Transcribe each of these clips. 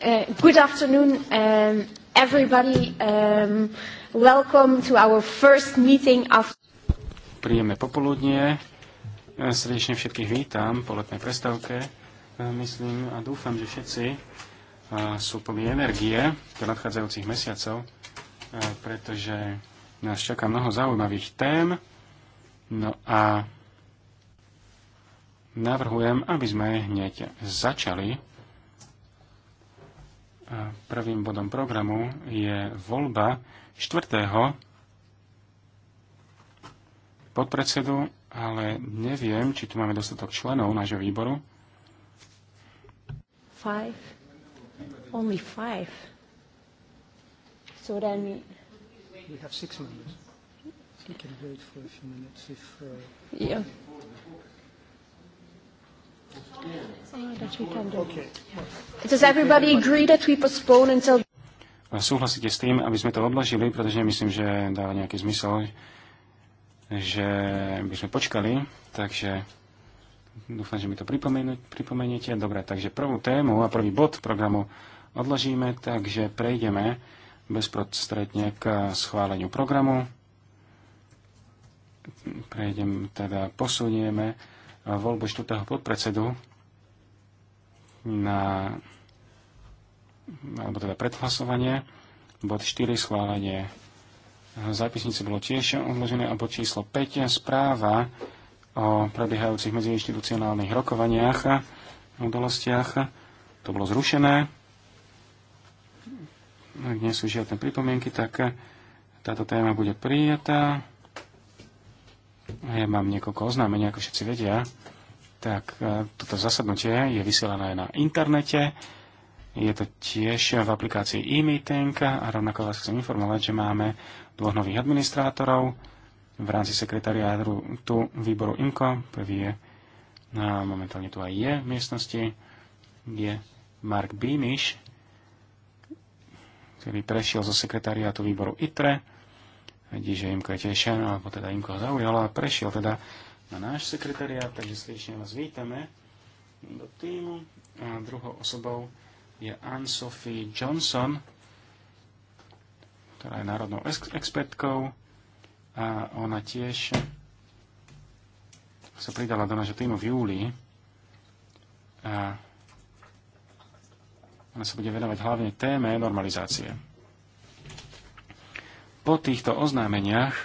Uh, good afternoon, um, everybody. Um, welcome to our first meeting of... Príjemné popoludnie. Srdečne všetkých vítam po letnej prestávke. Eh, myslím a dúfam, že všetci eh, sú plní energie do nadchádzajúcich mesiacov, eh, pretože nás čaká mnoho zaujímavých tém. No a navrhujem, aby sme hneď začali Prvým bodom programu je voľba štvrtého podpredsedu, ale neviem, či tu máme dostatok členov nášho výboru. Five. Only five. So then... We have six members. We can wait for a few minutes if... Uh... Yeah. Súhlasíte s tým, aby sme to odložili, pretože myslím, že dáva nejaký zmysel, že by sme počkali, takže dúfam, že mi to pripomeniete. Dobre, takže prvú tému a prvý bod programu odložíme, takže prejdeme bezprostredne k schváleniu programu. Prejdem, teda posunieme voľbu štvrtého podpredsedu na alebo teda predhlasovanie, bod 4 schválenie zápisnice bolo tiež odložené a bod číslo 5 správa o prebiehajúcich medziinstitucionálnych rokovaniach a udalostiach. To bolo zrušené. Ak nie sú žiadne pripomienky, tak táto téma bude prijatá. Ja mám niekoľko oznámení, ako všetci vedia. Tak e, toto zasadnutie je vysielané na internete. Je to tiež v aplikácii e-meeting a rovnako vás chcem informovať, že máme dvoch nových administrátorov v rámci sekretariátu tu výboru INKO. Prvý je, a no, momentálne tu aj je v miestnosti, je Mark Bímiš, ktorý prešiel zo sekretariátu výboru ITRE vidí, že Imko je tiež, alebo teda Imko ho zaujala a prešiel teda na náš sekretariat, takže srdečne vás vítame do týmu. A druhou osobou je Anne-Sophie Johnson, ktorá je národnou ex- expertkou a ona tiež sa pridala do nášho týmu v júli a ona sa bude venovať hlavne téme normalizácie. Po týchto oznámeniach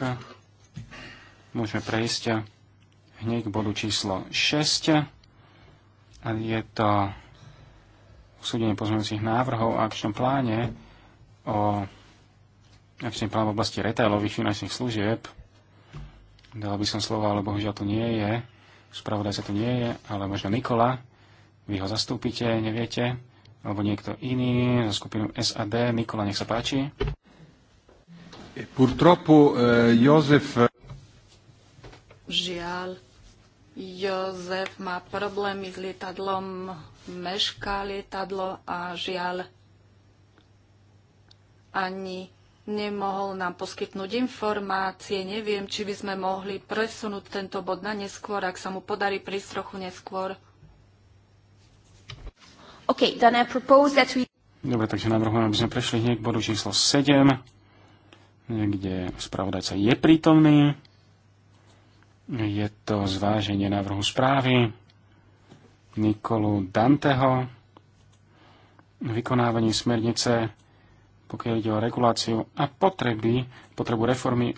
môžeme prejsť hneď k bodu číslo 6. A je to usúdenie pozmeňujúcich návrhov a akčnom pláne o akčnom plán v oblasti retailových finančných služieb. Dala by som slovo, ale bohužiaľ to nie je. spravodaj sa to nie je, ale možno Nikola. Vy ho zastúpite, neviete. Alebo niekto iný za skupinu SAD. Nikola, nech sa páči. E eh, eh, žiaľ, Jozef má problémy s lietadlom, mešká lietadlo a žiaľ ani nemohol nám poskytnúť informácie. Neviem, či by sme mohli presunúť tento bod na neskôr, ak sa mu podarí prísť trochu neskôr. Okay, then I propose that we... Dobre, takže navrhujem, aby sme prešli hneď k bodu číslo 7 kde spravodajca je prítomný. Je to zváženie návrhu správy Nikolu Danteho, vykonávanie smernice, pokiaľ ide o reguláciu a potreby, potrebu reformy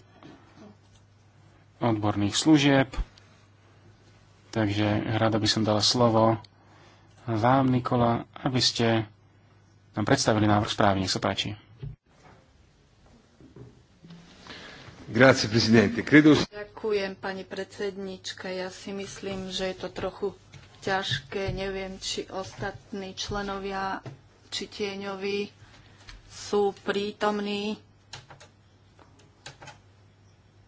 odborných služieb. Takže rada by som dala slovo vám, Nikola, aby ste nám predstavili návrh správy. Nech sa páči. Ďakujem, pani predsednička. Ja si myslím, že je to trochu ťažké. Neviem, či ostatní členovia, či tieňoví sú prítomní.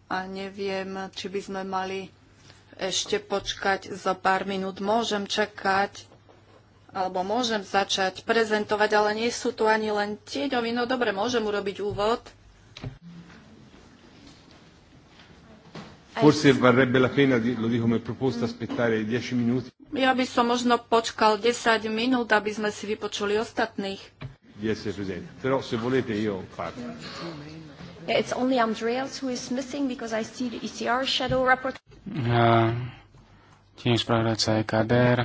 A neviem, či by sme mali ešte počkať za pár minút. Môžem čakať, alebo môžem začať prezentovať, ale nie sú tu ani len tieňoví. No dobre, môžem urobiť úvod Forse varrebbe la pena, lo dico come proposta, aspettare 10 minuti. Ja by som možno počkal 10 minút, aby sme si vypočuli ostatných. Di essere presenti. Però se volete io parlo. Yeah, it's only Andreas who is missing because I see the ECR shadow report. Uh, tiež spravodajca EKDR,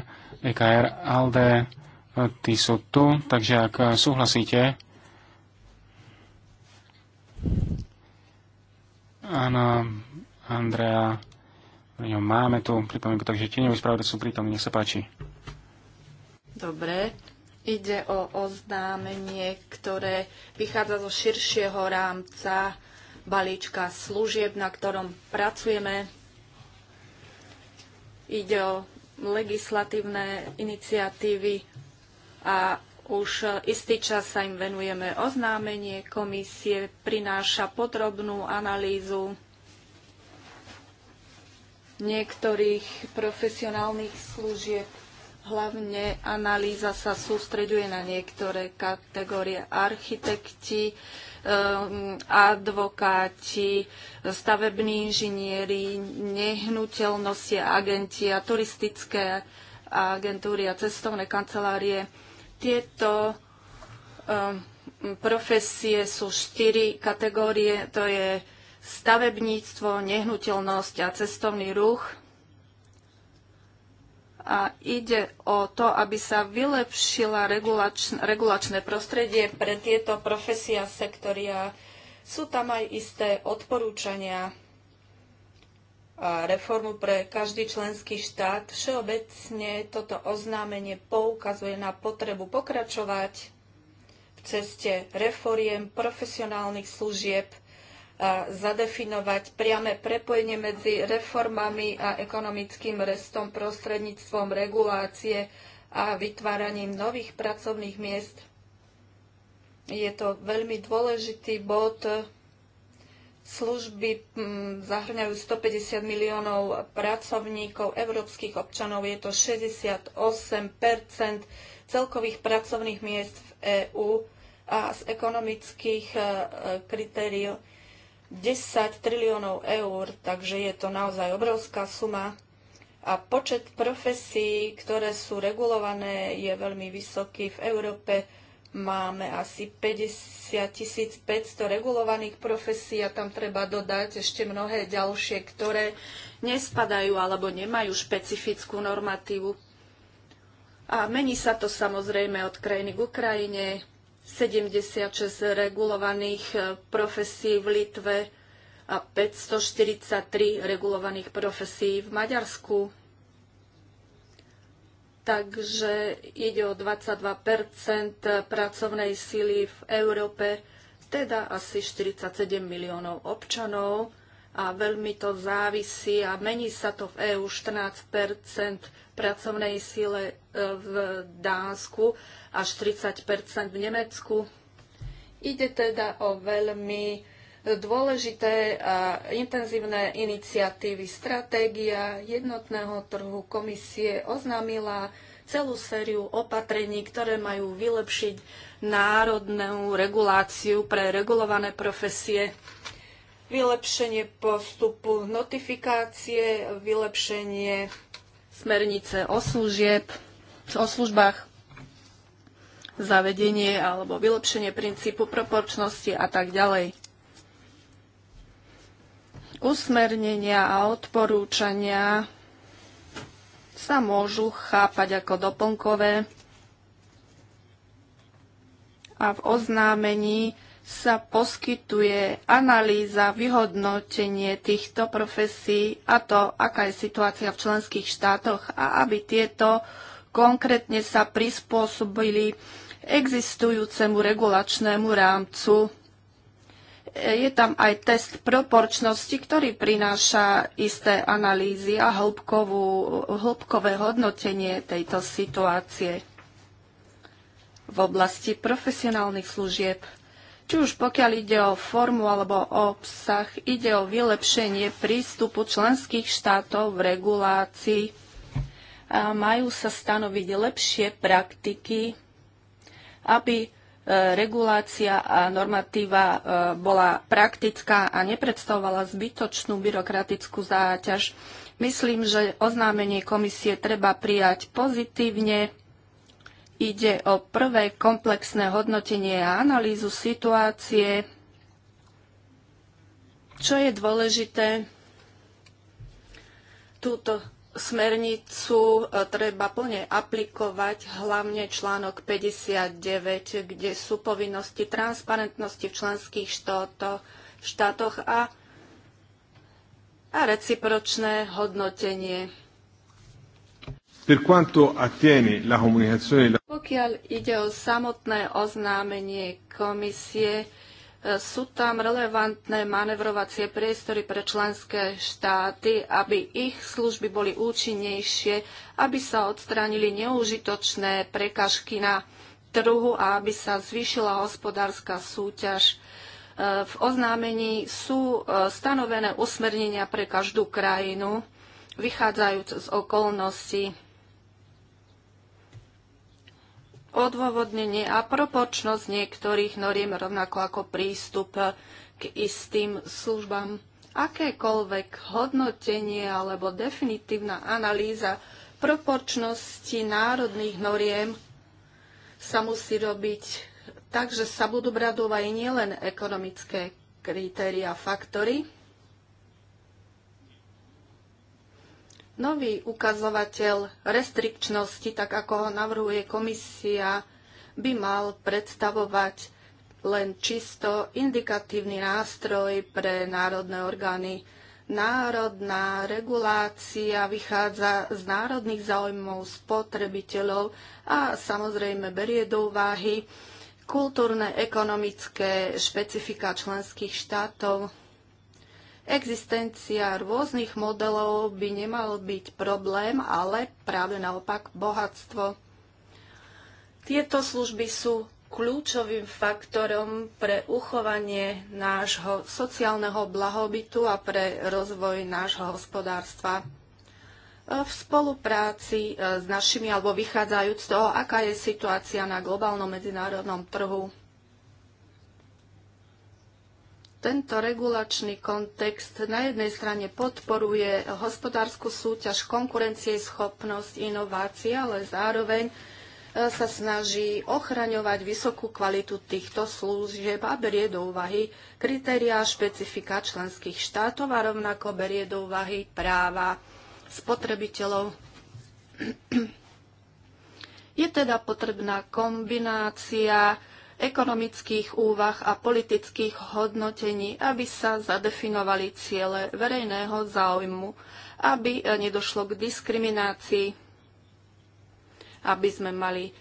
EKR, ALDE, tí sú tu, takže ak eh, súhlasíte, áno, Andrea. Máme tu pripomienku, takže tieňový spravodaj sú prítomní, nech sa páči. Dobre, ide o oznámenie, ktoré vychádza zo širšieho rámca balíčka služieb, na ktorom pracujeme. Ide o legislatívne iniciatívy a už istý čas sa im venujeme. Oznámenie komisie prináša podrobnú analýzu niektorých profesionálnych služieb. Hlavne analýza sa sústreďuje na niektoré kategórie architekti, eh, advokáti, stavební inžinieri, nehnuteľnosti, agenti a turistické agentúry a cestovné kancelárie. Tieto eh, profesie sú štyri kategórie, to je stavebníctvo, nehnuteľnosť a cestovný ruch. A ide o to, aby sa vylepšila regulač- regulačné prostredie pre tieto profesia sektoria. Sú tam aj isté odporúčania a reformu pre každý členský štát. Všeobecne toto oznámenie poukazuje na potrebu pokračovať v ceste reforiem profesionálnych služieb – zadefinovať priame prepojenie medzi reformami a ekonomickým restom prostredníctvom regulácie a vytváraním nových pracovných miest. Je to veľmi dôležitý bod. Služby mm, zahrňajú 150 miliónov pracovníkov, európskych občanov. Je to 68 celkových pracovných miest v EÚ a z ekonomických e, kritériov 10 triliónov eur, takže je to naozaj obrovská suma. A počet profesí, ktoré sú regulované, je veľmi vysoký. V Európe máme asi 50 500 regulovaných profesí a tam treba dodať ešte mnohé ďalšie, ktoré nespadajú alebo nemajú špecifickú normatívu. A mení sa to samozrejme od krajiny k Ukrajine, 76 regulovaných eh, profesí v Litve a 543 regulovaných profesí v Maďarsku. Takže ide o 22 pracovnej síly v Európe, teda asi 47 miliónov občanov a veľmi to závisí a mení sa to v EÚ 14 pracovnej síle e, v Dánsku, až 30 v Nemecku. Ide teda o veľmi dôležité a intenzívne iniciatívy. Stratégia jednotného trhu komisie oznámila celú sériu opatrení, ktoré majú vylepšiť národnú reguláciu pre regulované profesie, vylepšenie postupu notifikácie, vylepšenie smernice o služieb, o službách, zavedenie alebo vylepšenie princípu proporčnosti a tak ďalej. Usmernenia a odporúčania sa môžu chápať ako doplnkové a v oznámení sa poskytuje analýza, vyhodnotenie týchto profesí a to, aká je situácia v členských štátoch a aby tieto konkrétne sa prispôsobili existujúcemu regulačnému rámcu. Je tam aj test proporčnosti, ktorý prináša isté analýzy a hĺbkovú, hĺbkové hodnotenie tejto situácie v oblasti profesionálnych služieb. Či už pokiaľ ide o formu alebo o obsah, ide o vylepšenie prístupu členských štátov v regulácii. A majú sa stanoviť lepšie praktiky, aby e, regulácia a normatíva e, bola praktická a nepredstavovala zbytočnú byrokratickú záťaž. Myslím, že oznámenie komisie treba prijať pozitívne Ide o prvé komplexné hodnotenie a analýzu situácie. Čo je dôležité, túto smernicu e, treba plne aplikovať, hlavne článok 59, kde sú povinnosti transparentnosti v členských štátoch, štátoch a, a recipročné hodnotenie. Per quanto attiene la comunicazione... Pokiaľ ide o samotné oznámenie komisie, e, sú tam relevantné manevrovacie priestory pre členské štáty, aby ich služby boli účinnejšie, aby sa odstránili neužitočné prekažky na trhu a aby sa zvýšila hospodárska súťaž. E, v oznámení sú e, stanovené usmernenia pre každú krajinu, vychádzajúc z okolností odôvodnenie a propočnosť niektorých noriem, rovnako ako prístup k istým službám. Akékoľvek hodnotenie alebo definitívna analýza proporčnosti národných noriem sa musí robiť tak, že sa budú brať do aj nielen ekonomické kritéria faktory, Nový ukazovateľ restrikčnosti, tak ako ho navrhuje komisia, by mal predstavovať len čisto indikatívny nástroj pre národné orgány. Národná regulácia vychádza z národných záujmov spotrebiteľov a samozrejme berie do úvahy kultúrne, ekonomické špecifika členských štátov. Existencia rôznych modelov by nemal byť problém, ale práve naopak bohatstvo. Tieto služby sú kľúčovým faktorom pre uchovanie nášho sociálneho blahobytu a pre rozvoj nášho hospodárstva. V spolupráci e, s našimi, alebo vychádzajúc z toho, aká je situácia na globálnom medzinárodnom trhu, tento regulačný kontext na jednej strane podporuje hospodárskú súťaž, konkurencieschopnosť, inovácie, ale zároveň e, sa snaží ochraňovať vysokú kvalitu týchto služieb a berie do úvahy kritériá špecifika členských štátov a rovnako berie do úvahy práva spotrebiteľov. Je teda potrebná kombinácia ekonomických úvah a politických hodnotení, aby sa zadefinovali ciele verejného záujmu, aby nedošlo k diskriminácii, aby sme mali e,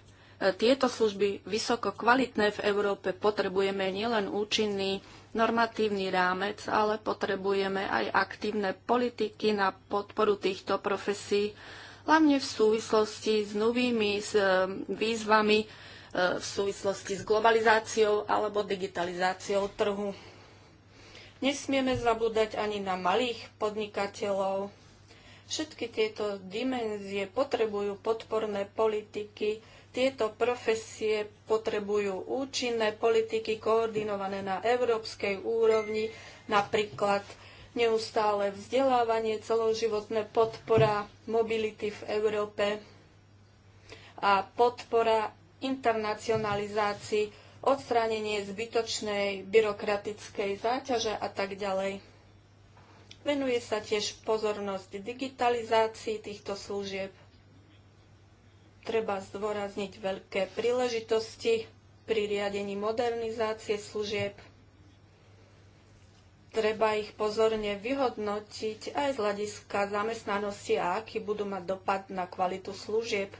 tieto služby vysoko kvalitné v Európe. Potrebujeme nielen účinný normatívny rámec, ale potrebujeme aj aktívne politiky na podporu týchto profesí, hlavne v súvislosti s novými s e, výzvami, v súvislosti s globalizáciou alebo digitalizáciou trhu. Nesmieme zabúdať ani na malých podnikateľov. Všetky tieto dimenzie potrebujú podporné politiky, tieto profesie potrebujú účinné politiky koordinované na európskej úrovni, napríklad neustále vzdelávanie, celoživotné podpora mobility v Európe a podpora internacionalizácii, odstránenie zbytočnej byrokratickej záťaže a tak ďalej. Venuje sa tiež pozornosť digitalizácii týchto služieb. Treba zdôrazniť veľké príležitosti pri riadení modernizácie služieb. Treba ich pozorne vyhodnotiť aj z hľadiska zamestnanosti a aký budú mať dopad na kvalitu služieb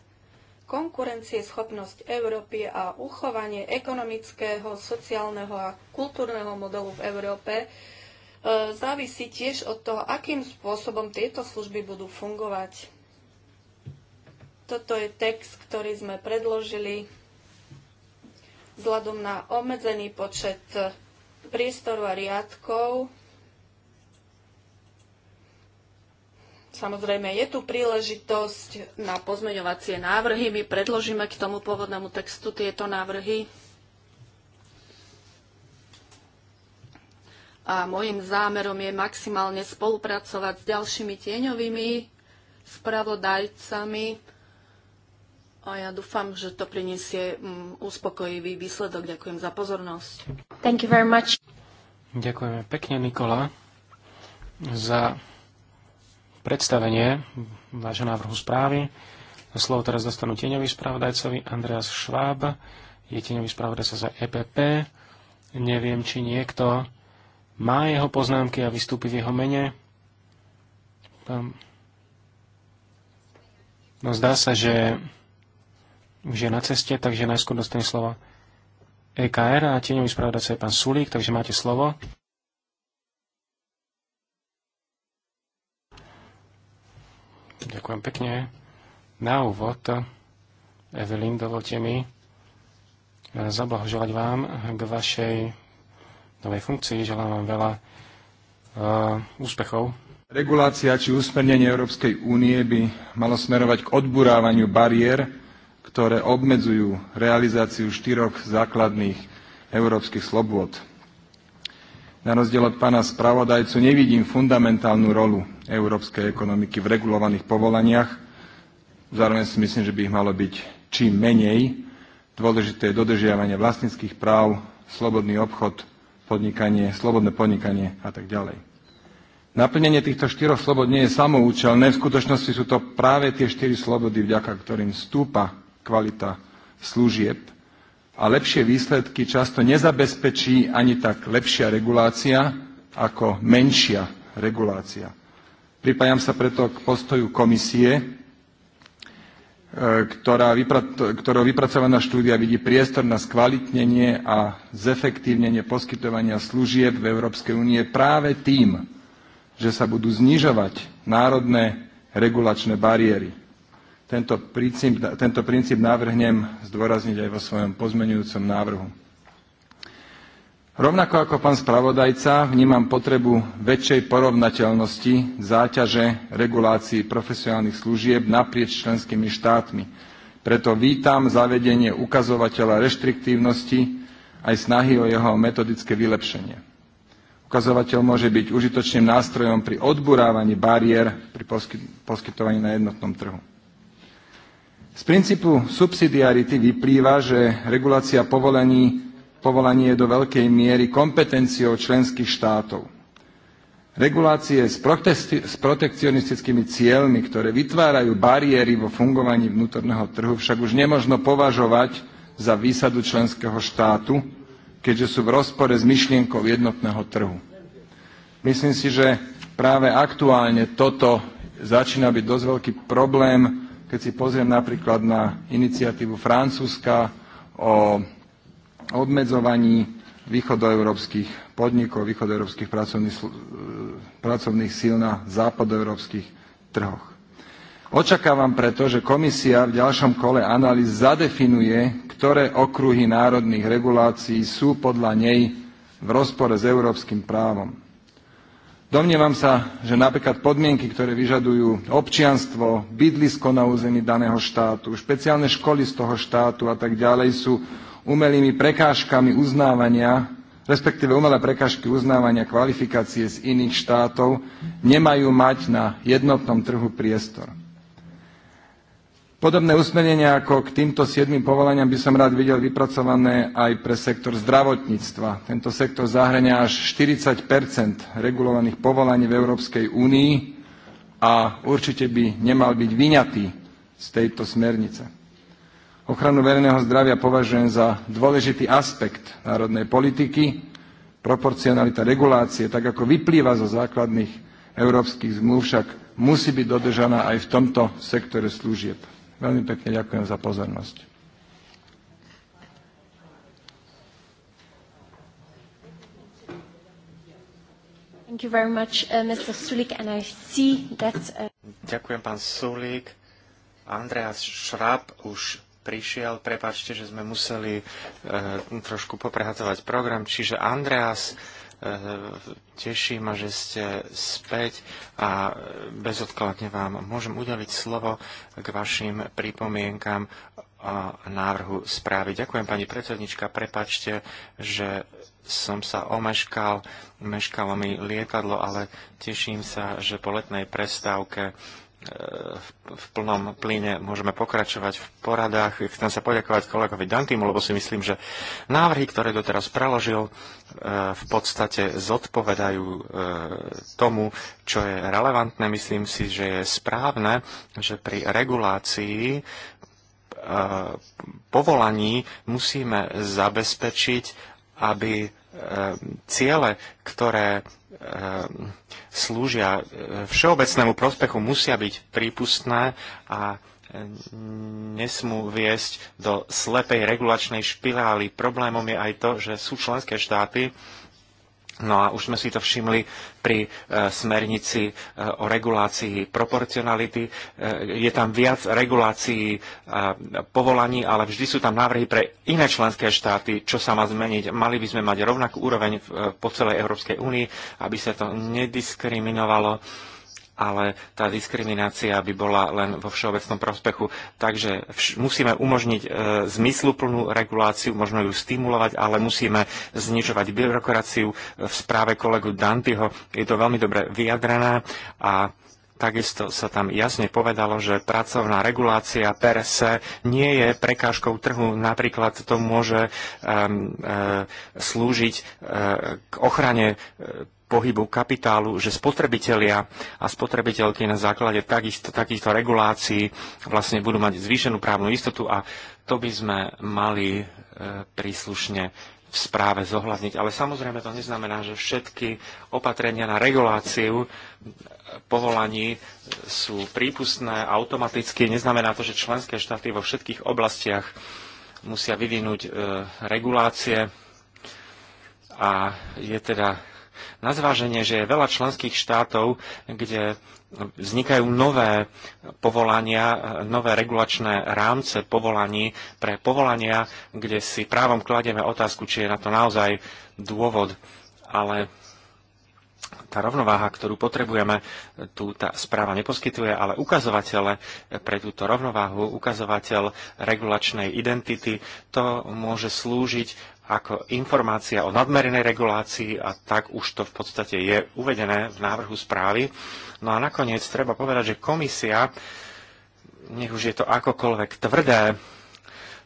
konkurencieschopnosť Európy a uchovanie ekonomického, sociálneho a kultúrneho modelu v Európe e, závisí tiež od toho, akým spôsobom tieto služby budú fungovať. Toto je text, ktorý sme predložili vzhľadom na obmedzený počet priestoru a riadkov Samozrejme, je tu príležitosť na pozmeňovacie návrhy. My predložíme k tomu pôvodnému textu tieto návrhy. A môjim zámerom je maximálne spolupracovať s ďalšími tieňovými spravodajcami. A ja dúfam, že to prinesie mm, uspokojivý výsledok. Ďakujem za pozornosť. Thank you very much. Ďakujeme pekne, Nikola, za predstavenie vášho návrhu správy. Slovo teraz dostanú tieňový spravodajcovi Andreas Schwab. Je tieňový spravodajca za EPP. Neviem, či niekto má jeho poznámky a vystúpi v jeho mene. No zdá sa, že už je na ceste, takže najskôr dostane slovo EKR a tieňový spravodajca je pán Sulík, takže máte slovo. Ďakujem pekne. Na úvod, Evelyn, dovolte mi e, zablahoželať vám k vašej novej funkcii. Želám vám veľa uh, úspechov. Regulácia či usmernenie Európskej únie by malo smerovať k odburávaniu bariér, ktoré obmedzujú realizáciu štyroch základných európskych slobôd na rozdiel od pána spravodajcu nevidím fundamentálnu rolu európskej ekonomiky v regulovaných povolaniach. Zároveň si myslím, že by ich malo byť čím menej. Dôležité je dodržiavanie vlastnických práv, slobodný obchod, podnikanie, slobodné podnikanie a tak ďalej. Naplnenie týchto štyroch slobod nie je samoučelné, v skutočnosti sú to práve tie štyri slobody, vďaka ktorým stúpa kvalita služieb a lepšie výsledky často nezabezpečí ani tak lepšia regulácia ako menšia regulácia. Pripájam sa preto k postoju komisie, e, ktorá, ktorou vypracovaná štúdia vidí priestor na skvalitnenie a zefektívnenie poskytovania služieb v Európskej únie práve tým, že sa budú znižovať národné regulačné bariéry. Tento princíp, tento princíp navrhnem zdôrazniť aj vo svojom pozmenujúcom návrhu. Rovnako ako pán spravodajca vnímam potrebu väčšej porovnateľnosti záťaže regulácií profesionálnych služieb naprieč členskými štátmi. Preto vítam zavedenie ukazovateľa reštriktívnosti aj snahy o jeho metodické vylepšenie. Ukazovateľ môže byť užitočným nástrojom pri odburávaní bariér pri poskytovaní na jednotnom trhu. Z princípu subsidiarity vyplýva, že regulácia povolení povolanie je do veľkej miery kompetenciou členských štátov. Regulácie s, s protekcionistickými cieľmi, ktoré vytvárajú bariéry vo fungovaní vnútorného trhu, však už nemožno považovať za výsadu členského štátu, keďže sú v rozpore s myšlienkou jednotného trhu. Myslím si, že práve aktuálne toto začína byť dosť veľký problém keď si pozriem napríklad na iniciatívu Francúzska o obmedzovaní východoeurópskych podnikov, východoeurópskych pracovných, e, pracovných síl na západoeurópskych trhoch. Očakávam preto, že komisia v ďalšom kole analýz zadefinuje, ktoré okruhy národných regulácií sú podľa nej v rozpore s európskym právom. Domnievam sa, že napríklad podmienky, ktoré vyžadujú občianstvo, bydlisko na území daného štátu, špeciálne školy z toho štátu a tak ďalej sú umelými prekážkami uznávania, respektíve umelé prekážky uznávania kvalifikácie z iných štátov, nemajú mať na jednotnom trhu priestor. Podobné usmernenia ako k týmto siedmým povolaniam by som rád videl vypracované aj pre sektor zdravotníctva. Tento sektor zahrania až 40 regulovaných povolaní v Európskej únii a určite by nemal byť vyňatý z tejto smernice. Ochranu verejného zdravia považujem za dôležitý aspekt národnej politiky. Proporcionalita regulácie, tak ako vyplýva zo základných európskych zmluv, však musí byť dodržaná aj v tomto sektore služieb. Veľmi pekne ďakujem za pozornosť. Uh, uh, ďakujem, pán Sulík. Andreas Šrab už prišiel. Prepačte, že sme museli uh, trošku poprehatovať program. Čiže Andreas Teší ma, že ste späť a bezodkladne vám môžem udeliť slovo k vašim pripomienkam a návrhu správy. Ďakujem, pani predsednička, prepačte, že som sa omeškal, meškalo mi lietadlo, ale teším sa, že po letnej prestávke v plnom plyne môžeme pokračovať v poradách. Chcem sa poďakovať kolegovi Dantimu, lebo si myslím, že návrhy, ktoré doteraz preložil, e, v podstate zodpovedajú e, tomu, čo je relevantné. Myslím si, že je správne, že pri regulácii e, povolaní musíme zabezpečiť, aby E, ciele, ktoré e, slúžia e, všeobecnému prospechu, musia byť prípustné a nesmú viesť do slepej regulačnej špirály. Problémom je aj to, že sú členské štáty, No a už sme si to všimli pri e, smernici e, o regulácii proporcionality. E, je tam viac regulácií povolaní, ale vždy sú tam návrhy pre iné členské štáty, čo sa má zmeniť. Mali by sme mať rovnakú úroveň po celej Európskej únii, aby sa to nediskriminovalo ale tá diskriminácia by bola len vo všeobecnom prospechu. Takže vš- musíme umožniť e, zmysluplnú reguláciu, možno ju stimulovať, ale musíme znižovať byrokraciu. V správe kolegu Dantyho je to veľmi dobre vyjadrené a Takisto sa tam jasne povedalo, že pracovná regulácia per se nie je prekážkou trhu. Napríklad to môže e, e, slúžiť e, k ochrane e, pohybu kapitálu, že spotrebitelia a spotrebiteľky na základe takisto, takýchto regulácií vlastne budú mať zvýšenú právnu istotu a to by sme mali e, príslušne v správe zohľadniť. Ale samozrejme to neznamená, že všetky opatrenia na reguláciu e, povolaní sú prípustné automaticky. Neznamená to, že členské štáty vo všetkých oblastiach musia vyvinúť e, regulácie a je teda na zváženie, že je veľa členských štátov, kde vznikajú nové povolania, nové regulačné rámce povolaní pre povolania, kde si právom kladieme otázku, či je na to naozaj dôvod. Ale tá rovnováha, ktorú potrebujeme, tu tá správa neposkytuje, ale ukazovatele pre túto rovnováhu, ukazovateľ regulačnej identity, to môže slúžiť ako informácia o nadmerenej regulácii a tak už to v podstate je uvedené v návrhu správy. No a nakoniec treba povedať, že komisia, nech už je to akokoľvek tvrdé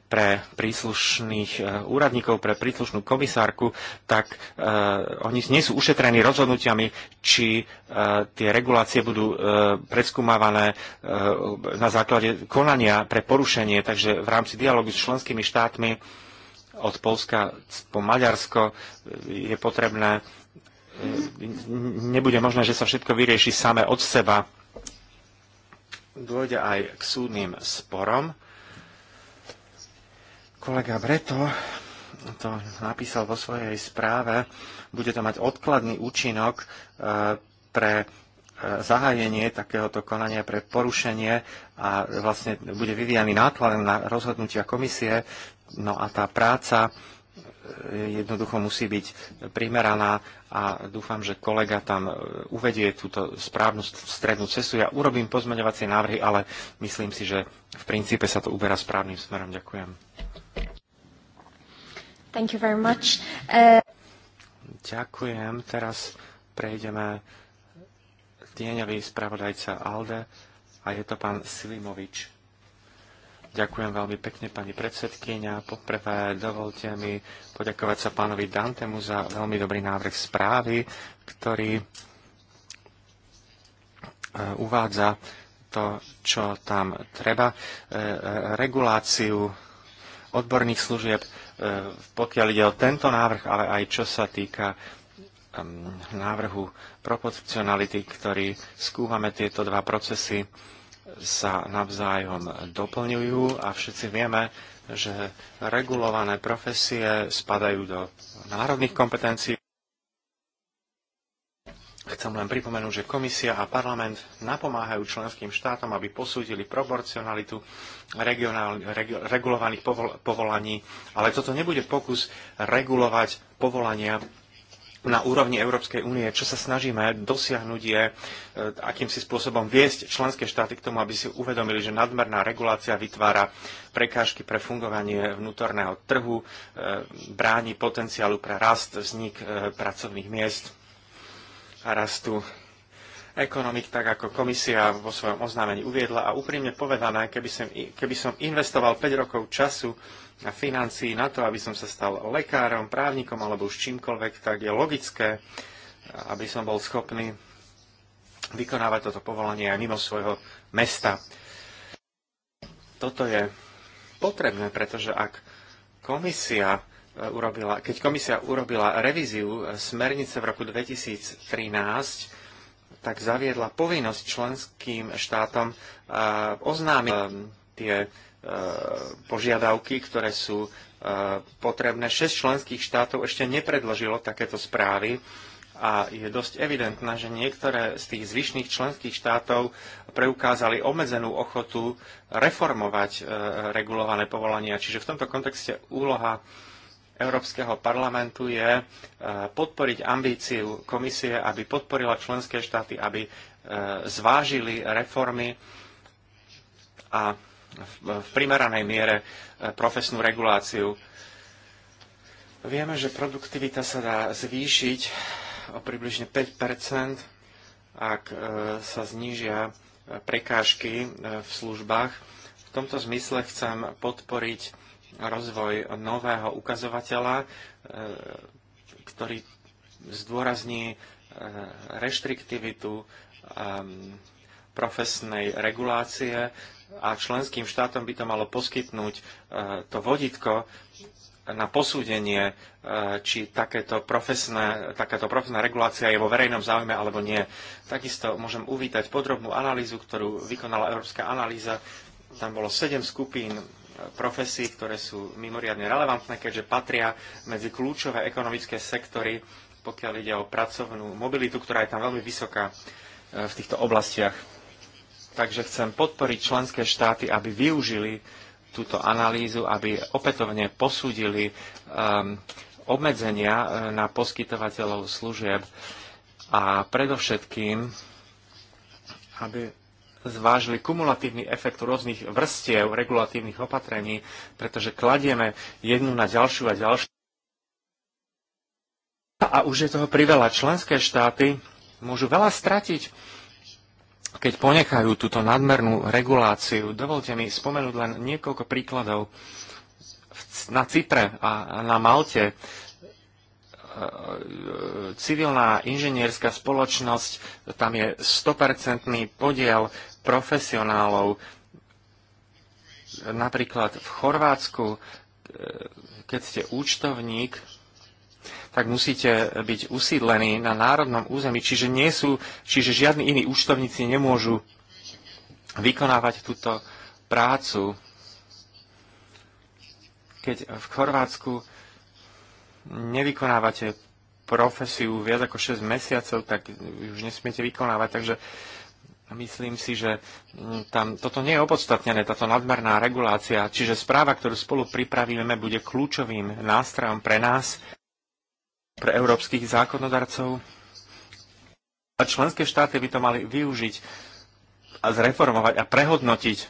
pre príslušných e, úradníkov, pre príslušnú komisárku, tak uh, oni nie sú ušetrení rozhodnutiami, či uh, tie regulácie budú uh, preskúmávané uh, na základe konania pre porušenie. Takže v rámci dialogu s členskými štátmi od Polska po Maďarsko e, je potrebné, e, nebude možné, že sa všetko vyrieši same od seba. Dôjde aj k súdnym sporom. Kolega Breto to napísal vo svojej správe, bude to mať odkladný účinok e, pre zahájenie takéhoto konania pre porušenie a vlastne bude vyvíjaný nátlak na rozhodnutia komisie No a tá práca e, jednoducho musí byť primeraná a dúfam, že kolega tam e, uvedie túto správnu strednú cestu. Ja urobím pozmeňovacie návrhy, ale myslím si, že v princípe sa to uberá správnym smerom. Ďakujem. Thank you very much. Uh... Ďakujem. Teraz prejdeme tieňový spravodajca ALDE a je to pán Silimovič. Ďakujem veľmi pekne, pani predsedkynia. Poprvé dovolte mi poďakovať sa pánovi Dantemu za veľmi dobrý návrh správy, ktorý e, uvádza to, čo tam treba. E, e, reguláciu odborných služieb, pokiaľ ide o tento návrh, ale aj čo sa týka návrhu proporcionality, ktorý skúvame tieto dva procesy sa navzájom doplňujú a všetci vieme, že regulované profesie spadajú do národných kompetencií. Chcem len pripomenúť, že komisia a parlament napomáhajú členským štátom, aby posúdili proporcionalitu regionál, regu, regulovaných povol, povolaní, ale toto nebude pokus regulovať povolania na úrovni Európskej únie, čo sa snažíme dosiahnuť je, e, akýmsi spôsobom viesť členské štáty k tomu, aby si uvedomili, že nadmerná regulácia vytvára prekážky pre fungovanie vnútorného trhu, e, bráni potenciálu pre rast, vznik e, pracovných miest a rastu ekonomik, tak ako komisia vo svojom oznámení uviedla. A úprimne povedané, keby som, keby som investoval 5 rokov času a financií na to, aby som sa stal lekárom, právnikom alebo už čímkoľvek, tak je logické, aby som bol schopný vykonávať toto povolanie aj mimo svojho mesta. Toto je potrebné, pretože ak komisia e, urobila, keď komisia urobila revíziu e, smernice v roku 2013, tak zaviedla povinnosť členským štátom e, oznámiť tie e, požiadavky, ktoré sú e, potrebné. Šesť členských štátov ešte nepredložilo takéto správy a je dosť evidentné, že niektoré z tých zvyšných členských štátov preukázali obmedzenú ochotu reformovať e, regulované povolania. Čiže v tomto kontexte úloha Európskeho parlamentu je podporiť ambíciu komisie, aby podporila členské štáty, aby zvážili reformy a v primeranej miere e, profesnú reguláciu. Vieme, že produktivita sa dá zvýšiť o približne 5 ak e, sa znížia e, prekážky v službách. V tomto zmysle chcem podporiť rozvoj nového ukazovateľa, ktorý zdôrazní reštriktivitu profesnej regulácie a členským štátom by to malo poskytnúť e, to vodítko na posúdenie, e, či takéto profesné, takáto profesná regulácia je vo verejnom záujme alebo nie. Takisto môžem uvítať podrobnú analýzu, ktorú vykonala Európska analýza. Tam bolo sedem skupín e, profesí, ktoré sú mimoriadne relevantné, keďže patria medzi kľúčové ekonomické sektory, pokiaľ ide o pracovnú mobilitu, ktorá je tam veľmi vysoká v týchto oblastiach Takže chcem podporiť členské štáty, aby využili túto analýzu, aby opätovne posúdili um, obmedzenia e, na poskytovateľov služieb a predovšetkým, aby zvážili kumulatívny efekt rôznych vrstiev regulatívnych opatrení, pretože kladieme jednu na ďalšiu a ďalšiu. A už je toho priveľa. Členské štáty môžu veľa stratiť keď ponechajú túto nadmernú reguláciu. Dovolte mi spomenúť len niekoľko príkladov. Na Cypre a na Malte e, e, civilná inžinierská spoločnosť, tam je 100% podiel profesionálov. Napríklad v Chorvátsku, e, keď ste účtovník, tak musíte byť usídlení na národnom území, čiže, nie sú, čiže žiadni iní účtovníci nemôžu vykonávať túto prácu. Keď v Chorvátsku nevykonávate profesiu viac ako 6 mesiacov, tak už nesmiete vykonávať. Takže myslím si, že mm, tam toto nie je opodstatnené, táto nadmerná regulácia. Čiže správa, ktorú spolu pripravíme, bude kľúčovým nástrojom pre nás pre európskych zákonodarcov. A členské štáty by to mali využiť a zreformovať a prehodnotiť e,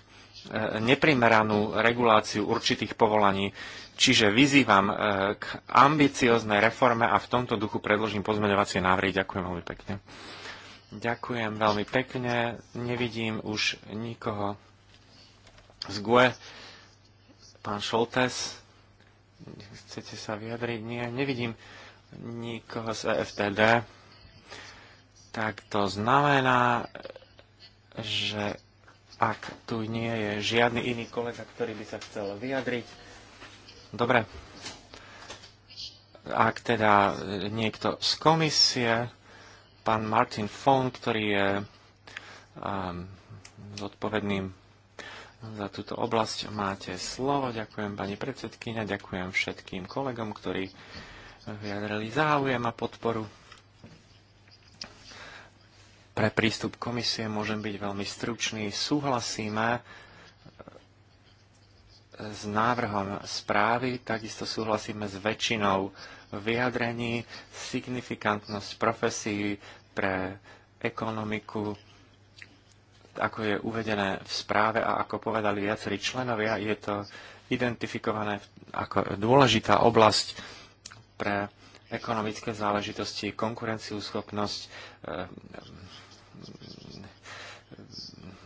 neprimeranú reguláciu určitých povolaní. Čiže vyzývam e, k ambicioznej reforme a v tomto duchu predložím pozmeňovacie návrhy. Ďakujem veľmi pekne. Ďakujem veľmi pekne. Nevidím už nikoho z GUE. Pán Šoltes, chcete sa vyjadriť? Nie, nevidím nikoho z EFTD, tak to znamená, že ak tu nie je žiadny iný kolega, ktorý by sa chcel vyjadriť, dobre, ak teda niekto z komisie, pán Martin Fon, ktorý je um, zodpovedným za túto oblasť, máte slovo. Ďakujem pani predsedkyňa, ďakujem všetkým kolegom, ktorí vyjadrali záujem a podporu. Pre prístup komisie môžem byť veľmi stručný. Súhlasíme eh, s návrhom správy, takisto súhlasíme s väčšinou vyjadrení, signifikantnosť profesí pre ekonomiku, ako je uvedené v správe a ako povedali viacerí členovia, je to identifikované ako dôležitá oblasť pre ekonomické záležitosti, konkurenciuschopnosť, eh,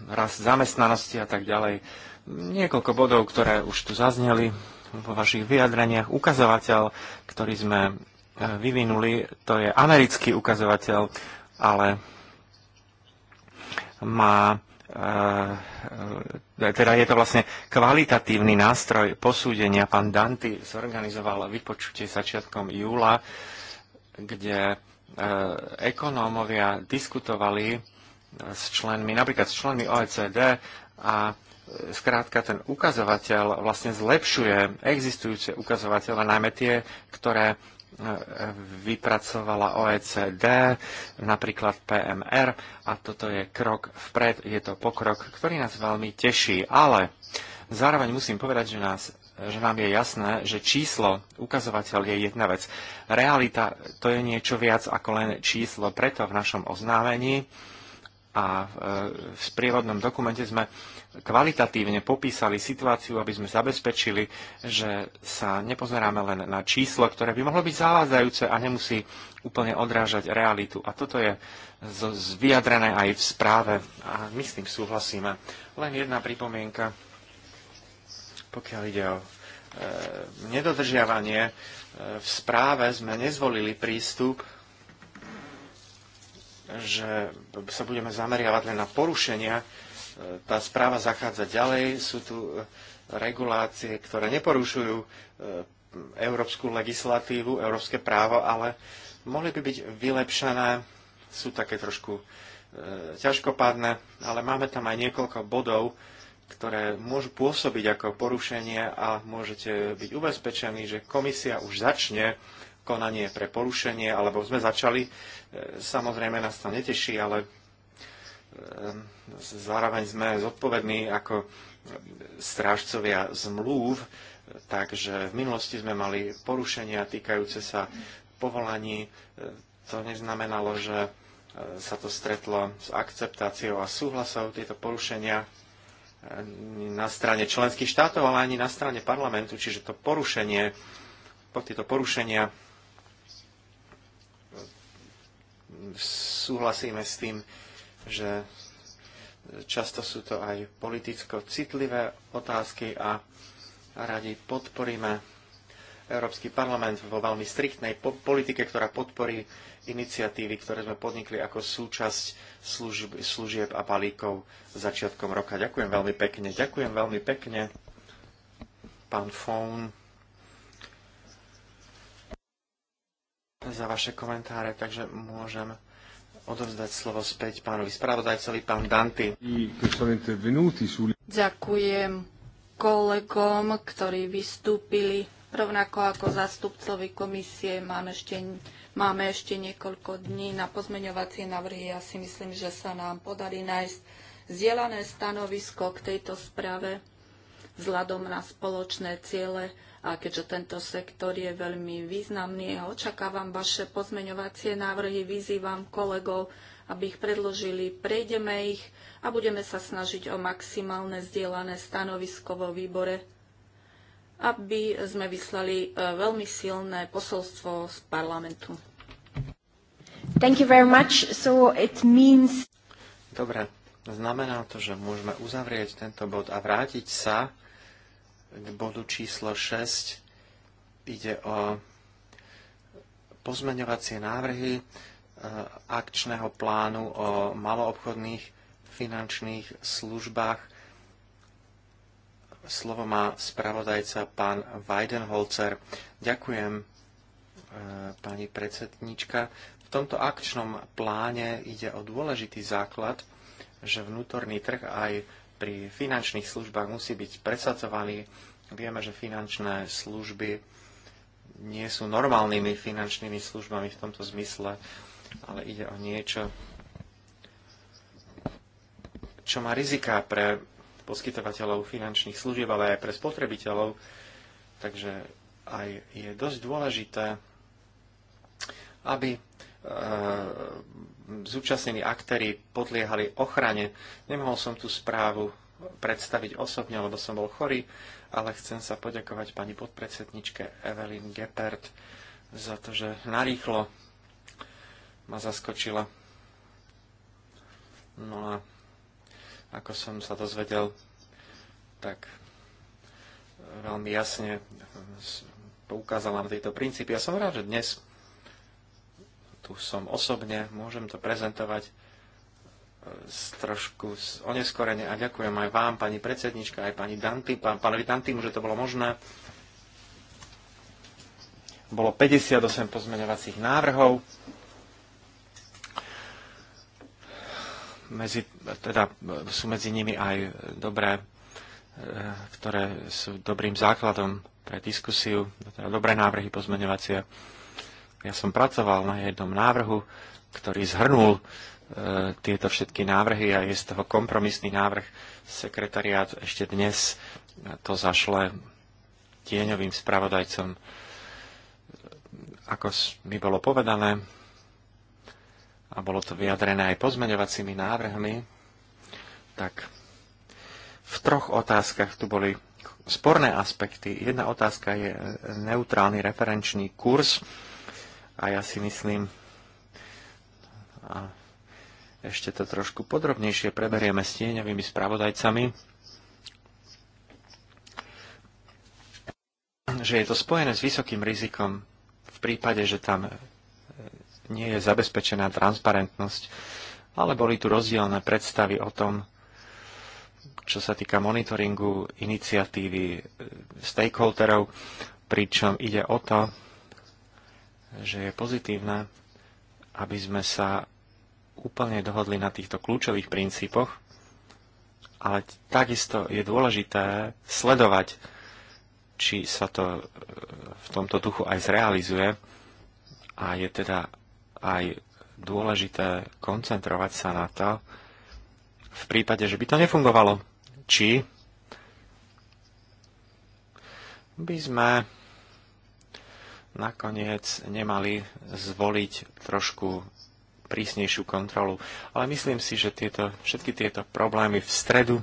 rast zamestnanosti a tak ďalej. Niekoľko bodov, ktoré už tu zazneli vo vašich vyjadreniach. Ukazovateľ, ktorý sme eh, vyvinuli, to je americký ukazovateľ, ale má E, teda je to vlastne kvalitatívny nástroj posúdenia. Pán Danty zorganizoval vypočutie začiatkom júla, kde e, ekonómovia diskutovali e, s členmi, napríklad s členmi OECD a zkrátka ten ukazovateľ vlastne zlepšuje existujúce ukazovateľe, najmä tie, ktoré vypracovala OECD, napríklad PMR a toto je krok vpred, je to pokrok, ktorý nás veľmi teší, ale zároveň musím povedať, že nás že nám je jasné, že číslo, ukazovateľ je jedna vec. Realita to je niečo viac ako len číslo, preto v našom oznámení a v sprievodnom e, dokumente sme kvalitatívne popísali situáciu, aby sme zabezpečili, že sa nepozeráme len na číslo, ktoré by mohlo byť zavádzajúce a nemusí úplne odrážať realitu. A toto je vyjadrené aj v správe a my s tým súhlasíme. Len jedna pripomienka, pokiaľ ide o e, nedodržiavanie. E, v správe sme nezvolili prístup že sa budeme zameriavať len na porušenia E, tá správa zachádza ďalej. Sú tu e, regulácie, ktoré neporušujú e, európsku legislatívu, európske právo, ale mohli by byť vylepšené. Sú také trošku ťažkopádne, ale máme tam aj niekoľko bodov, ktoré môžu pôsobiť ako porušenie a môžete byť ubezpečení, že komisia už začne konanie pre porušenie, alebo sme začali. Samozrejme nás to neteší, ale Ehm, zároveň sme zodpovední ako strážcovia zmluv, takže v minulosti sme mali porušenia týkajúce sa povolaní. Ehm, to neznamenalo, že ehm, sa to stretlo s akceptáciou a súhlasou tieto porušenia na strane členských štátov, ale ani na strane parlamentu, čiže to porušenie, po tieto porušenia súhlasíme s tým, že často sú to aj politicko citlivé otázky a radi podporíme Európsky parlament vo veľmi striktnej po politike, ktorá podporí iniciatívy, ktoré sme podnikli ako súčasť služb, služieb a balíkov začiatkom roka. Ďakujem veľmi pekne. Ďakujem veľmi pekne, pán Fón, za vaše komentáre, takže môžem odovzdať slovo späť pánovi spravodajcovi, pán Danty. Ďakujem kolegom, ktorí vystúpili. Rovnako ako zástupcovi komisie mám ešte, máme ešte niekoľko dní na pozmeňovacie návrhy. Ja si myslím, že sa nám podarí nájsť zdieľané stanovisko k tejto sprave vzhľadom na spoločné ciele a keďže tento sektor je veľmi významný, očakávam vaše pozmeňovacie návrhy, vyzývam kolegov, aby ich predložili, prejdeme ich a budeme sa snažiť o maximálne zdieľané stanovisko vo výbore, aby sme vyslali e, veľmi silné posolstvo z parlamentu. Thank you very much. So it means... Dobre, znamená to, že môžeme uzavrieť tento bod a vrátiť sa k bodu číslo 6. Ide o pozmeňovacie návrhy e, akčného plánu o maloobchodných finančných službách. Slovo má spravodajca pán Weidenholzer. Ďakujem, e, pani predsednička. V tomto akčnom pláne ide o dôležitý základ, že vnútorný trh aj pri finančných službách musí byť presadzovaný. Vieme, že finančné služby nie sú normálnymi finančnými službami v tomto zmysle, ale ide o niečo, čo má riziká pre poskytovateľov finančných služieb, ale aj pre spotrebiteľov. Takže aj je dosť dôležité, aby e, zúčastnení aktéry podliehali ochrane. Nemohol som tú správu predstaviť osobne, lebo som bol chorý, ale chcem sa poďakovať pani podpredsedničke Evelyn Geppert za to, že narýchlo ma zaskočila. No a ako som sa dozvedel, tak veľmi jasne poukázala na tieto princípy. Ja som rád, že dnes tu som osobne, môžem to prezentovať z e, trošku oneskorene a ďakujem aj vám, pani predsednička, aj pani Danty, pán, pánovi Dantymu, že to bolo možné. Bolo 58 pozmeňovacích návrhov. Medzi, teda sú medzi nimi aj dobré, e, ktoré sú dobrým základom pre diskusiu, teda dobré návrhy pozmeňovacie. Ja som pracoval na jednom návrhu, ktorý zhrnul e, tieto všetky návrhy a je z toho kompromisný návrh. Sekretariát ešte dnes to zašle tieňovým spravodajcom. Ako mi bolo povedané, a bolo to vyjadrené aj pozmeňovacími návrhmi, tak v troch otázkach tu boli sporné aspekty. Jedna otázka je neutrálny referenčný kurz a ja si myslím, a ešte to trošku podrobnejšie preberieme s tieňovými spravodajcami, že je to spojené s vysokým rizikom v prípade, že tam nie je zabezpečená transparentnosť, ale boli tu rozdielne predstavy o tom, čo sa týka monitoringu iniciatívy stakeholderov, pričom ide o to, že je pozitívne, aby sme sa úplne dohodli na týchto kľúčových princípoch, ale takisto je dôležité sledovať, či sa to e, v tomto duchu aj zrealizuje a je teda aj dôležité koncentrovať sa na to, v prípade, že by to nefungovalo, či by sme nakoniec nemali zvoliť trošku prísnejšiu kontrolu. Ale myslím si, že tieto, všetky tieto problémy v stredu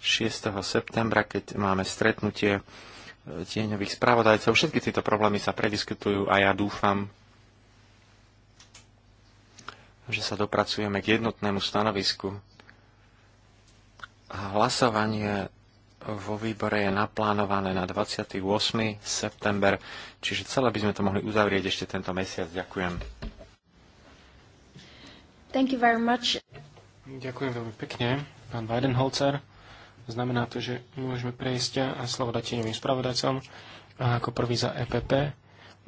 6. septembra, keď máme stretnutie e, tieňových spravodajcov, všetky tieto problémy sa prediskutujú a ja dúfam, že sa dopracujeme k jednotnému stanovisku. A hlasovanie vo výbore je naplánované na 28. september, čiže celé by sme to mohli uzavrieť ešte tento mesiac. Ďakujem. Thank you very much. Ďakujem veľmi pekne, pán Weidenholzer. Znamená to, že môžeme prejsť a slovo dať tieňovým spravodajcom. A ako prvý za EPP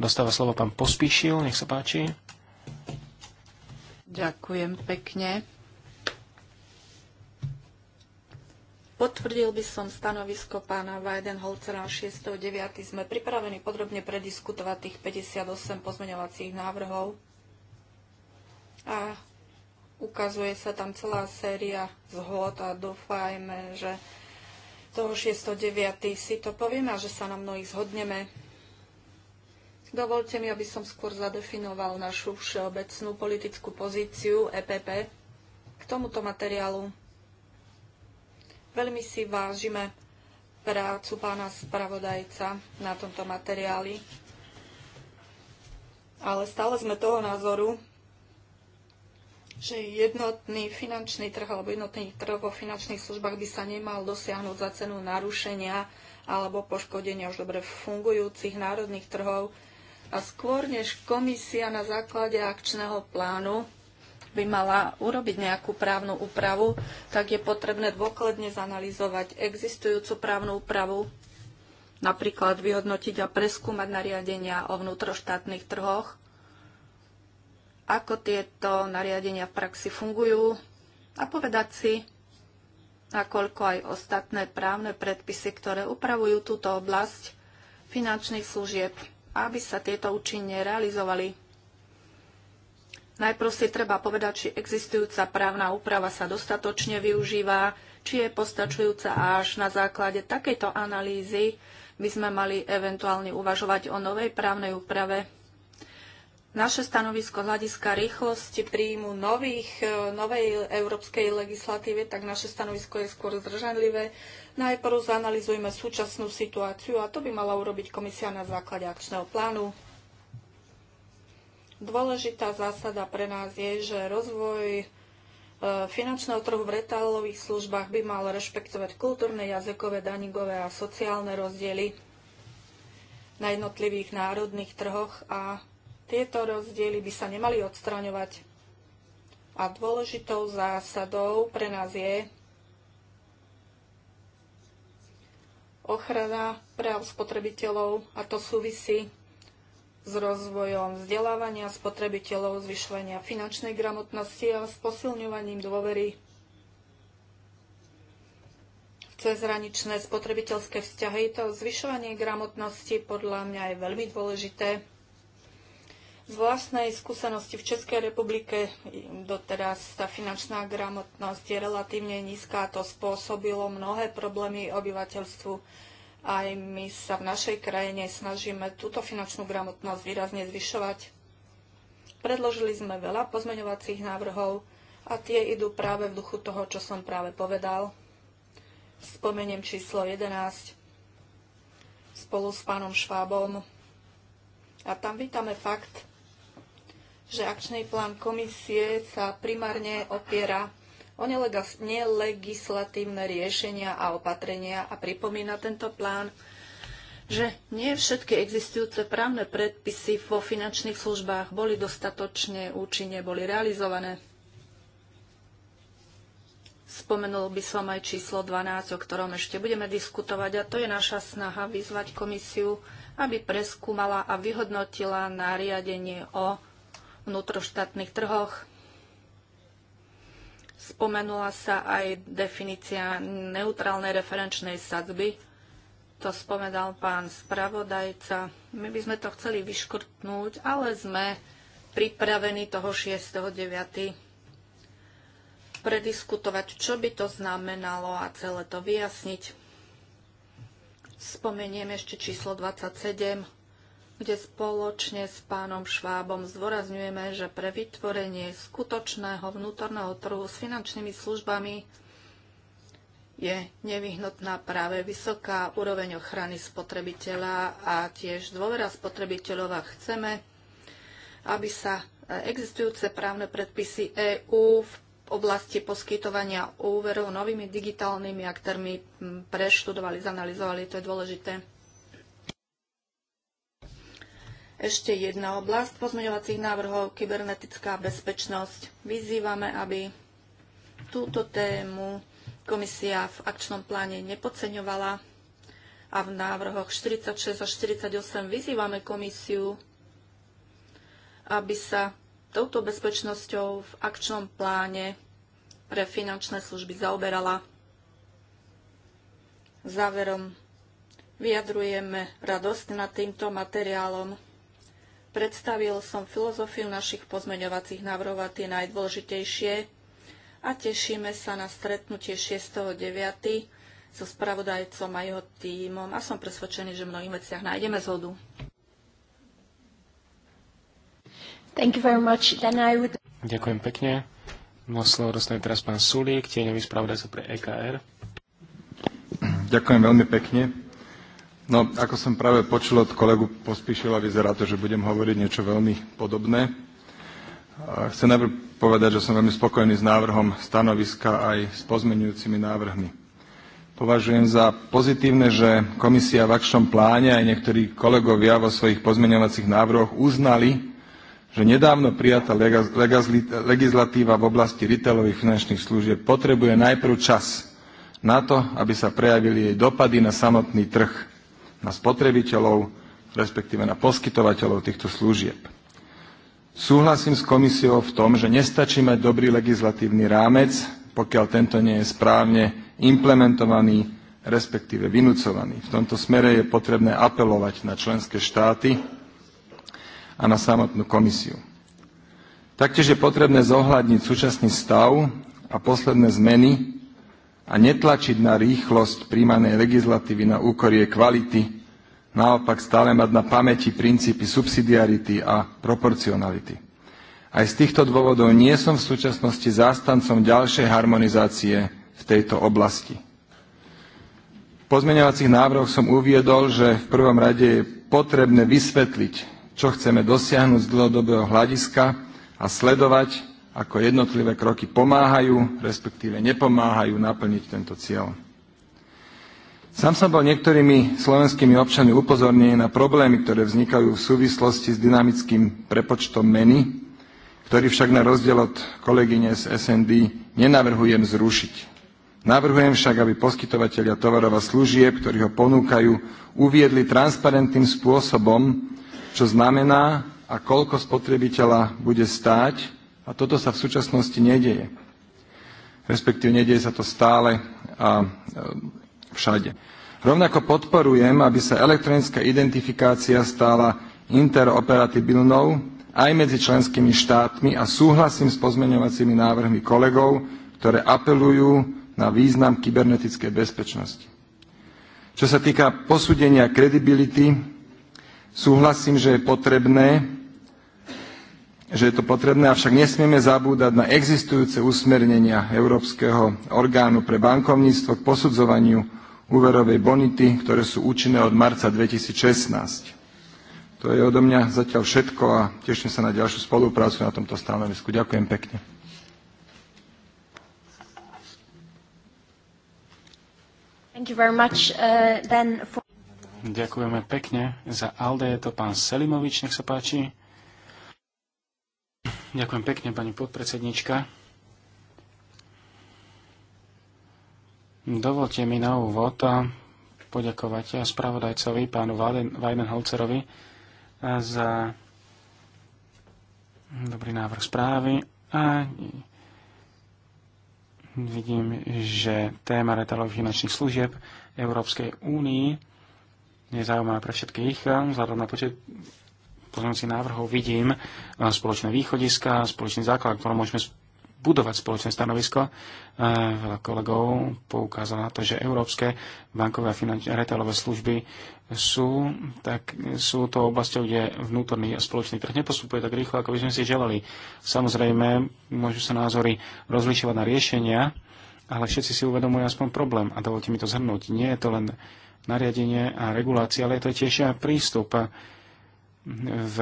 dostáva slovo pán Pospíšil, nech sa páči. Ďakujem pekne. Potvrdil by som stanovisko pána Weidenholcera 6.9. Sme pripravení podrobne prediskutovať tých 58 pozmeňovacích návrhov a ukazuje sa tam celá séria zhod a dúfajme, že toho 6.9. si to povieme a že sa na mnohých zhodneme. Dovolte mi, aby som skôr zadefinoval našu všeobecnú politickú pozíciu EPP k tomuto materiálu. Veľmi si vážime prácu pána spravodajca na tomto materiáli, ale stále sme toho názoru, že jednotný finančný trh alebo jednotný trh vo finančných službách by sa nemal dosiahnuť za cenu narušenia alebo poškodenia už dobre fungujúcich národných trhov a skôr než komisia na základe akčného plánu by mala urobiť nejakú právnu úpravu, tak je potrebné dôkladne zanalizovať existujúcu právnu úpravu, napríklad vyhodnotiť a preskúmať nariadenia o vnútroštátnych trhoch, ako tieto nariadenia v praxi fungujú a povedať si, nakoľko aj ostatné právne predpisy, ktoré upravujú túto oblasť finančných služieb, aby sa tieto účinne realizovali. Najprv si treba povedať, či existujúca právna úprava sa dostatočne využíva, či je postačujúca a až na základe takejto analýzy by sme mali eventuálne uvažovať o novej právnej úprave. Naše stanovisko hľadiska rýchlosti príjmu nových, e, novej európskej legislatívy, tak naše stanovisko je skôr zdržanlivé. Najprv zanalizujme súčasnú situáciu a to by mala urobiť komisia na základe akčného plánu. Dôležitá zásada pre nás je, že rozvoj e, finančného trhu v retailových službách by mal rešpektovať kultúrne, jazykové, daningové a sociálne rozdiely na jednotlivých národných trhoch a tieto rozdiely by sa nemali odstraňovať. A dôležitou zásadou pre nás je ochrana práv spotrebiteľov a to súvisí s rozvojom vzdelávania spotrebiteľov, zvyšovania finančnej gramotnosti a s posilňovaním dôvery v cezhraničné spotrebiteľské vzťahy. To zvyšovanie gramotnosti podľa mňa je veľmi dôležité. Z vlastnej skúsenosti v Českej republike doteraz tá finančná gramotnosť je relatívne nízka a to spôsobilo mnohé problémy obyvateľstvu aj my sa v našej krajine snažíme túto finančnú gramotnosť výrazne zvyšovať. Predložili sme veľa pozmeňovacích návrhov a tie idú práve v duchu toho, čo som práve povedal. Spomeniem číslo 11 spolu s pánom Švábom. A tam vítame fakt, že akčný plán komisie sa primárne opiera o nelegislatívne riešenia a opatrenia a pripomína tento plán, že nie všetky existujúce právne predpisy vo finančných službách boli dostatočne účinne, boli realizované. Spomenul by som aj číslo 12, o ktorom ešte budeme diskutovať a to je naša snaha vyzvať komisiu, aby preskúmala a vyhodnotila nariadenie o vnútroštátnych trhoch. Spomenula sa aj definícia neutrálnej referenčnej sadzby. To spomenal pán spravodajca. My by sme to chceli vyškrtnúť, ale sme pripravení toho 6.9. prediskutovať, čo by to znamenalo a celé to vyjasniť. Spomeniem ešte číslo 27 kde spoločne s pánom Švábom zdôrazňujeme, že pre vytvorenie skutočného vnútorného trhu s finančnými službami je nevyhnutná práve vysoká úroveň ochrany spotrebiteľa a tiež dôvera spotrebiteľov a chceme, aby sa existujúce právne predpisy EÚ v oblasti poskytovania úverov novými digitálnymi aktérmi preštudovali, zanalizovali. To je dôležité. Ešte jedna oblasť pozmeňovacích návrhov, kybernetická bezpečnosť. Vyzývame, aby túto tému komisia v akčnom pláne nepodceňovala a v návrhoch 46 a 48 vyzývame komisiu, aby sa touto bezpečnosťou v akčnom pláne pre finančné služby zaoberala. Záverom vyjadrujeme radosť nad týmto materiálom Predstavil som filozofiu našich pozmeňovacích návrhov a tie najdôležitejšie a tešíme sa na stretnutie 6.9. so spravodajcom a jeho tímom a som presvedčený, že v mnohých veciach nájdeme zhodu. Thank you very much. Then I would... Ďakujem pekne. No slovo dostane teraz pán Sulík, tieňový spravodajca pre EKR. Ďakujem veľmi pekne. No, ako som práve počul od kolegu Pospíšila, vyzerá to, že budem hovoriť niečo veľmi podobné. Chcem najprv povedať, že som veľmi spokojný s návrhom stanoviska aj s pozmenujúcimi návrhmi. Považujem za pozitívne, že komisia v akčnom pláne aj niektorí kolegovia vo svojich pozmeňovacích návrhoch uznali, že nedávno prijatá legislatíva v oblasti retailových finančných služieb potrebuje najprv čas na to, aby sa prejavili jej dopady na samotný trh na spotrebiteľov, respektíve na poskytovateľov týchto služieb. Súhlasím s komisiou v tom, že nestačí mať dobrý legislatívny rámec, pokiaľ tento nie je správne implementovaný, respektíve vynúcovaný. V tomto smere je potrebné apelovať na členské štáty a na samotnú komisiu. Taktiež je potrebné zohľadniť súčasný stav a posledné zmeny a netlačiť na rýchlosť príjmanej legislatívy na úkor jej kvality, naopak stále mať na pamäti princípy subsidiarity a proporcionality. Aj z týchto dôvodov nie som v súčasnosti zástancom ďalšej harmonizácie v tejto oblasti. V pozmeňovacích návrhoch som uviedol, že v prvom rade je potrebné vysvetliť, čo chceme dosiahnuť z dlhodobého hľadiska a sledovať, ako jednotlivé kroky pomáhajú, respektíve nepomáhajú naplniť tento cieľ. Sám som bol niektorými slovenskými občanmi upozornený na problémy, ktoré vznikajú v súvislosti s dynamickým prepočtom meny, ktorý však na rozdiel od kolegyne z SND nenavrhujem zrušiť. Navrhujem však, aby poskytovateľia tovarov a služieb, ktorí ho ponúkajú, uviedli transparentným spôsobom, čo znamená a koľko spotrebiteľa bude stáť a toto sa v súčasnosti nedieje. Respektíve nedieje sa to stále a všade. Rovnako podporujem, aby sa elektronická identifikácia stala interoperatibilnou aj medzi členskými štátmi a súhlasím s pozmeňovacími návrhmi kolegov, ktoré apelujú na význam kybernetickej bezpečnosti. Čo sa týka posúdenia kredibility, súhlasím, že je potrebné že je to potrebné, avšak nesmieme zabúdať na existujúce usmernenia Európskeho orgánu pre bankovníctvo k posudzovaniu úverovej bonity, ktoré sú účinné od marca 2016. To je odo mňa zatiaľ všetko a teším sa na ďalšiu spoluprácu na tomto stanovisku. Ďakujem pekne. Uh, Ďakujeme pekne. Za Alde je to pán Selimovič, nech sa páči. Ďakujem pekne, pani podpredsednička. Dovolte mi na úvod poďakovať spravodajcovi, pánu Weidenholcerovi, za dobrý návrh správy a vidím, že téma retalových finančných služieb Európskej únii je zaujímavá pre všetkých, vzhľadom na počet pozmeňujúcich návrhov vidím e, spoločné východiska, spoločný základ, ktorom môžeme budovať spoločné stanovisko. E, veľa kolegov poukázalo na to, že európske bankové a finančné retailové služby sú, tak sú to oblasťou, kde vnútorný a spoločný trh nepostupuje tak rýchlo, ako by sme si želali. Samozrejme, môžu sa názory rozlišovať na riešenia, ale všetci si uvedomujú aspoň problém. A dovolte mi to zhrnúť. Nie je to len nariadenie a regulácia, ale je to tiež aj prístup v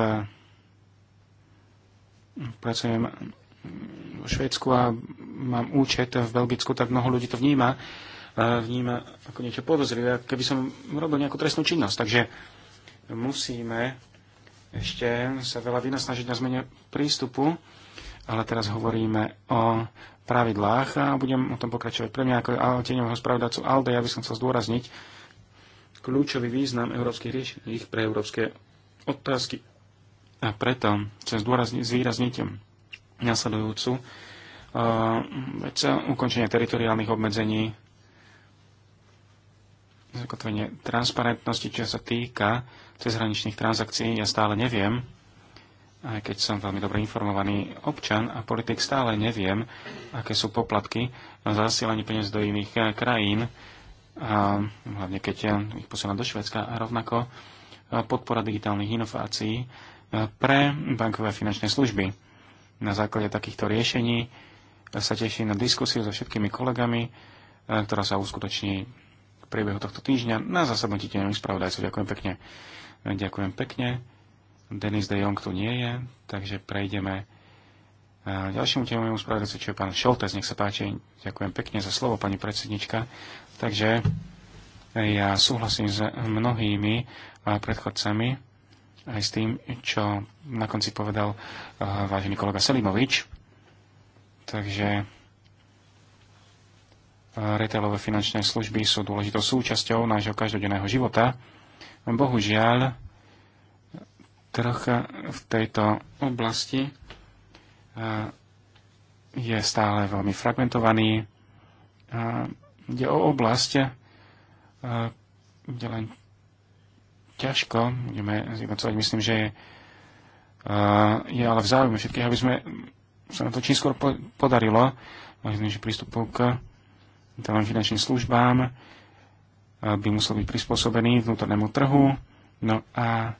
pracujem v Švedsku a mám účet v Belgicku, tak mnoho ľudí to vníma, vníma ako niečo podozrivé, keby som robil nejakú trestnú činnosť. Takže musíme ešte sa veľa vynasnažiť na zmene prístupu, ale teraz hovoríme o pravidlách a budem o tom pokračovať. Pre mňa ako tieňového spravodajcu ALDE, ja by som chcel zdôrazniť kľúčový význam európskych riešení pre európske otázky. A preto chcem zvýrazniť nasledujúcu uh, vec ukončenia teritoriálnych obmedzení, zakotvenie transparentnosti, čo sa týka cezhraničných transakcií, ja stále neviem, aj keď som veľmi dobre informovaný občan a politik, stále neviem, aké sú poplatky na zasielanie peniaz do iných eh, krajín, a hlavne keď eh, ich posielam do Švedska a rovnako podpora digitálnych inovácií e, pre bankové finančné služby. Na základe takýchto riešení e, sa teším na diskusiu so všetkými kolegami, e, ktorá sa uskutoční v priebehu tohto týždňa na zasadnutí tenových spravodajcov. Ďakujem pekne. Ďakujem pekne. Denis de Jong tu nie je, takže prejdeme ďalšiemu témovému spravodajcu, čo je pán Šoltes. Nech sa páči. Ďakujem pekne za slovo, pani predsednička. Takže ja súhlasím s mnohými predchodcami, aj s tým, čo na konci povedal eh, vážený kolega Selimovič. Takže eh, retailové finančné služby sú dôležitou súčasťou nášho každodenného života. Bohužiaľ, trocha v tejto oblasti eh, je stále veľmi fragmentovaný. Ide o oblasť, kde len ťažko budeme zjednocovať. Myslím, že je, eh, je ale v záujme všetkých, aby sme sa na to čím skôr podarilo. Myslím, že prístup k digitálnym finančným službám eh, by musel byť prispôsobený vnútornému trhu. No a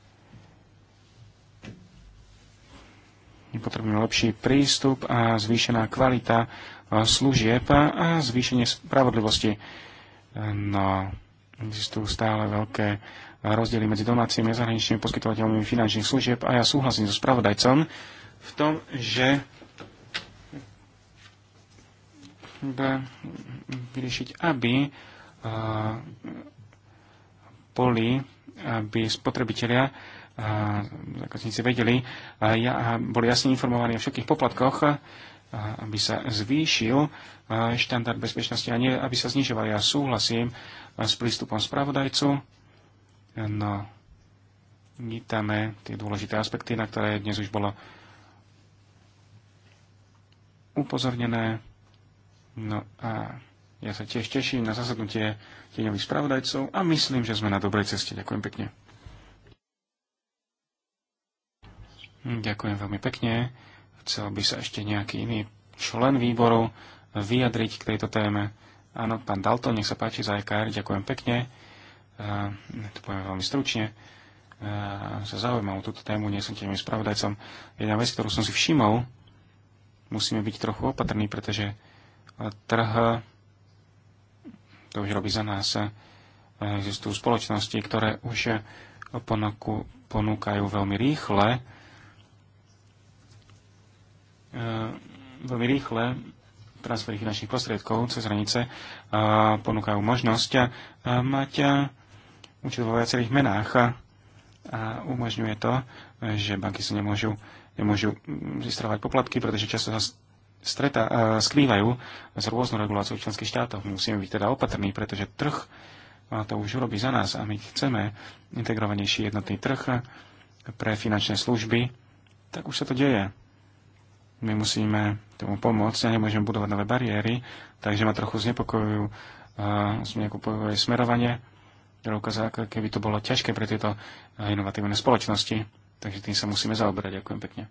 potrebujeme lepší prístup a zvýšená kvalita eh, služieb a zvýšenie spravodlivosti. No, existujú stále veľké rozdiely medzi domácimi a zahraničnými poskytovateľmi finančných služieb a ja súhlasím so spravodajcom v tom, že treba vyriešiť, aby boli, aby spotrebitelia zákazníci vedeli, ja, boli jasne informovaní o všetkých poplatkoch, aby sa zvýšil štandard bezpečnosti a nie, aby sa znižovali. Ja súhlasím s prístupom spravodajcu No, vítame tie dôležité aspekty, na ktoré dnes už bolo upozornené. No a ja sa tiež teším na zasadnutie tieňových spravodajcov a myslím, že sme na dobrej ceste. Ďakujem pekne. Ďakujem veľmi pekne. Chcel by sa ešte nejaký iný člen výboru vyjadriť k tejto téme. Áno, pán Dalton, nech sa páči za EKR. Ďakujem pekne to poviem veľmi stručne, sa zaujímam o túto tému, nie som tým spravodajcom. Jedna vec, ktorú som si všimol, musíme byť trochu opatrní, pretože trh to už robí za nás. Existujú spoločnosti, ktoré už ponuku, ponúkajú veľmi rýchle veľmi rýchle transfery finančných prostriedkov cez hranice ponúkajú možnosť mať učil vo viacerých menách a, a umožňuje to, že banky si nemôžu, nemôžu zistrovať poplatky, pretože často sa stretá, a, skrývajú s rôznou reguláciou členských štátov. My musíme byť teda opatrní, pretože trh a to už urobí za nás a my chceme integrovanejší jednotný trh pre finančné služby, tak už sa to deje. My musíme tomu pomôcť a nemôžeme budovať nové bariéry, takže ma trochu znepokojujú uh, smerovanie preukaz, keby to bolo ťažké pre tieto eh, inovatívne spoločnosti. Takže tým sa musíme zaoberať. Ďakujem pekne.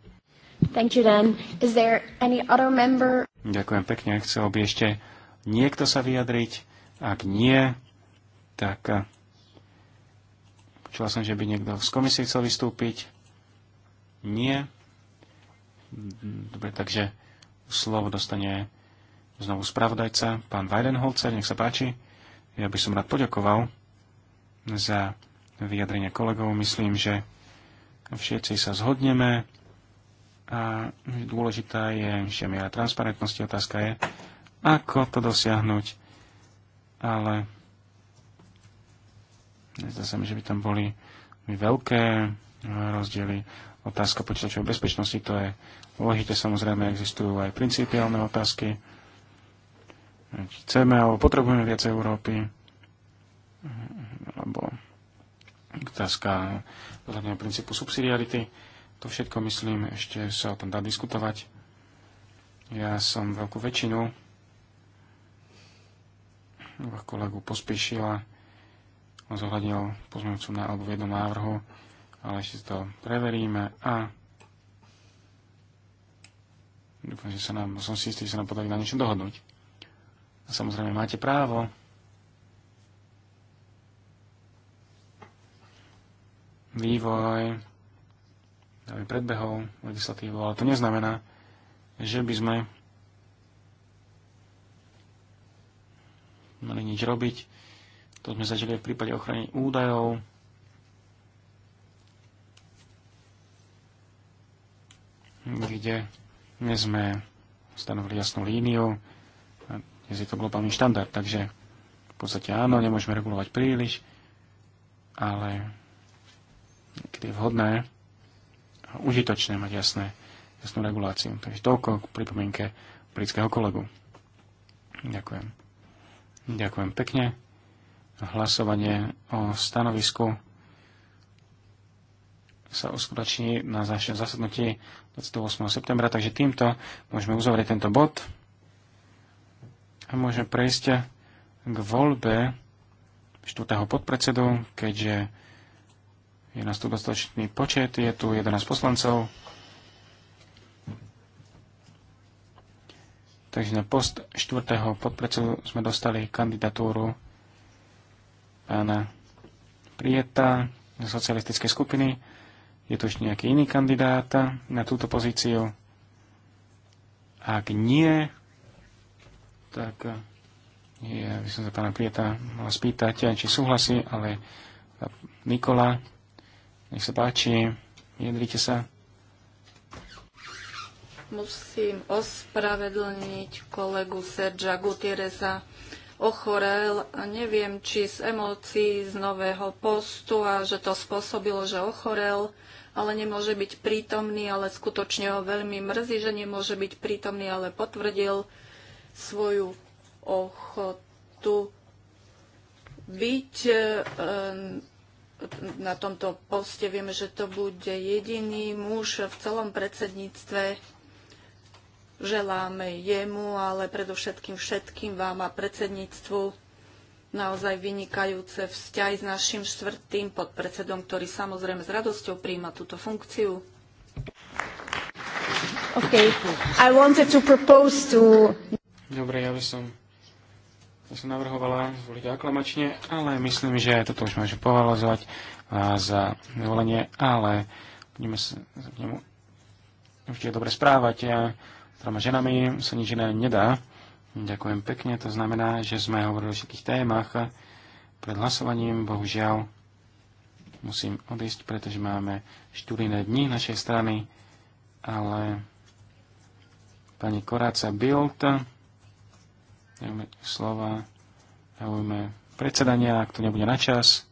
Thank you, Dan. Is there any other member? Ďakujem pekne. Chcel by ešte niekto sa vyjadriť? Ak nie, tak eh, počula som, že by niekto z komisie chcel vystúpiť. Nie. Dobre, takže slovo dostane znovu spravodajca, pán Weidenholzer, nech sa páči. Ja by som rád poďakoval za vyjadrenie kolegov. Myslím, že všetci sa zhodneme a dôležitá je ešte miera transparentnosti. Otázka je, ako to dosiahnuť, ale zdá sa mi, že by tam boli veľké rozdiely. Otázka počítačovej bezpečnosti, to je dôležité. Samozrejme, existujú aj principiálne otázky. chceme alebo potrebujeme viac Európy alebo otázka hľadania princípu subsidiarity. To všetko, myslím, ešte sa o tom dá diskutovať. Ja som veľkú väčšinu kolegu pospešila, zohľadil pozmeňujúcu na alebo v jednom návrhu, ale ešte to preveríme a dúfam, že sa nám, som si istý, že sa nám podarí na niečo dohodnúť. A samozrejme máte právo vývoj, aby predbehol legislatívu, ale to neznamená, že by sme mali nič robiť. To sme zažili v prípade ochrany údajov. kde my sme stanovili jasnú líniu. A dnes je to globálny štandard, takže v podstate áno, nemôžeme regulovať príliš, ale kedy je vhodné a užitočné mať jasné, jasnú reguláciu. Takže toľko k pripomienke britského kolegu. Ďakujem. Ďakujem pekne. Hlasovanie o stanovisku sa uskutoční na zasadnutí 28. septembra, takže týmto môžeme uzavrieť tento bod a môžeme prejsť k voľbe štvrtého podpredsedu, keďže je nás tu dostatočný počet, je tu 11 poslancov. Takže na post štvrtého podpredsedu sme dostali kandidatúru pána Prieta z socialistickej skupiny. Je tu ešte nejaký iný kandidát na túto pozíciu? Ak nie, tak ja by som sa pána Prieta mal spýtať, či súhlasí, ale Nikola nech sa páči, jedrite sa. Musím ospravedlniť kolegu Serža Gutiereza ochorel, neviem, či z emócií z nového postu a že to spôsobilo, že ochorel, ale nemôže byť prítomný, ale skutočne ho veľmi mrzí, že nemôže byť prítomný, ale potvrdil svoju ochotu byť eh, na tomto poste. Vieme, že to bude jediný muž v celom predsedníctve. Želáme jemu, ale predovšetkým všetkým vám a predsedníctvu naozaj vynikajúce vzťahy s našim štvrtým podpredsedom, ktorý samozrejme s radosťou prijíma túto funkciu. Okay. I wanted to propose to... Dobre, ja by som som navrhovala zvoliť aklamačne, ale myslím, že toto už môžem povalovať za nevolenie, ale budeme sa k nemu určite dobre správať. Ja, troma ženami sa nič iné nedá. Ďakujem pekne, to znamená, že sme hovorili o všetkých témach pred hlasovaním. Bohužiaľ musím odísť, pretože máme štúrine dni našej strany, ale pani Koráca Bild slova zaujme predsedania, ak to nebude na čas.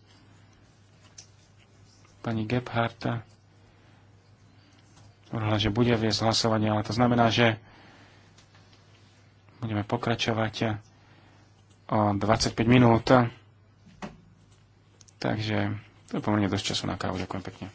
Pani Gebharta hovorila, že bude viesť hlasovanie, ale to znamená, že budeme pokračovať o 25 minút. Takže to je pomerne dosť času na kávu. Ďakujem pekne.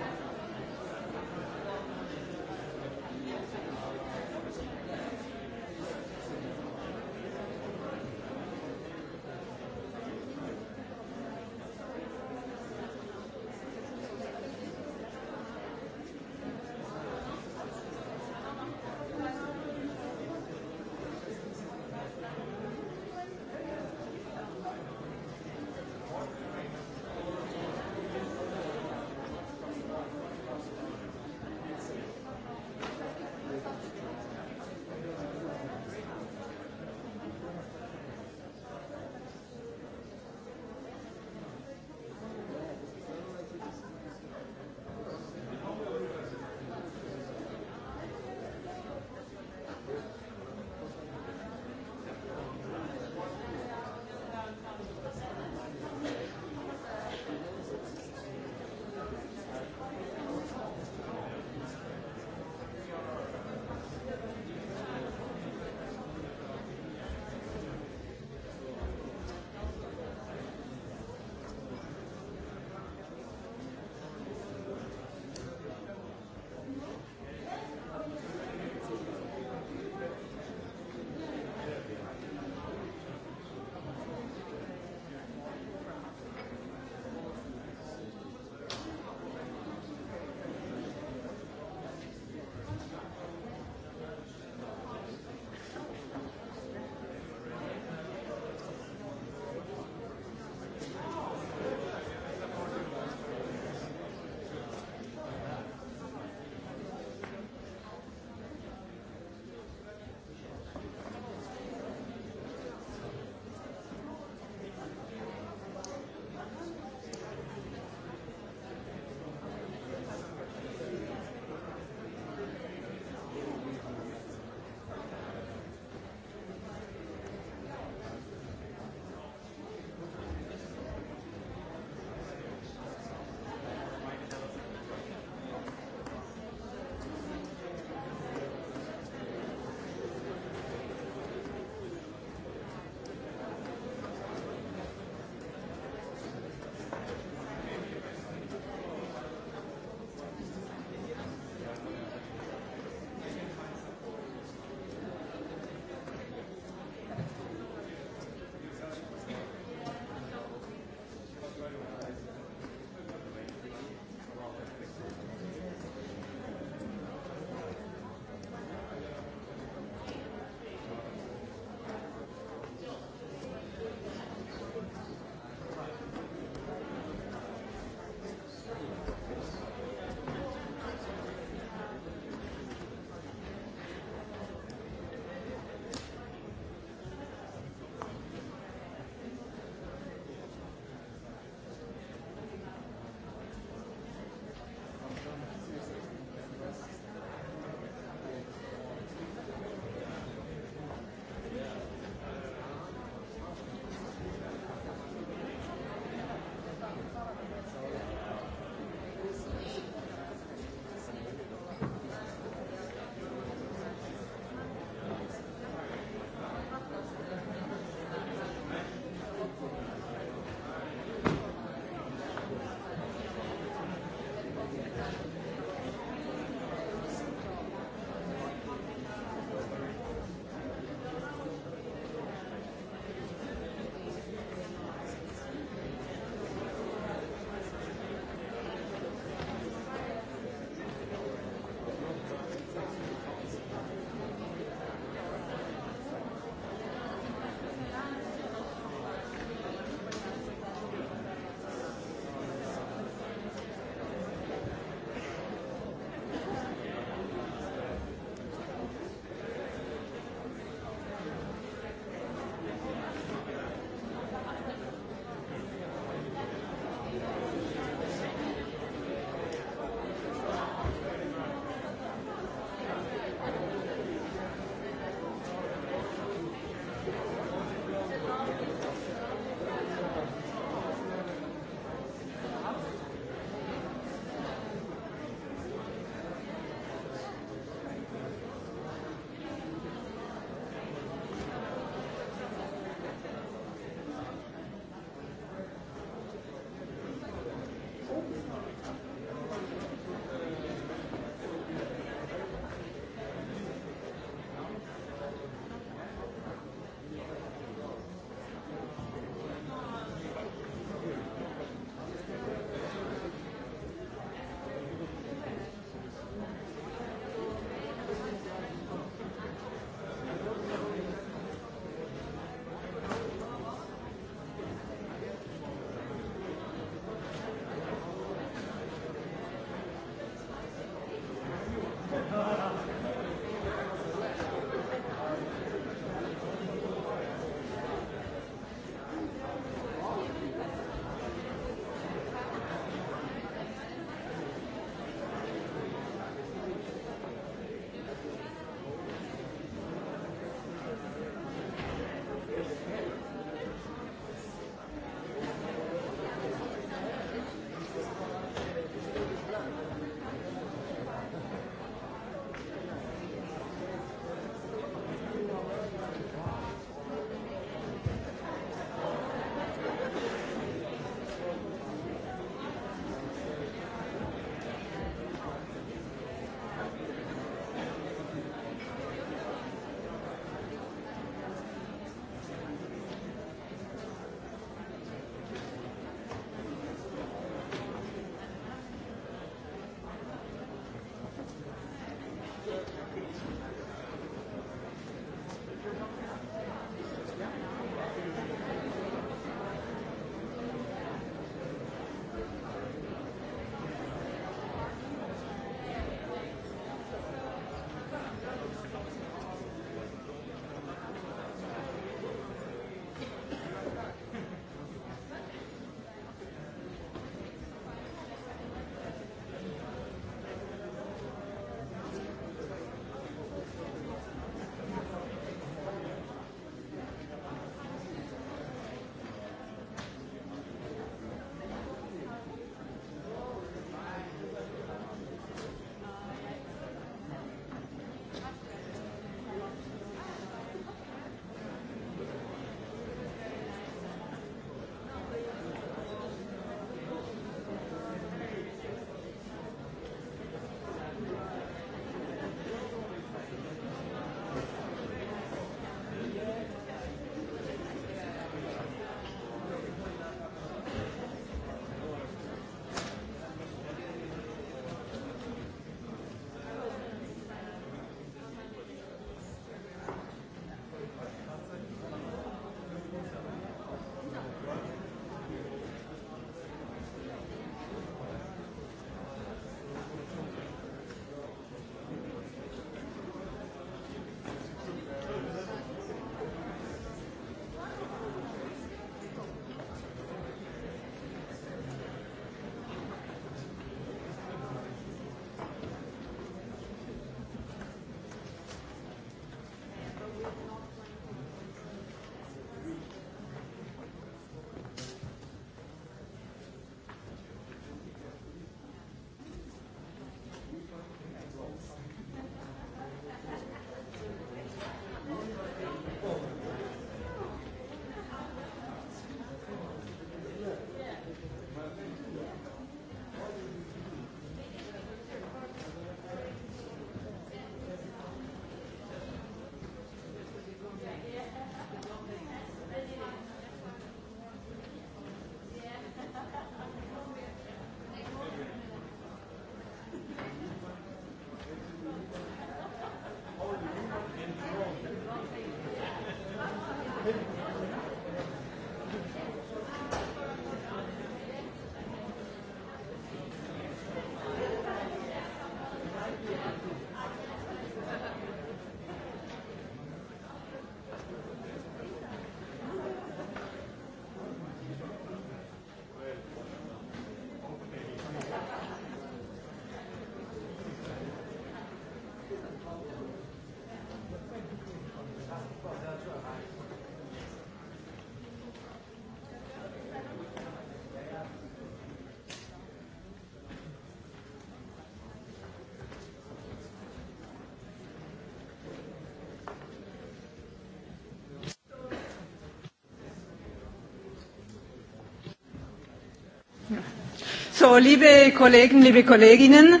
So, liebe Kollegen, liebe Kolleginnen,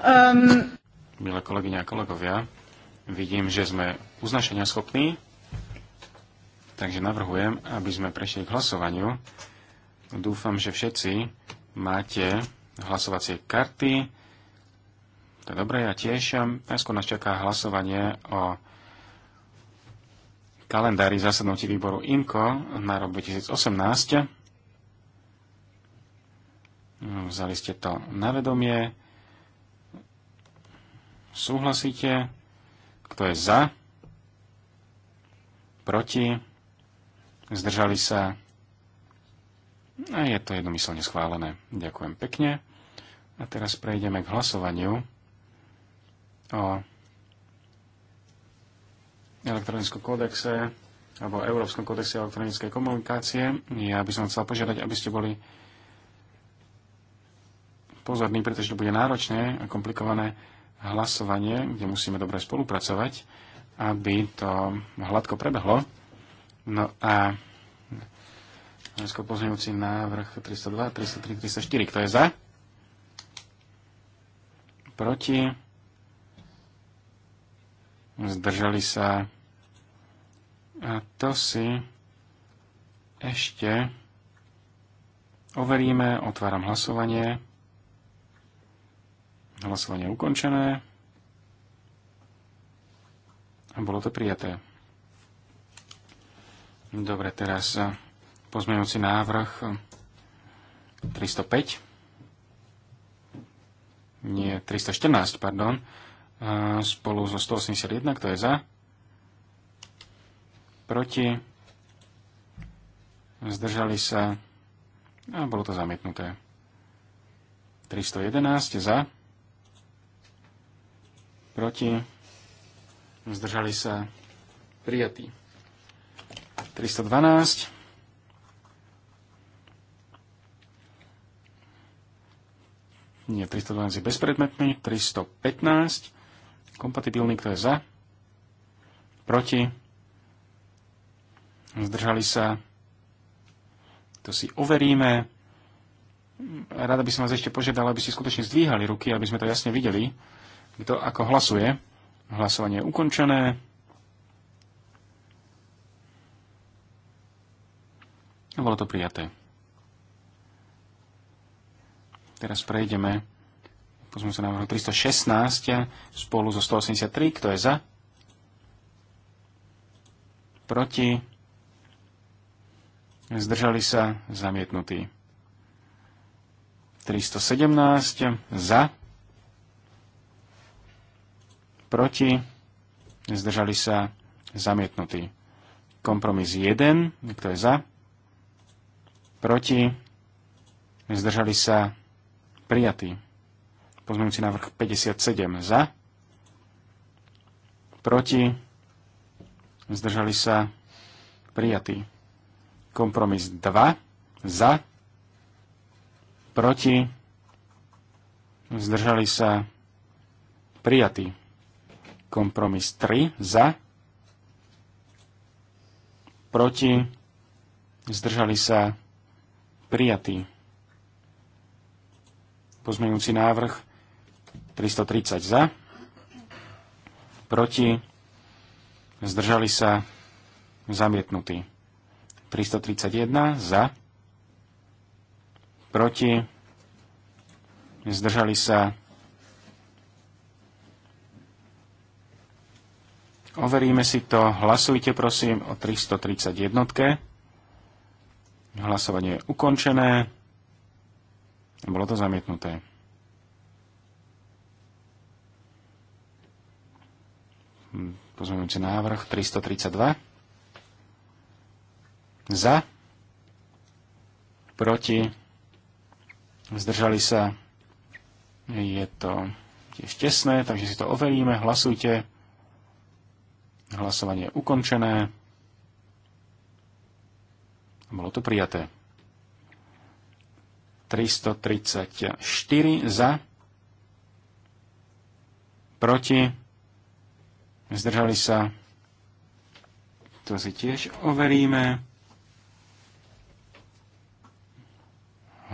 um... Milé kolegyne a kolegovia, vidím, že sme uznašenia schopní, takže navrhujem, aby sme prešli k hlasovaniu. Dúfam, že všetci máte hlasovacie karty. To je dobré, ja tiež. Najskôr nás čaká hlasovanie o kalendári zasadnutí výboru IMCO na rok 2018. Vzali ste to na vedomie. Súhlasíte? Kto je za? Proti? Zdržali sa? A je to jednomyselne schválené. Ďakujem pekne. A teraz prejdeme k hlasovaniu o elektronickom kódexe alebo Európskom kódexe elektronickej komunikácie. Ja by som chcel požiadať, aby ste boli pozorní, pretože to bude náročné a komplikované hlasovanie, kde musíme dobre spolupracovať, aby to hladko prebehlo. No a Najskôr pozmeňujúci návrh 302, 303, 304. Kto je za? Proti? Zdržali sa. A to si ešte overíme. Otváram hlasovanie. Hlasovanie ukončené. A bolo to prijaté. Dobre, teraz eh, pozmeňujúci návrh 305. Eh, Nie, 314, pardon. Eh, spolu so 181, kto je za? Proti? Zdržali sa? A bolo to zamietnuté. 311 za? proti, zdržali sa prijatí. 312. Nie, 312 je bezpredmetný. 315. Kompatibilný, kto je za? Proti? Zdržali sa? To si overíme. Rada by som vás ešte požiadala, aby ste skutočne zdvíhali ruky, aby sme to jasne videli kto ako hlasuje. Hlasovanie je ukončené. A bolo to prijaté. Teraz prejdeme pozme sa na 316 spolu so 183. Kto je za? Proti? Zdržali sa zamietnutí. 317 za proti, zdržali sa zamietnutí. Kompromis 1, kto je za, proti, zdržali sa prijatí. Pozmeňujúci návrh 57 za, proti, zdržali sa prijatí. Kompromis 2 za, proti, zdržali sa prijatí Kompromis 3 za, proti, zdržali sa prijatí. Pozmeňujúci návrh 330 za, proti, zdržali sa zamietnutí. 331 za, proti, zdržali sa Overíme si to. Hlasujte prosím o 331. Hlasovanie je ukončené. Bolo to zamietnuté. Hm, pozmeňujúci návrh 332. Za. Proti. Zdržali sa. Je to tiež tesné, takže si to overíme. Hlasujte. Hlasovanie je ukončené. Bolo to prijaté. 334 za, proti, zdržali sa. To si tiež overíme.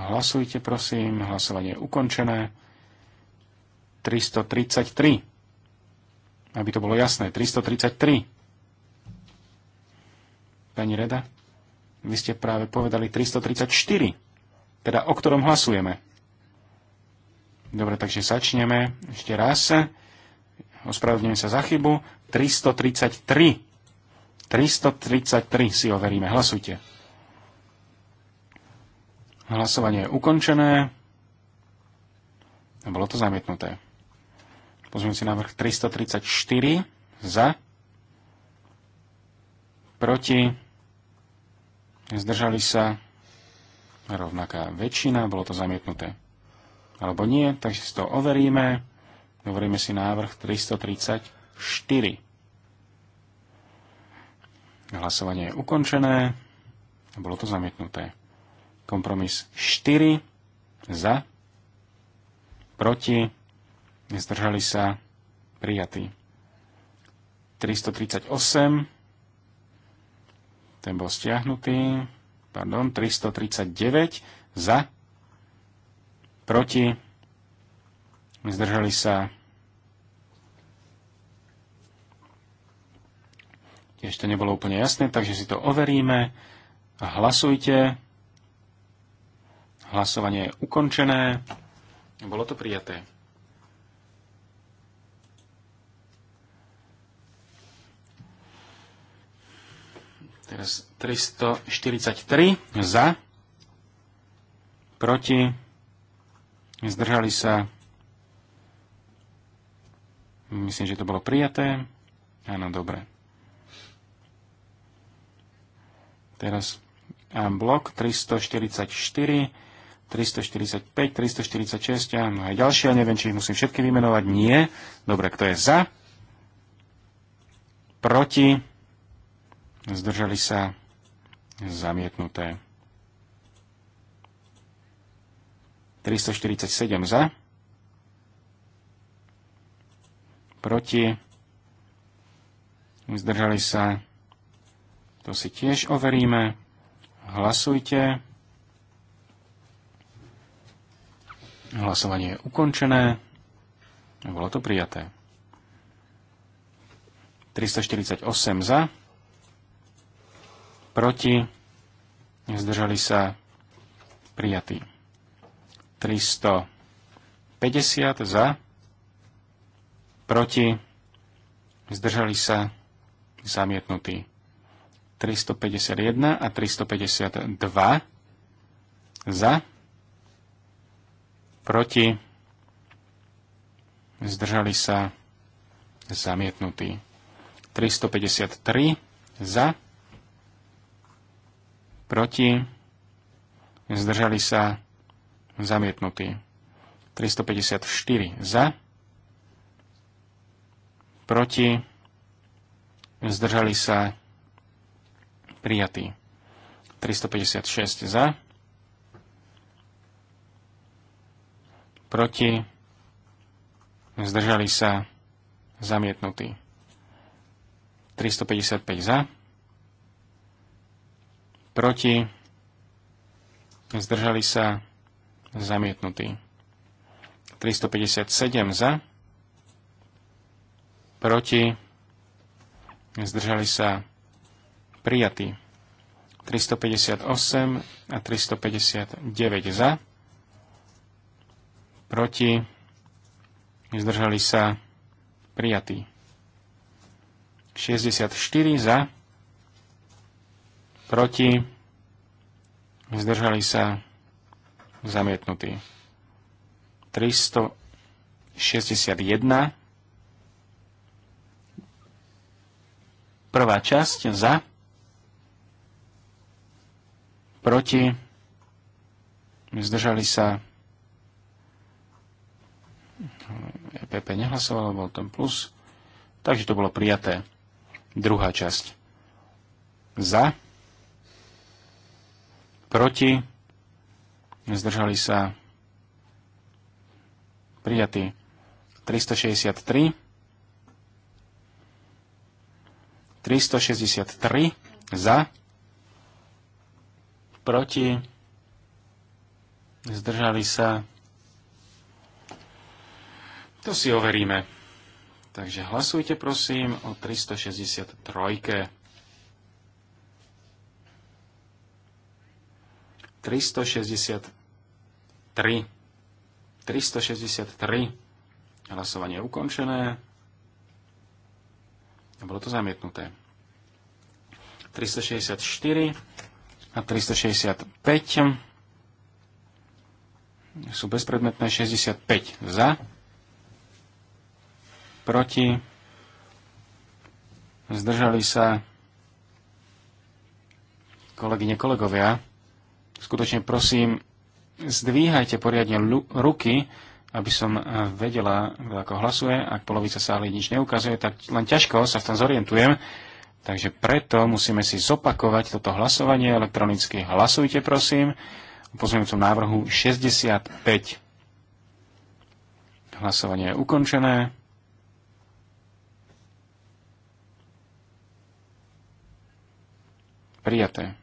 Hlasujte prosím, hlasovanie je ukončené. 333 aby to bolo jasné, 333. Pani Reda, vy ste práve povedali 334, teda o ktorom hlasujeme. Dobre, takže začneme ešte raz. Ospravedlňujem sa za chybu. 333. 333 si overíme. Hlasujte. Hlasovanie je ukončené. bolo to zamietnuté. Pozmeňujúci návrh 334 za, proti, zdržali sa rovnaká väčšina, bolo to zamietnuté. Alebo nie, takže si to overíme. Overíme si návrh 334. Hlasovanie je ukončené a bolo to zamietnuté. Kompromis 4 za, proti, zdržali sa prijatí. 338, ten bol stiahnutý, pardon, 339 za, proti, zdržali sa tiež to nebolo úplne jasné, takže si to overíme. Hlasujte. Hlasovanie je ukončené. Bolo to prijaté. Teraz 343 za, proti, zdržali sa, myslím, že to bolo prijaté. Áno, dobre. Teraz blok 344, 345, 346 a aj ďalšie. Ja neviem, či ich musím všetky vymenovať. Nie. Dobre, kto je za? Proti? zdržali sa, zamietnuté. 347 za, proti, zdržali sa, to si tiež overíme, hlasujte. Hlasovanie je ukončené. Bolo to prijaté. 348 za, proti, zdržali sa prijatí. 350 za, proti, zdržali sa zamietnutí. 351 a 352 za, proti, zdržali sa zamietnutí. 353 za, proti, zdržali sa zamietnutí. 354 za, proti, zdržali sa prijatí. 356 za, proti, zdržali sa zamietnutí. 355 za, proti, zdržali sa, zamietnutí. 357 za, proti, zdržali sa, prijatí. 358 a 359 za, proti, zdržali sa, prijatí. 64 za, proti, zdržali sa zamietnutí. 361 prvá časť za, proti, zdržali sa EPP nehlasovalo, bol tam plus, takže to bolo prijaté. Druhá časť za, proti, zdržali sa prijatí 363, 363 za, proti, zdržali sa. To si overíme. Takže hlasujte prosím o 363. 363. 363. Hlasovanie je ukončené. Bolo to zamietnuté. 364 a 365 sú bezpredmetné 65 za, proti, zdržali sa kolegyne, kolegovia skutočne prosím, zdvíhajte poriadne ruky, aby som e, vedela, ako hlasuje. Ak polovica sály nič neukazuje, tak len ťažko sa v tom zorientujem. Takže preto musíme si zopakovať toto hlasovanie elektronicky. Hlasujte, prosím, o pozmeňujúcom návrhu 65. Hlasovanie je ukončené. Prijaté.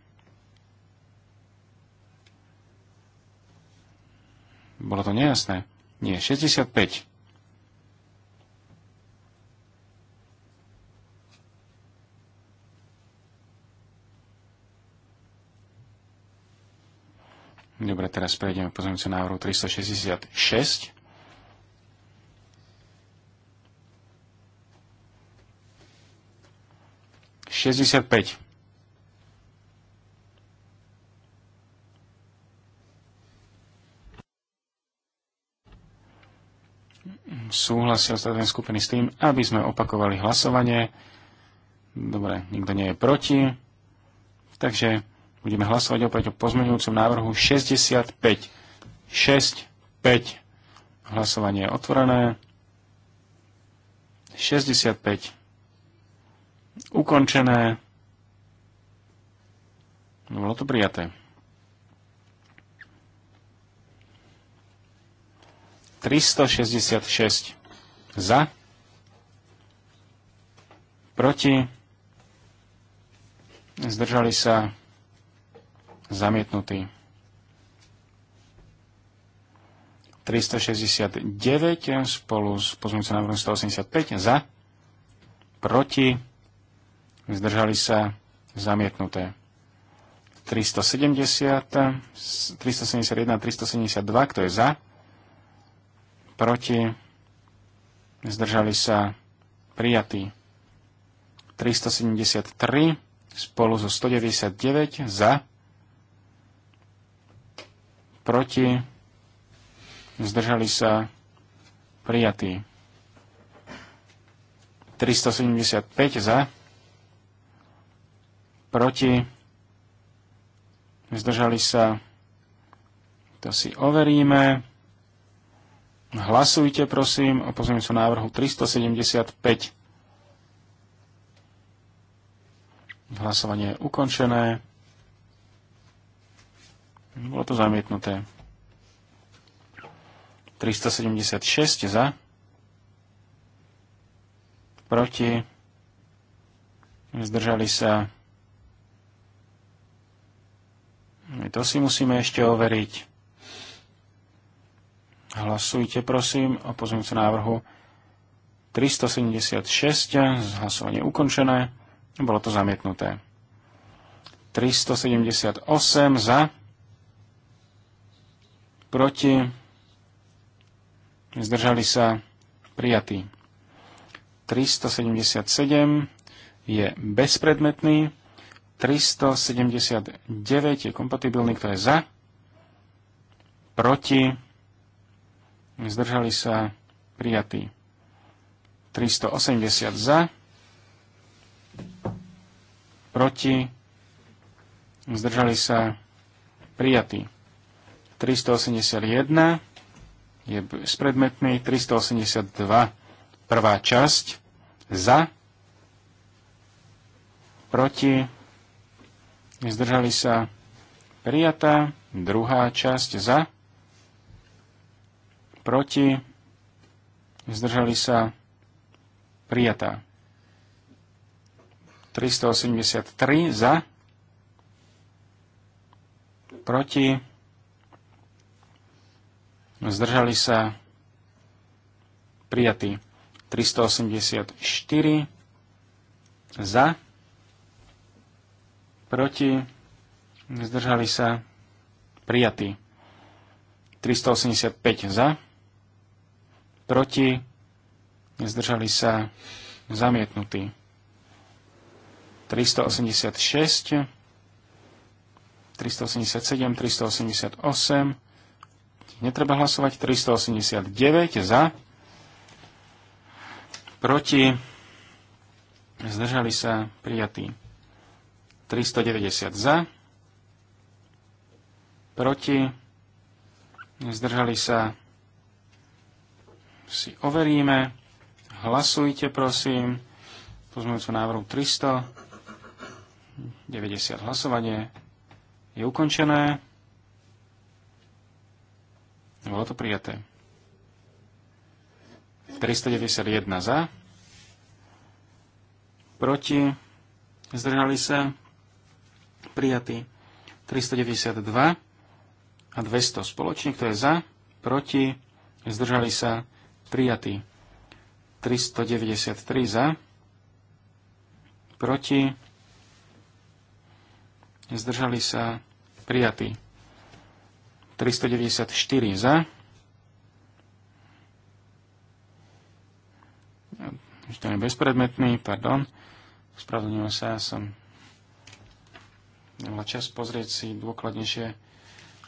Bolo to nejasné? Nie, 65. Dobre, teraz prejdeme pozornicu návrhu 366. Šesťdesiat päť. súhlasia ostatné skupiny s tým, aby sme opakovali hlasovanie. Dobre, nikto nie je proti. Takže budeme hlasovať opäť o pozmeňujúcom návrhu 65. 6, 5. Hlasovanie je otvorené. 65. Ukončené. Bolo to prijaté. 366 za, proti, zdržali sa zamietnutí. 369 spolu s pozmúcim návrhom 185 za, proti, zdržali sa zamietnuté. 370, 371, 372, kto je za, proti, zdržali sa prijatí 373 spolu so 199 za, proti, zdržali sa prijatí 375 za, proti, zdržali sa, to si overíme. Hlasujte prosím o pozmeňujúcom návrhu 375. Hlasovanie je ukončené. Bolo to zamietnuté. 376 za. Proti. Zdržali sa. My to si musíme ešte overiť. Hlasujte prosím o pozmeňujúcom návrhu 376, hlasovanie ukončené, bolo to zamietnuté. 378 za, proti, zdržali sa prijatí. 377 je bezpredmetný, 379 je kompatibilný, kto je za, proti, zdržali sa prijatí 380 za, proti, zdržali sa prijatí 381 je spredmetný 382 prvá časť za, proti, zdržali sa prijatá druhá časť za, proti, zdržali sa, prijatá. 383 za, proti, zdržali sa, prijatí. 384 za, proti, zdržali sa, prijatí. 385 za, proti, zdržali sa zamietnutí. 386, 387, 388, netreba hlasovať, 389 za, proti, zdržali sa prijatí. 390 za, proti, zdržali sa si overíme. Hlasujte, prosím. Pozmeňujúcu návrhu 300. 90 hlasovanie je ukončené. Bolo to prijaté. 391 za. Proti. Zdržali sa. Prijatý. 392 a 200 spoločne. Kto je za? Proti. Zdržali sa prijatý. 393 za, proti, zdržali sa, prijatí 394 za, že to je bezpredmetný, pardon, spravedlňujem sa, ja som nemal čas pozrieť si dôkladnejšie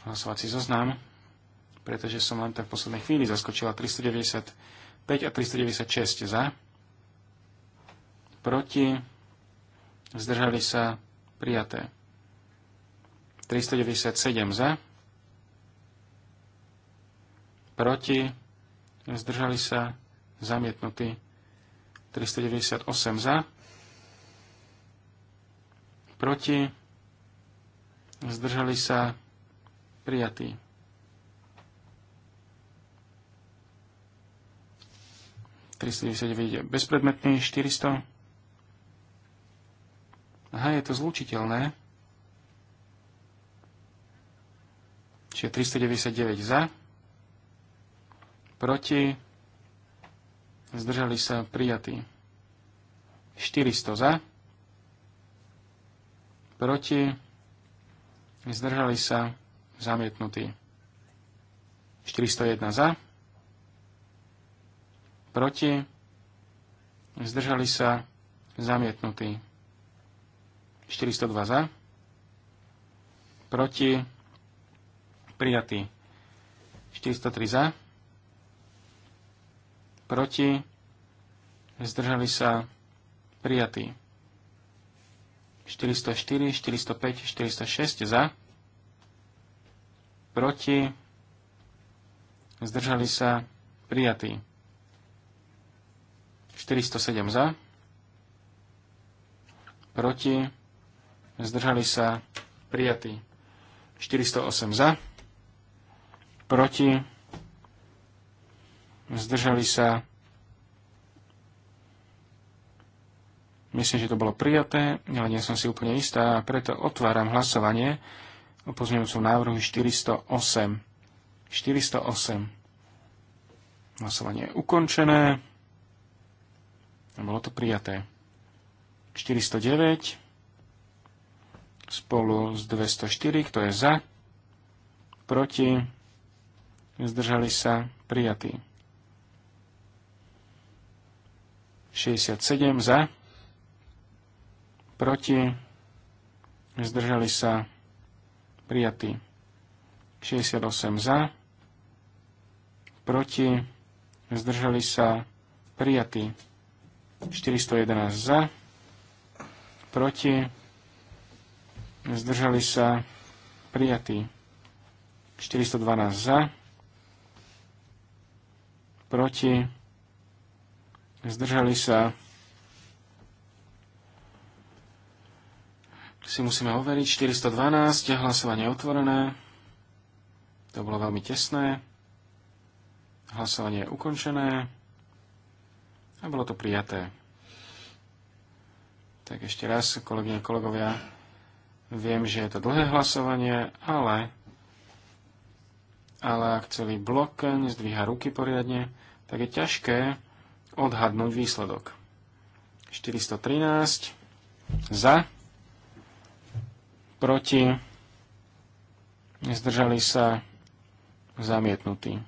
hlasovací zoznam, pretože som len tak v poslednej chvíli zaskočila 395 a 396 za, proti, zdržali sa prijaté. 397 za, proti, zdržali sa zamietnutí. 398 za, proti, zdržali sa prijatí. 399 je bezpredmetný, 400. Aha, je to zlučiteľné. Čiže 399 za, proti, zdržali sa prijatí. 400 za, proti, zdržali sa zamietnutí. 401 za, proti, zdržali sa, zamietnutí. 402 za, proti, prijatí. 403 za, proti, zdržali sa, prijatí. 404, 405, 406 za, proti, zdržali sa, prijatí. 407 za, proti, zdržali sa prijatí 408 za, proti, zdržali sa, myslím, že to bolo prijaté, ale nie som si úplne istá, a preto otváram hlasovanie o pozmeňujúcom návrhu 408. 408. Hlasovanie je ukončené. Bolo to prijaté. 409 spolu s 204, kto je za, proti, zdržali sa, prijatí. 67 za, proti, zdržali sa, prijatí. 68 za, proti, zdržali sa, prijatí. 411 za, proti, zdržali sa, prijatí. 412 za, proti, zdržali sa, si musíme overiť, 412, hlasovanie otvorené, to bolo veľmi tesné, hlasovanie je ukončené, a bolo to prijaté. Tak ešte raz, kolegyne a kolegovia, viem, že je to dlhé hlasovanie, ale, ale ak celý blok nezdvíha ruky poriadne, tak je ťažké odhadnúť výsledok. 413 za, proti, nezdržali sa zamietnutí.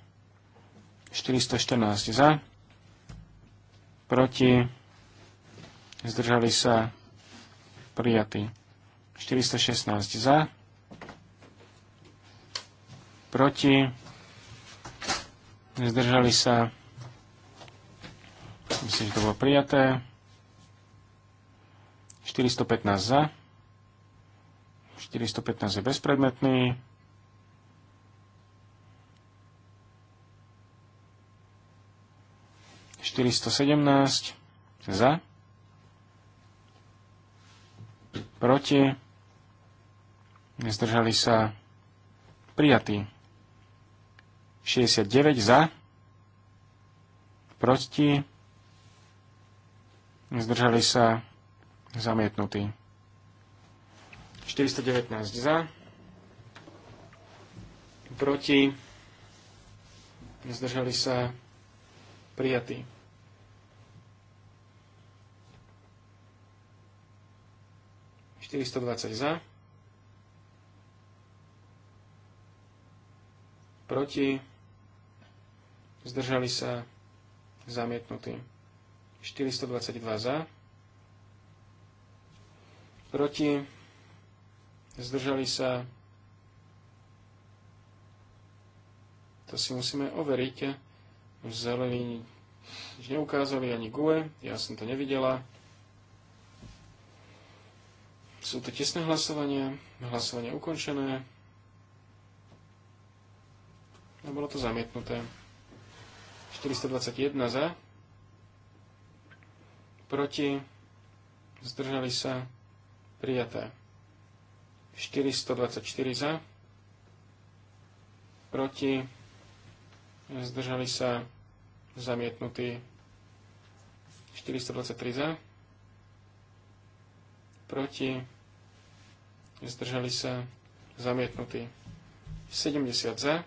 414 za, proti, zdržali sa prijatí. 416 za, proti, zdržali sa, myslím, že to bolo prijaté, 415 za, 415 je bezpredmetný, 417 za, proti, nezdržali sa prijatí. 69 za, proti, zdržali sa zamietnutí. 419 za, proti, zdržali sa prijatí. 420 za, proti, zdržali sa, zamietnutí. 422 za, proti, zdržali sa, to si musíme overiť, zelení neukázali ani gule, ja som to nevidela, sú to tesné hlasovania, hlasovanie ukončené a bolo to zamietnuté. 421 za, proti, zdržali sa, prijaté. 424 za, proti, zdržali sa, zamietnutí. 423 za, proti, zdržali sa, zamietnutí. 70 za,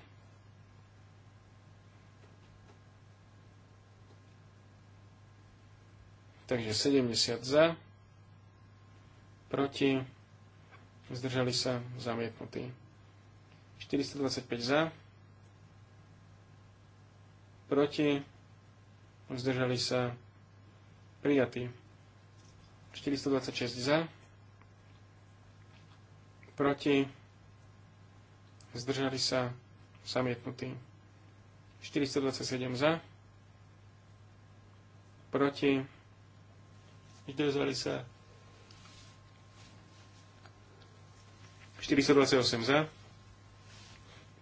takže 70 za, proti, zdržali sa, zamietnutí. 425 za, proti, zdržali sa, prijatí. 426 za, proti, zdržali sa, zamietnutí. 427 za, proti, zdržali sa, 428 za,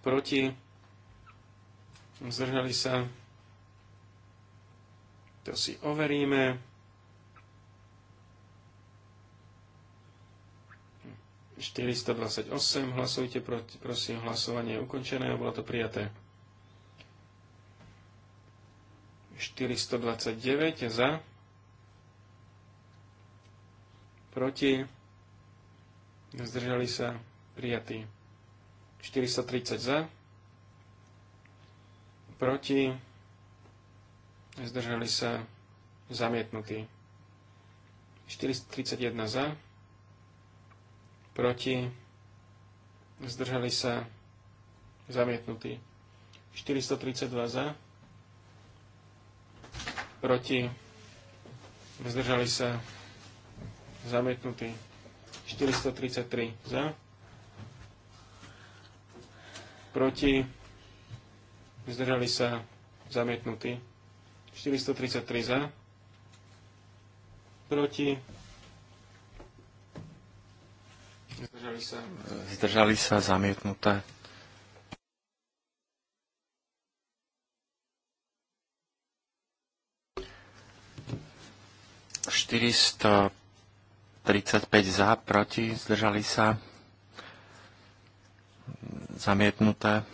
proti, zdržali sa, to si overíme. 428, hlasujte proti, prosím, hlasovanie je ukončené a bolo to prijaté. 429 za, proti, zdržali sa, prijatí. 430 za, proti, zdržali sa, zamietnutí. 431 za, proti, zdržali sa, zamietnutí. 432 za, proti, zdržali sa, zamietnutí. 433 za, proti, zdržali sa, zamietnutí. 433 za, proti, Zdržali sa. Zdržali sa zamietnuté. Štyristo 35 za, proti, zdržali sa, zamietnuté,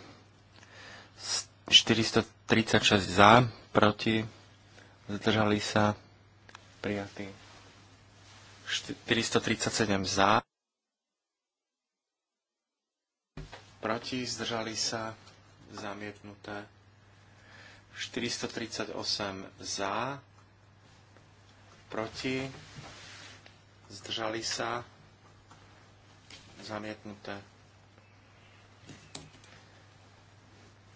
436 za, proti, zdržali sa, prijatí, 437 za, proti, zdržali sa, zamietnuté. 438 za, proti, zdržali sa, zamietnuté.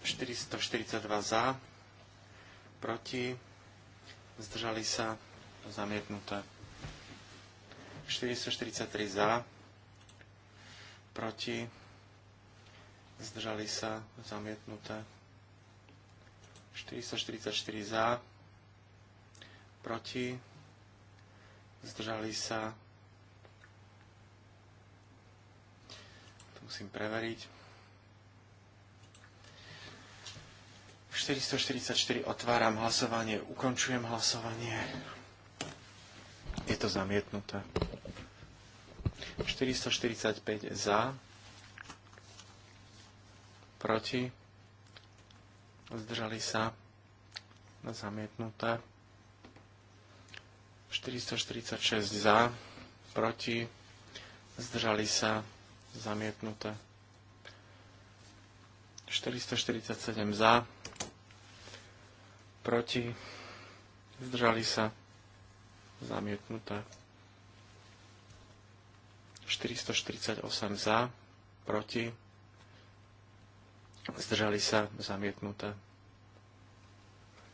442 za, proti, zdržali sa, zamietnuté. 443 za, proti, zdržali sa, zamietnuté. 444 za, proti, zdržali sa. To musím preveriť. 444 otváram hlasovanie, ukončujem hlasovanie. Je to zamietnuté. 445 za, proti, zdržali sa, zamietnuté, 446 za, proti, zdržali sa, zamietnuté, 447 za, proti, zdržali sa, zamietnuté. 448 za, proti, zdržali sa, zamietnuté.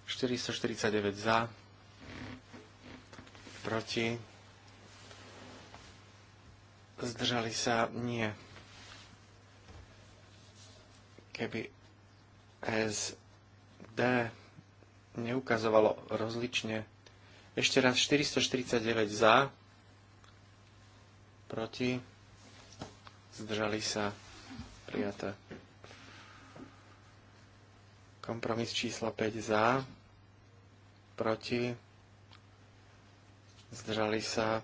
449 za, proti, zdržali sa, nie. Keby SD neukazovalo rozlične, ešte raz 449 za, proti, zdržali sa, prijaté. Kompromis číslo 5 za, proti, zdržali sa,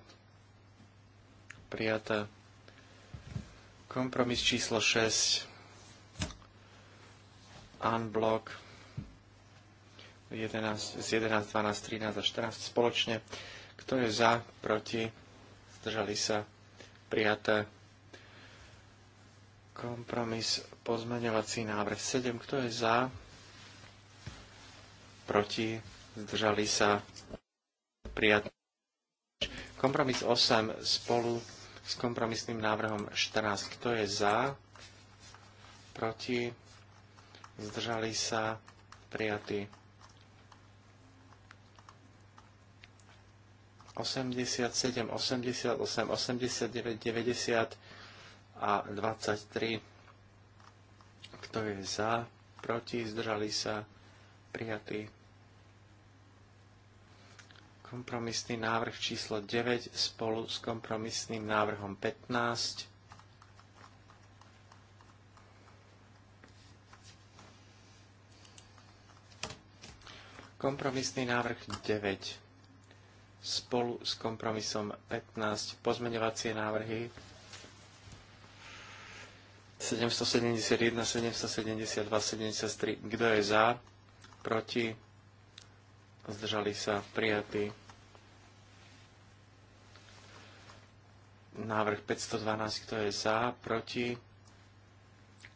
prijaté. Kompromis číslo 6, unblock 11, z 11, 12, 13 a 14 spoločne. Kto je za, proti, zdržali sa, prijaté. Kompromis pozmeňovací návrh 7. Kto je za, proti, zdržali sa prijatí. Kompromis 8 spolu s kompromisným návrhom 14. Kto je za, proti, zdržali sa prijatý. 87, 88, 89, 90 a 23. Kto je za, proti, zdržali sa, prijatý. Kompromisný návrh číslo 9 spolu s kompromisným návrhom 15. Kompromisný návrh 9 spolu s kompromisom 15 pozmeňovacie návrhy 771, 772, 73. Kto je za? Proti? Zdržali sa prijatí. Návrh 512, kto je za, proti,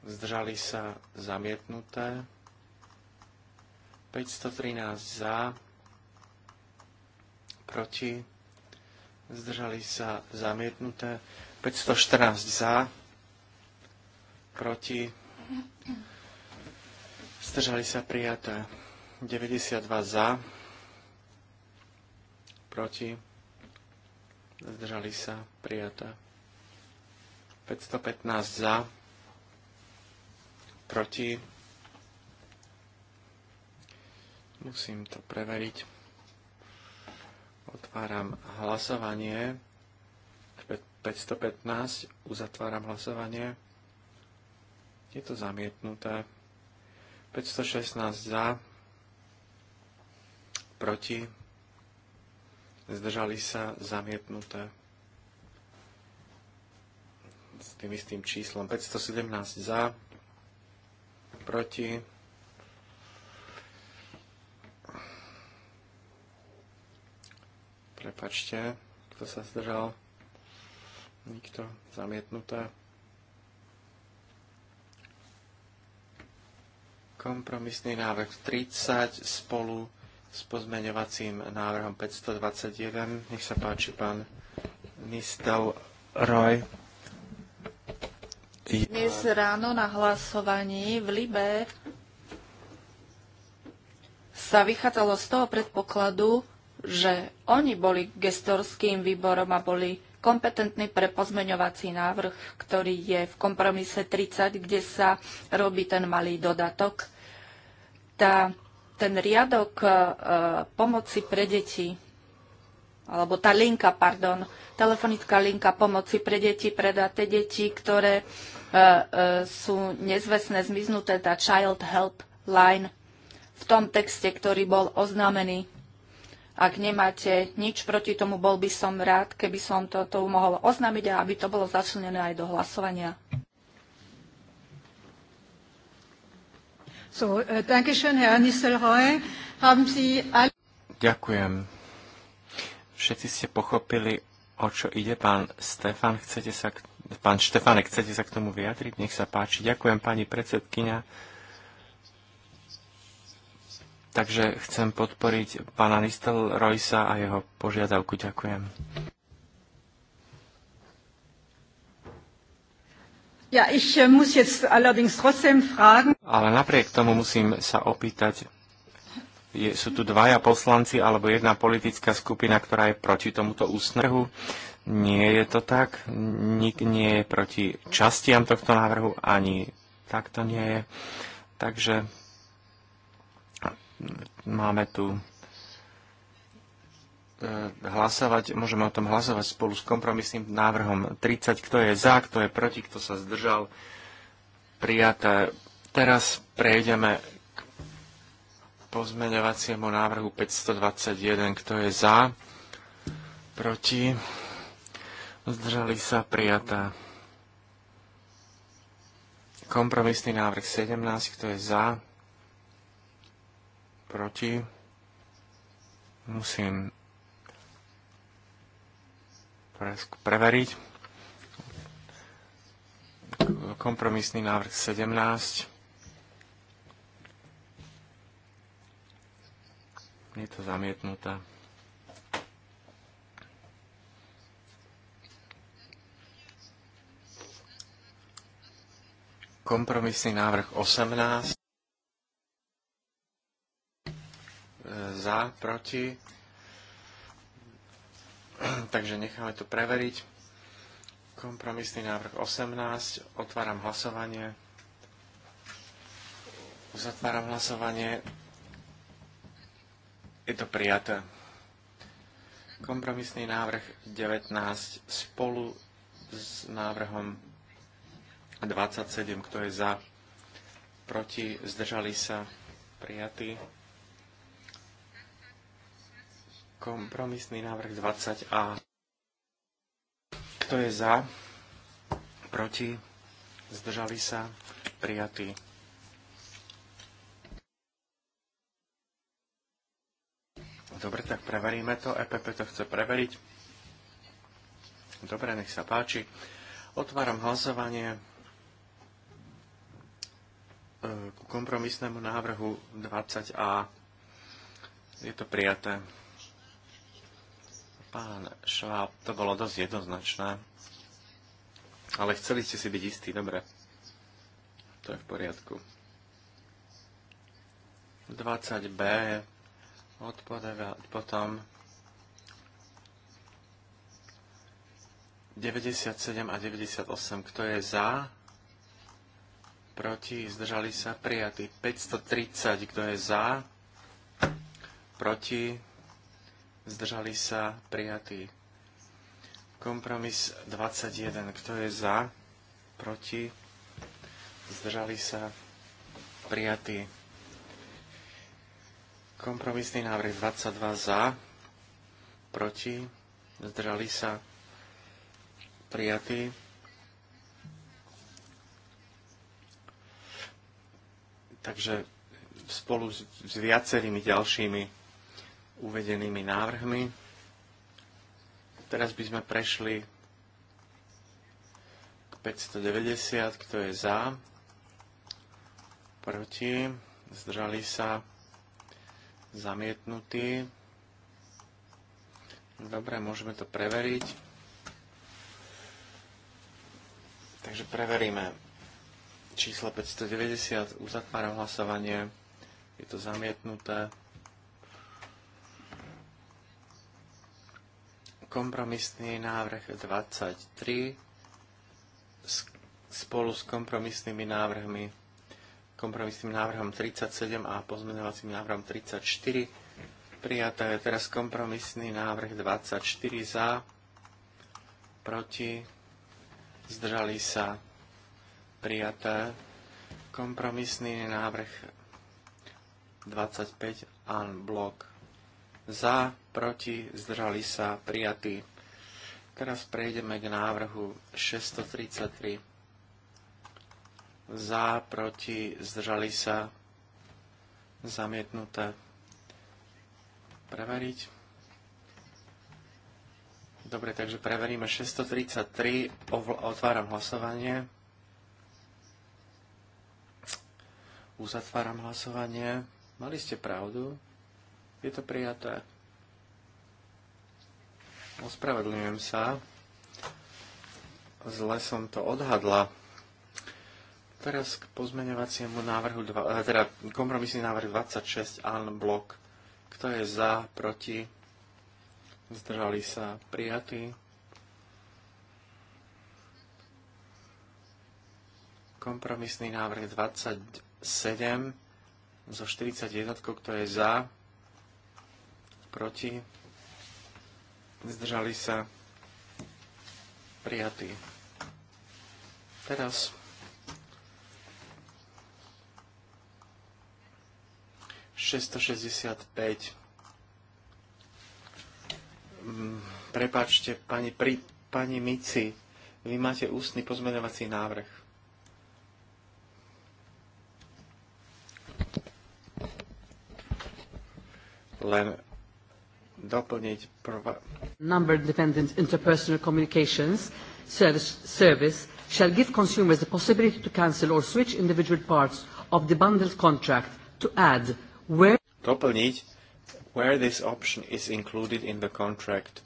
zdržali sa zamietnuté. 513 za, proti, zdržali sa zamietnuté. 514 za, proti, zdržali sa prijaté. 92 za, proti, zdržali sa, prijatá. 515 za, proti. Musím to preveriť. Otváram hlasovanie. 515, uzatváram hlasovanie. Je to zamietnuté. 516 za, proti zdržali sa zamietnuté s tým istým číslom 517 za, proti prepačte, kto sa zdržal nikto zamietnuté kompromisný návrh 30 spolu s pozmeňovacím návrhom 521. Nech sa páči, pán Nistel Roy. Dnes ráno na hlasovaní v Libe sa vychádzalo z toho predpokladu, že oni boli gestorským výborom a boli kompetentní pre pozmeňovací návrh, ktorý je v kompromise 30, kde sa robí ten malý dodatok. Tá ten riadok e, e, pomoci pre deti, alebo tá linka, pardon, telefonická linka pomoci pre deti, pre tie deti, ktoré e, sú nezvestné, zmiznuté, tá Child Help Line v tom texte, ktorý bol oznámený. Ak nemáte nič proti tomu, bol by som rád, keby som to, to mohol oznámiť a aby to bolo začlenené aj do hlasovania. So, äh, Dankeschön, Herr Nistelrooy. Haben Sie alle... Ďakujem. Všetci ste pochopili, o čo ide. Pán Stefan, chcete sa Pán Štefanek, chcete sa k tomu vyjadriť? Nech sa páči. Ďakujem, pani predsedkynia. Takže chcem podporiť pána Nistel Nistelrojsa a jeho požiadavku. Ďakujem. Ja, ich äh, muss jetzt allerdings trotzdem fragen. Ale napriek tomu musím sa opýtať, je, sú tu dvaja poslanci alebo jedna politická skupina, ktorá je proti tomuto úsnehu. Nie je to tak. Nik nie je proti častiam tohto návrhu, ani tak to nie je. Takže máme tu E, hlasovať, môžeme o tom hlasovať spolu s kompromisným návrhom 30, kto je za, kto je proti, kto sa zdržal, prijaté. Teraz prejdeme k pozmeňovaciemu návrhu 521, kto je za, proti, zdržali sa, prijaté. Kompromisný návrh 17, kto je za, proti, musím preveriť. Kompromisný návrh 17. Je to zamietnuté. kompromisný návrh 18. E, za, proti, Takže necháme to preveriť. Kompromisný návrh 18. Otváram hlasovanie. Uzatváram hlasovanie. Je to prijaté. Kompromisný návrh 19 spolu s návrhom 27, kto je za, proti, zdržali sa, prijatý. Kompromisný návrh 20a. Kto je za? Proti? Zdržali sa? Prijatý. Dobre, tak preveríme to. EPP to chce preveriť. Dobre, nech sa páči. Otváram hlasovanie e, ku kompromisnému návrhu 20a. Je to prijaté. Pán Šváb, to bolo dosť jednoznačné. Ale chceli ste si byť istí, dobre. To je v poriadku. 20b odpadáva potom 97 a 98. Kto je za? Proti? Zdržali sa? Prijatí. 530. Kto je za? Proti? zdržali sa, prijatí. Kompromis 21, kto je za, proti, zdržali sa, prijatí. Kompromisný návrh 22 za, proti, zdržali sa, prijatí. Takže spolu s, s viacerými ďalšími uvedenými návrhmi. Teraz by sme prešli k 590, kto je za, proti, zdržali sa, zamietnutí. Dobre, môžeme to preveriť. Takže preveríme číslo 590, uzatváram hlasovanie, je to zamietnuté. kompromisný návrh 23 spolu s kompromisnými návrhmi kompromisným návrhom 37 a pozmenovacím návrhom 34. Prijaté je teraz kompromisný návrh 24 za, proti, zdržali sa, prijaté. Kompromisný návrh 25 an blok za, proti, zdržali sa, prijatí. Teraz prejdeme k návrhu 633. Za, proti, zdržali sa, zamietnuté. Preveriť. Dobre, takže preveríme 633. Otváram hlasovanie. Uzatváram hlasovanie. Mali ste pravdu. Je to prijaté. Ospravedlňujem sa. Zle som to odhadla. Teraz k pozmeňovaciemu návrhu, eh, teda kompromisný návrh 26 an blok. Kto je za, proti? Zdržali sa prijatí. Kompromisný návrh 27 zo 41, kto je za, proti, zdržali sa, prijatí. Teraz ...665. Mm, prepačte, pani, pri, pani Mici, vy máte ústny pozmeňovací návrh. Len doplniť prva... Number dependent interpersonal communications service, service shall give consumers the possibility to cancel or switch individual parts of the bundled contract to add where doplniť where this option is included in the contract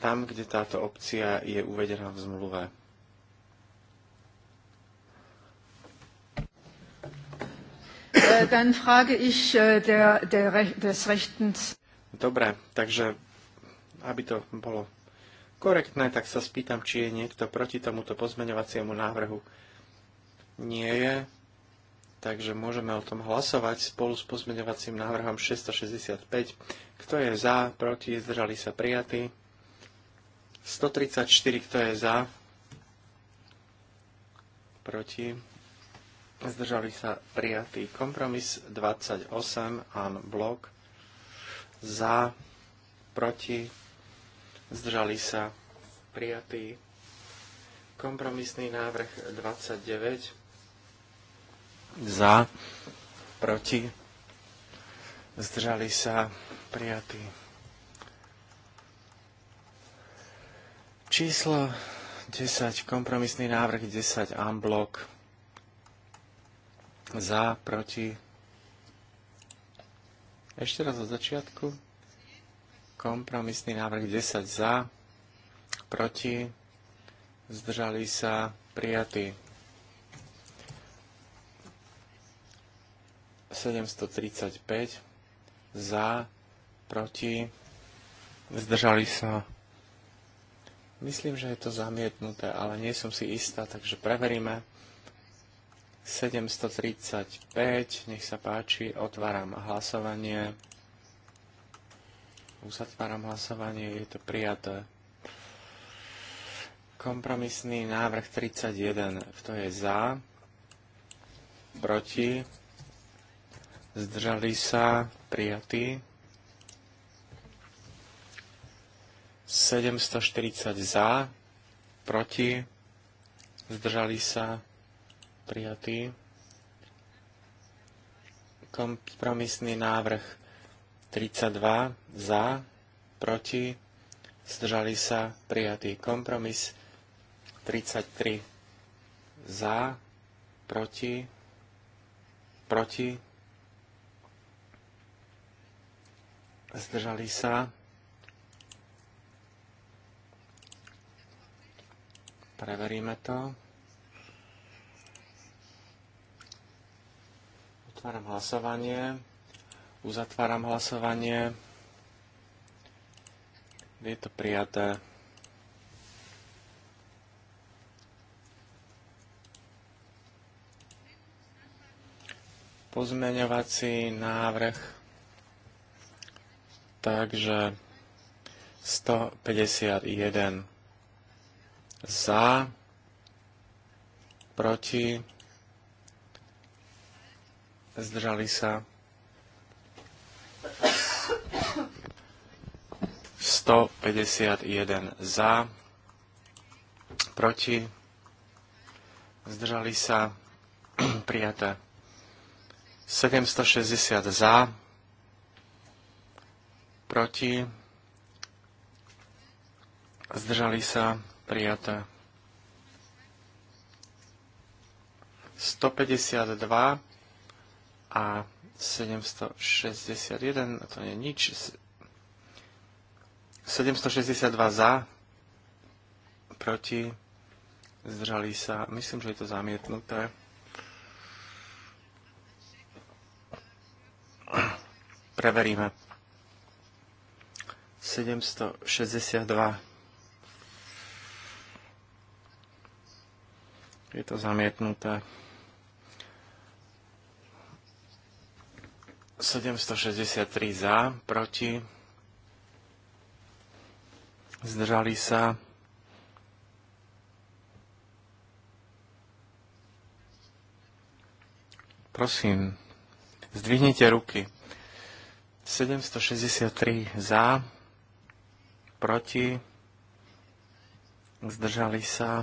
tam, kde táto opcia je uvedená v zmluve. Äh, dann frage ich äh, der, der, des Rechtens. Dobre, takže aby to bolo korektné, tak sa spýtam, či je niekto proti tomuto pozmeňovaciemu návrhu. Nie je, takže môžeme o tom hlasovať spolu s pozmeňovacím návrhom 665. Kto je za, proti, zdržali sa prijatí. 134, kto je za, proti, zdržali sa prijatí. Kompromis 28, an blok za, proti, zdržali sa, prijatý. Kompromisný návrh 29, za, proti, zdržali sa, prijatý. Číslo 10, kompromisný návrh 10, unblock, za, proti, ešte raz od začiatku. Kompromisný návrh 10 za, proti, zdržali sa, prijatí. 735 za, proti, zdržali sa. Myslím, že je to zamietnuté, ale nie som si istá, takže preveríme. 735, nech sa páči, otváram hlasovanie. Uzatváram hlasovanie, je to prijaté. Kompromisný návrh 31, kto je za, proti, zdržali sa, prijatý. 740 za, proti, zdržali sa, prijatý. Kompromisný návrh 32 za, proti, zdržali sa, prijatý. Kompromis 33 za, proti, proti, zdržali sa. Preveríme to. Otváram hlasovanie. Uzatváram hlasovanie. Je to prijaté. Pozmeňovací návrh. Takže 151 za, proti zdržali sa 151 za, proti, zdržali sa prijaté 760 za, proti, zdržali sa prijaté 152 a 761, to nie je nič, 762 za, proti, zdržali sa, myslím, že je to zamietnuté. Preveríme. 762. Je to zamietnuté. 763 za, proti, zdržali sa. Prosím, zdvihnite ruky. 763 za, proti, zdržali sa.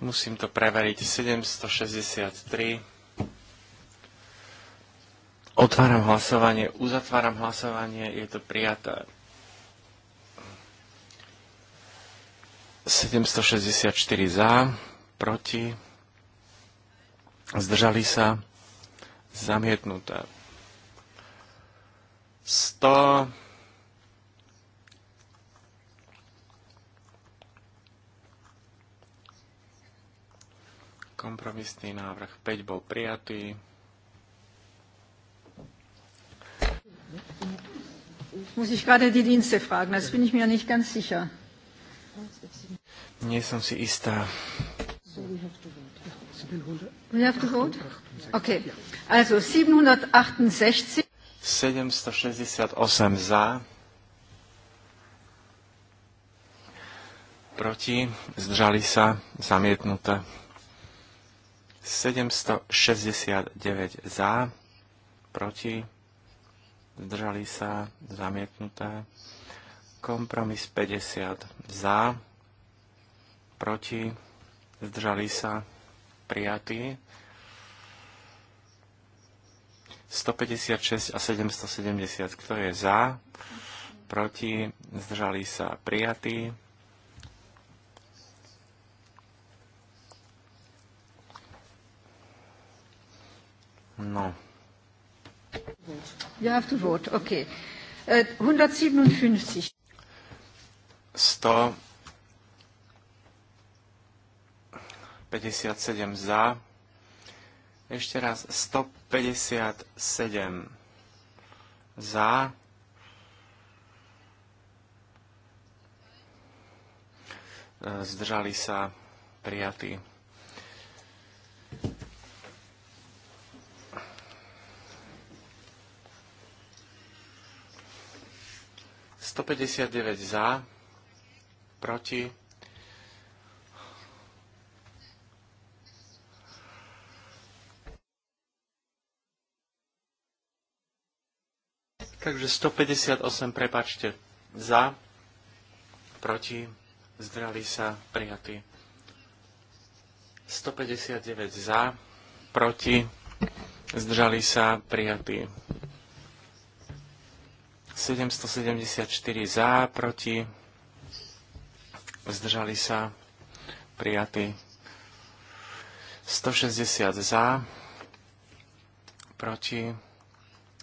Musím to preveriť. 763 Otváram hlasovanie, uzatváram hlasovanie, je to prijaté. 764 za, proti, zdržali sa, zamietnuté. 100 kompromisný návrh 5 bol prijatý. Muss ich gerade die Dienste fragen, das bin ich mir nicht ganz sicher. Nie som si istá. We have to vote? Okay. Also 768. 768 za. Proti. Zdržali sa. Zamietnuté. 769 za. Proti zdržali sa, zamietnuté. Kompromis 50 za, proti, zdržali sa, prijatí. 156 a 770, kto je za, proti, zdržali sa, prijatí. No, 157 uh, za. Ešte raz 157 za. E, zdržali sa prijatí. 159 za, proti. Takže 158, prepačte, za, proti, zdrali sa, prijatí. 159 za, proti, zdržali sa, prijatí. 774 za, proti, zdržali sa, prijatí. 160 za, proti,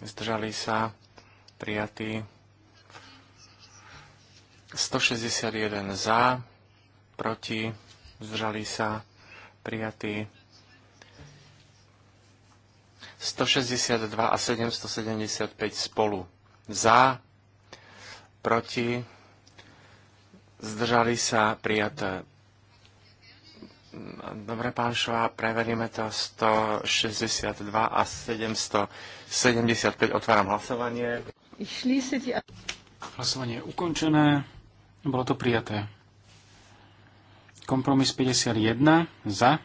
zdržali sa, prijatí. 161 za, proti, zdržali sa, prijatí. 162 a 775 spolu za, proti, zdržali sa prijaté. Dobre, pán Šová, preveríme to 162 a 775. Otváram hlasovanie. Hlasovanie je ukončené. Bolo to prijaté. Kompromis 51 za,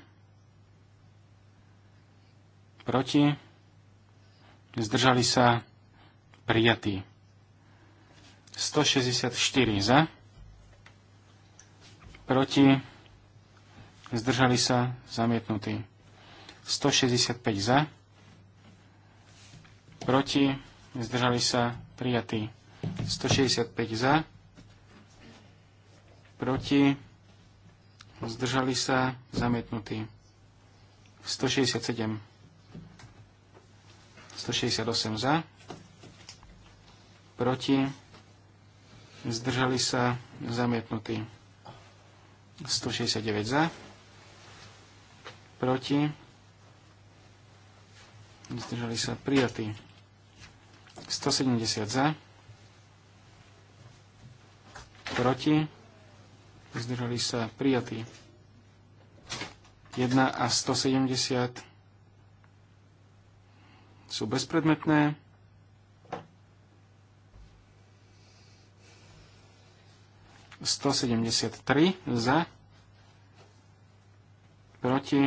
proti, zdržali sa prijatý. 164 za, proti, zdržali sa, zamietnutý. 165 za, proti, zdržali sa, prijatý. 165 za, proti, zdržali sa, zamietnutý. 167, 168 za, proti, zdržali sa, zamietnutí. 169 za, proti, zdržali sa, prijatí. 170 za, proti, zdržali sa, prijatí. 1 a 170 sú bezpredmetné. 173 za, proti,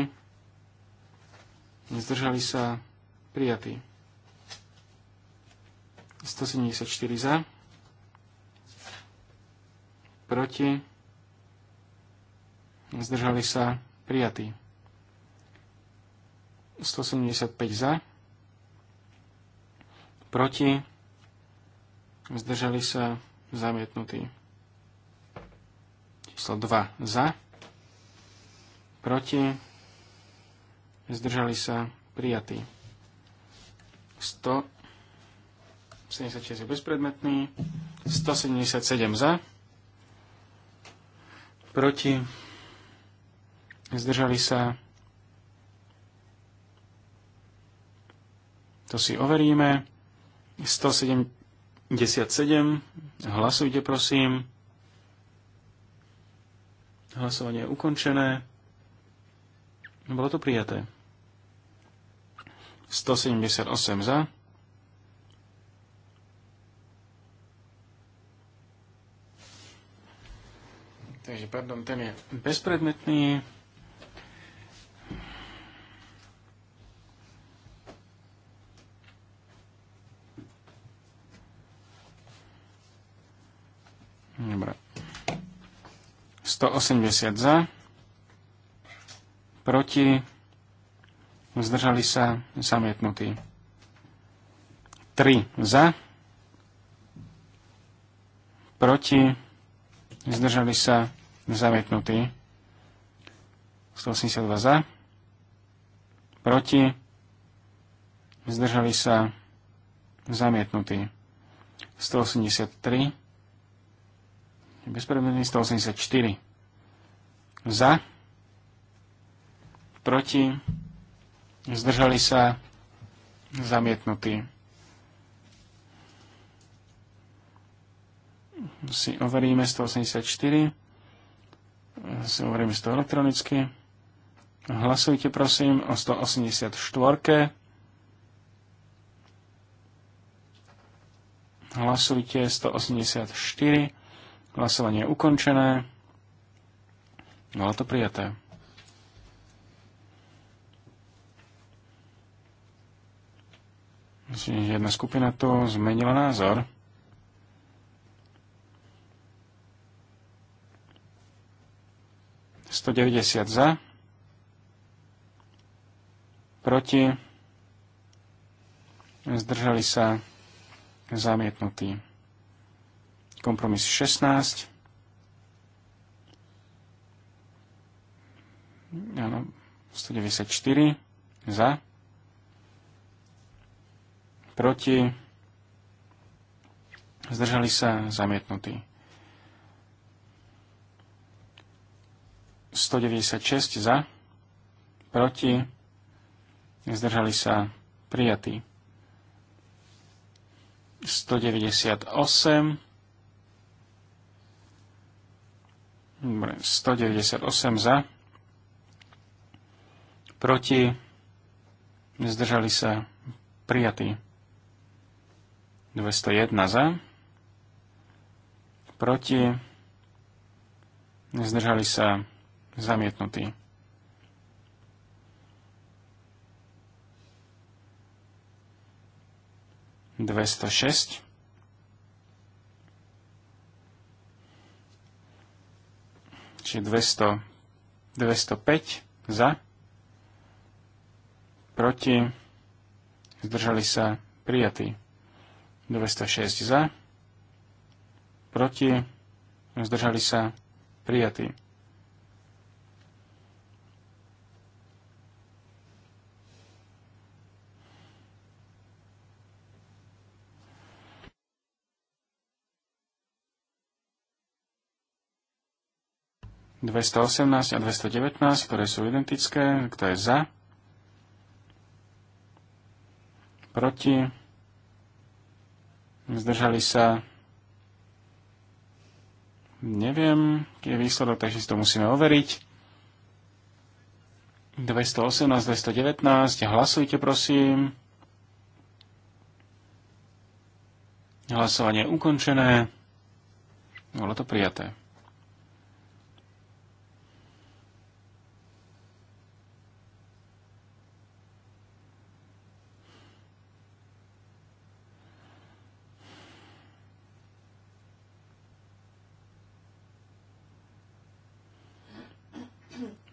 zdržali sa prijatí. 174 za, proti, zdržali sa prijatí. 175 za, proti, zdržali sa zamietnutí číslo 2 za, proti, zdržali sa prijatí. 176 je bezpredmetný, 177 za, proti, zdržali sa, to si overíme, 177, hlasujte prosím, Hlasovanie je ukončené. Bolo to prijaté. 178 za. Takže, ten je bezpredmetný. Dobre. 180 za, proti, zdržali sa zamietnutí. 3 za, proti, zdržali sa zamietnutí. 182 za, proti, zdržali sa zamietnutí. 183 bezpredmetný 184. Za, proti, zdržali sa, zamietnutí. Si overíme 184. Si overíme to elektronicky. Hlasujte prosím o 184. Hlasujte 184. Hlasovanie je ukončené. Bolo to prijaté. Myslím, že jedna skupina tu zmenila názor. Sto deväťdesiat za. Proti. Zdržali sa zamietnutí. Kompromis 16. Áno, 194 za. Proti. Zdržali sa zamietnutí. 196 za. Proti. Zdržali sa prijatí. 198 198 za, proti, zdržali sa prijatí. 201 za, proti, zdržali sa zamietnutí. Dvesto šesť Čiže 200, 205 za, proti, zdržali sa prijatí. 206 za, proti, zdržali sa prijatí. 218 a 219, ktoré sú identické. Kto je za? Proti? Zdržali sa? Neviem, je výsledok, takže si to musíme overiť. 218, 219, hlasujte prosím. Hlasovanie je ukončené. Bolo to prijaté.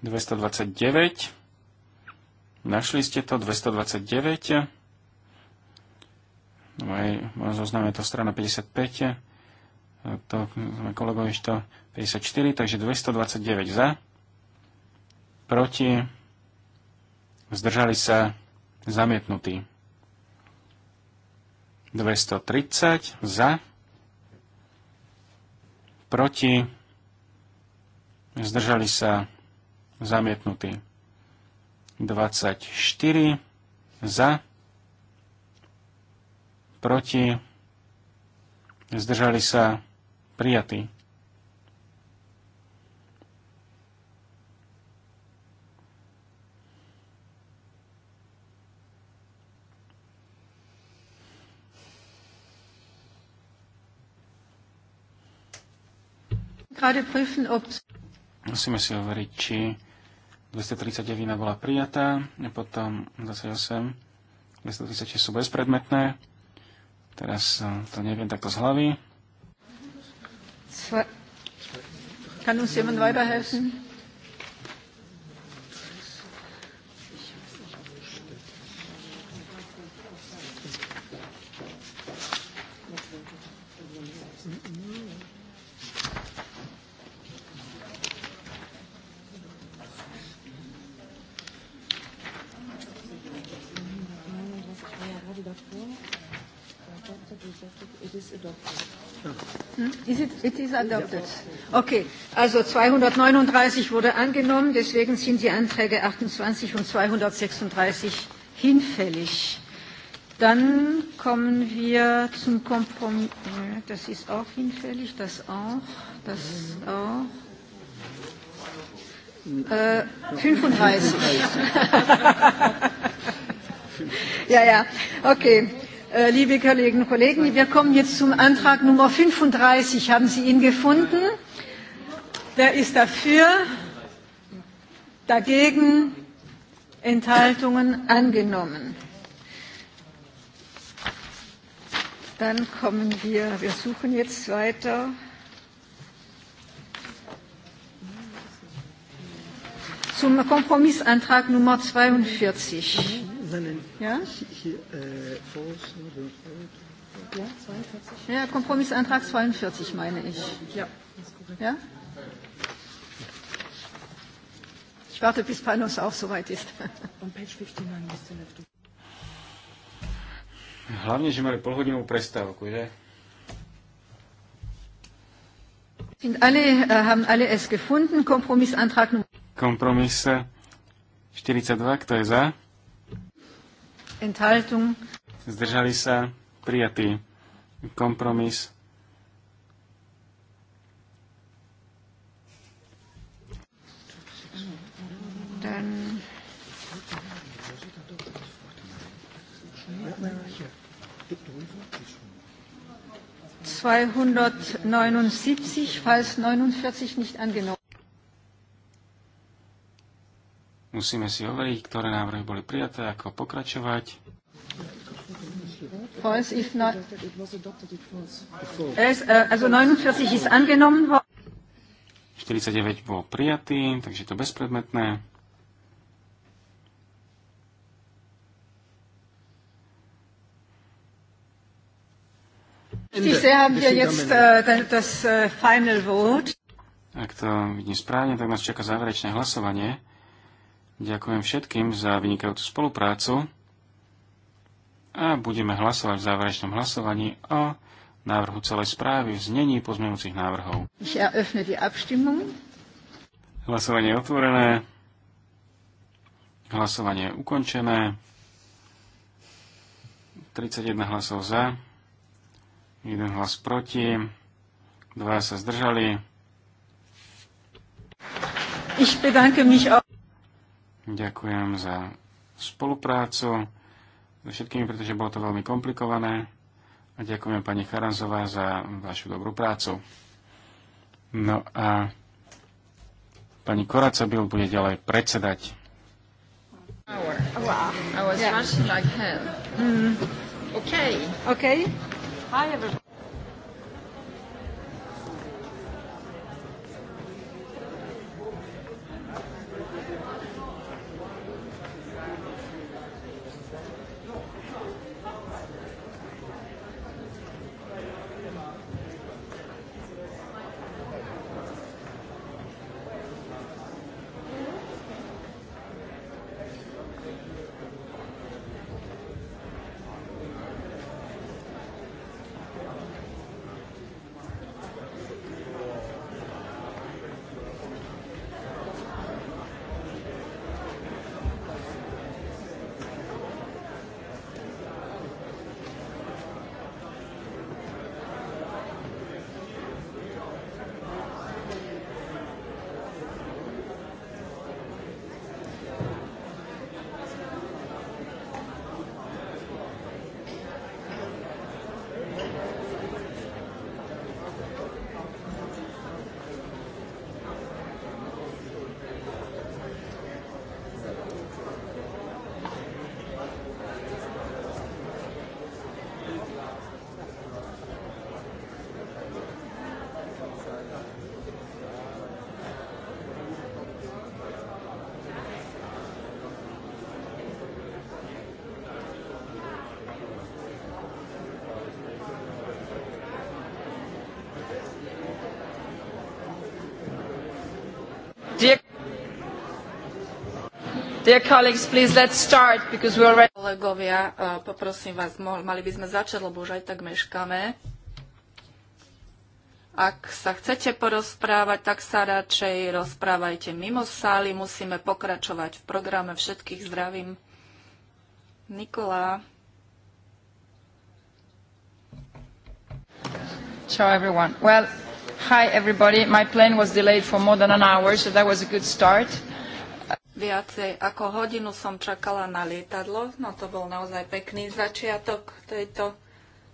229. Našli ste to, 229. V mojom zozname to strana 55. To sme kolegovi 54, takže 229 za. Proti. Zdržali sa zamietnutí. 230 za. Proti. Zdržali sa zamietnutý. 24 za, proti, zdržali sa, prijatí. Musíme si overiť, či 239 bola prijatá, potom 28, 236 sú bezpredmetné. Teraz e, to neviem takto z hlavy. Kann uns jemand weiterhelfen? adopted. Okay, also 239 wurde angenommen, deswegen sind die Anträge 28 und 236 hinfällig. Dann kommen wir zum Kompromiss. Das ist auch hinfällig, das auch, das auch. Äh, 35. ja, ja, okay. Äh, liebe Kolleginnen und Kollegen. Wir kommen jetzt zum Antrag Nummer 35. Haben Sie ihn gefunden? Wer ist dafür? Dagegen? Enthaltungen angenommen. Dann kommen wir, wir suchen jetzt weiter. Zum Kompromissantrag Nummer 42. Nein, Ja? Hier, äh, ja, 42. Ja, Kompromissantrag 42 meine ich. Ja. ja? Ich warte, bis Panos auch soweit ist. Hlavne, že mali polhodinovú prestávku, že? Sind alle, äh, haben alle es gefunden? Kompromissantrag Kompromis 42, äh, kto je za? Enthaltung. Zdržali sa. Prijatý. Kompromis. Dann zweihundertneunundsiebzig falls neunundvierzig nicht angenommen Musíme si overiť, ktoré návrhy boli prijaté, ako pokračovať. Er äh, also 49 bol prijatý, takže to bezpredmetné. Äh, äh, Ak to vidím správne, tak nás čaká záverečné hlasovanie Ďakujem všetkým za vynikajúcu spoluprácu a budeme hlasovať v záverečnom hlasovaní o návrhu celej správy v znení pozmeňujúcich návrhov. Hlasovanie je otvorené. Hlasovanie je ukončené. 31 hlasov za, 1 hlas proti, 2 sa zdržali. Ich bedanke mich auch. Ďakujem za spoluprácu so všetkými, pretože bolo to veľmi komplikované. A ďakujem pani Charanzová za vašu dobrú prácu. No a pani Koraca Bil bude ďalej predsedať. Wow. I was yeah. like Mm. Okay. Okay. Hi everybody. Dear colleagues, please let's start, because we already... Kolegovia, e, poprosím vás, mali by sme začať, lebo už aj tak meškáme. Ak sa chcete porozprávať, tak sa radšej rozprávajte mimo sály. Musíme pokračovať v programe. Všetkých zdravím. Nikolá. Ciao everyone. Well, hi everybody. My plane was delayed for more than an hour, so that was a good start. Viacej ako hodinu som čakala na lietadlo, no to bol naozaj pekný začiatok tejto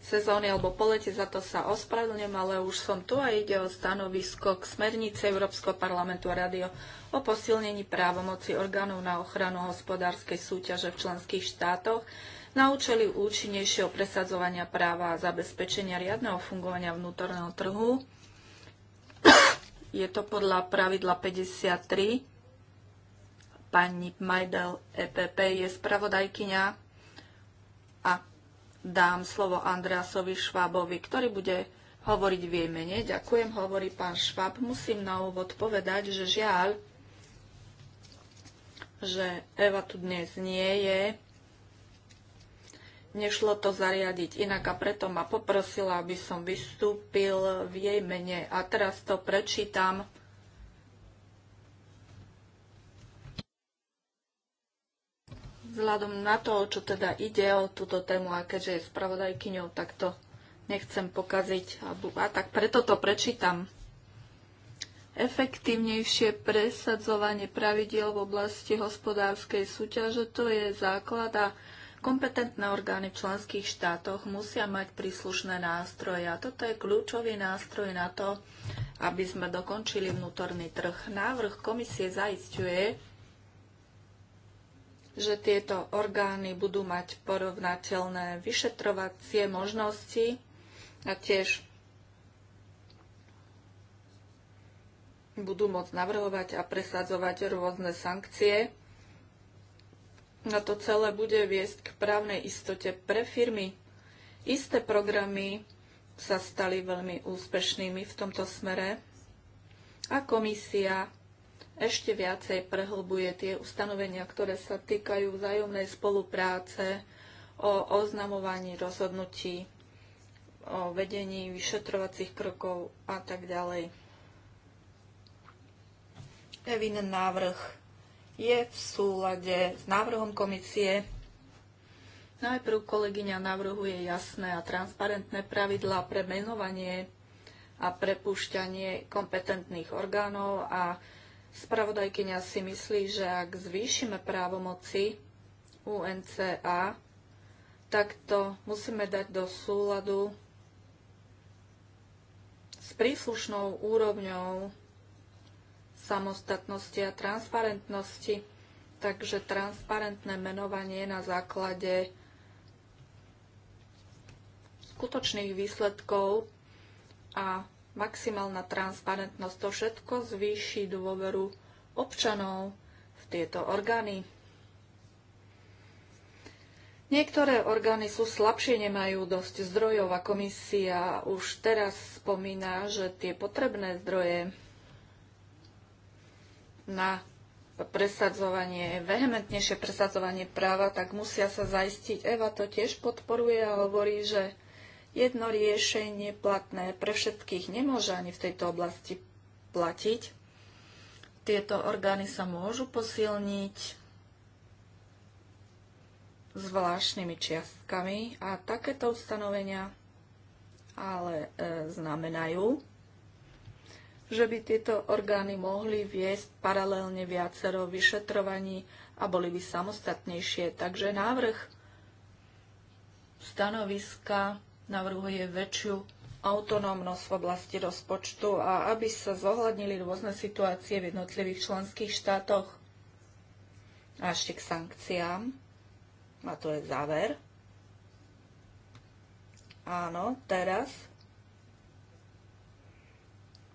sezóny alebo polete, za to sa ospravedlňujem, ale už som tu a ide o stanovisko k smernice Európskeho parlamentu a radio o posilnení právomoci orgánov na ochranu hospodárskej súťaže v členských štátoch na účely účinnejšieho presadzovania práva a zabezpečenia riadneho fungovania vnútorného trhu. Je to podľa pravidla 53 Pani Majdel EPP je spravodajkyňa a dám slovo Andreasovi Švábovi, ktorý bude hovoriť v jej mene. Ďakujem, hovorí pán Šváb. Musím na úvod povedať, že žiaľ, že Eva tu dnes nie je. Nešlo to zariadiť inak a preto ma poprosila, aby som vystúpil v jej mene. A teraz to prečítam Vzhľadom na to, čo teda ide o túto tému a keďže je spravodajkyňou, tak to nechcem pokaziť. A tak preto to prečítam. Efektívnejšie presadzovanie pravidiel v oblasti hospodárskej súťaže to je základ a kompetentné orgány v členských štátoch musia mať príslušné nástroje. A toto je kľúčový nástroj na to, aby sme dokončili vnútorný trh. Návrh komisie zaistuje, že tieto orgány budú mať porovnateľné vyšetrovacie možnosti a tiež budú môcť navrhovať a presadzovať rôzne sankcie. Na to celé bude viesť k právnej istote pre firmy. Isté programy sa stali veľmi úspešnými v tomto smere a komisia ešte viacej prehlbuje tie ustanovenia, ktoré sa týkajú vzájomnej spolupráce o oznamovaní rozhodnutí, o vedení vyšetrovacích krokov a tak ďalej. Evin návrh je v súlade s návrhom komisie. Najprv kolegyňa navrhuje jasné a transparentné pravidlá pre menovanie a prepušťanie kompetentných orgánov a Spravodajkyňa si myslí, že ak zvýšime právomoci UNCA, tak to musíme dať do súladu s príslušnou úrovňou samostatnosti a transparentnosti. Takže transparentné menovanie na základe skutočných výsledkov a maximálna transparentnosť, to všetko zvýši dôveru občanov v tieto orgány. Niektoré orgány sú slabšie, nemajú dosť zdrojov a komisia už teraz spomína, že tie potrebné zdroje na presadzovanie, vehementnejšie presadzovanie práva, tak musia sa zaistiť. Eva to tiež podporuje a hovorí, že jedno riešenie platné pre všetkých nemôže ani v tejto oblasti platiť. Tieto orgány sa môžu posilniť zvláštnymi čiastkami a takéto ustanovenia ale e, znamenajú, že by tieto orgány mohli viesť paralelne viacero vyšetrovaní a boli by samostatnejšie. Takže návrh stanoviska navrhuje väčšiu autonómnosť v oblasti rozpočtu a aby sa zohľadnili rôzne situácie v jednotlivých členských štátoch. A ešte k sankciám. A to je záver. Áno, teraz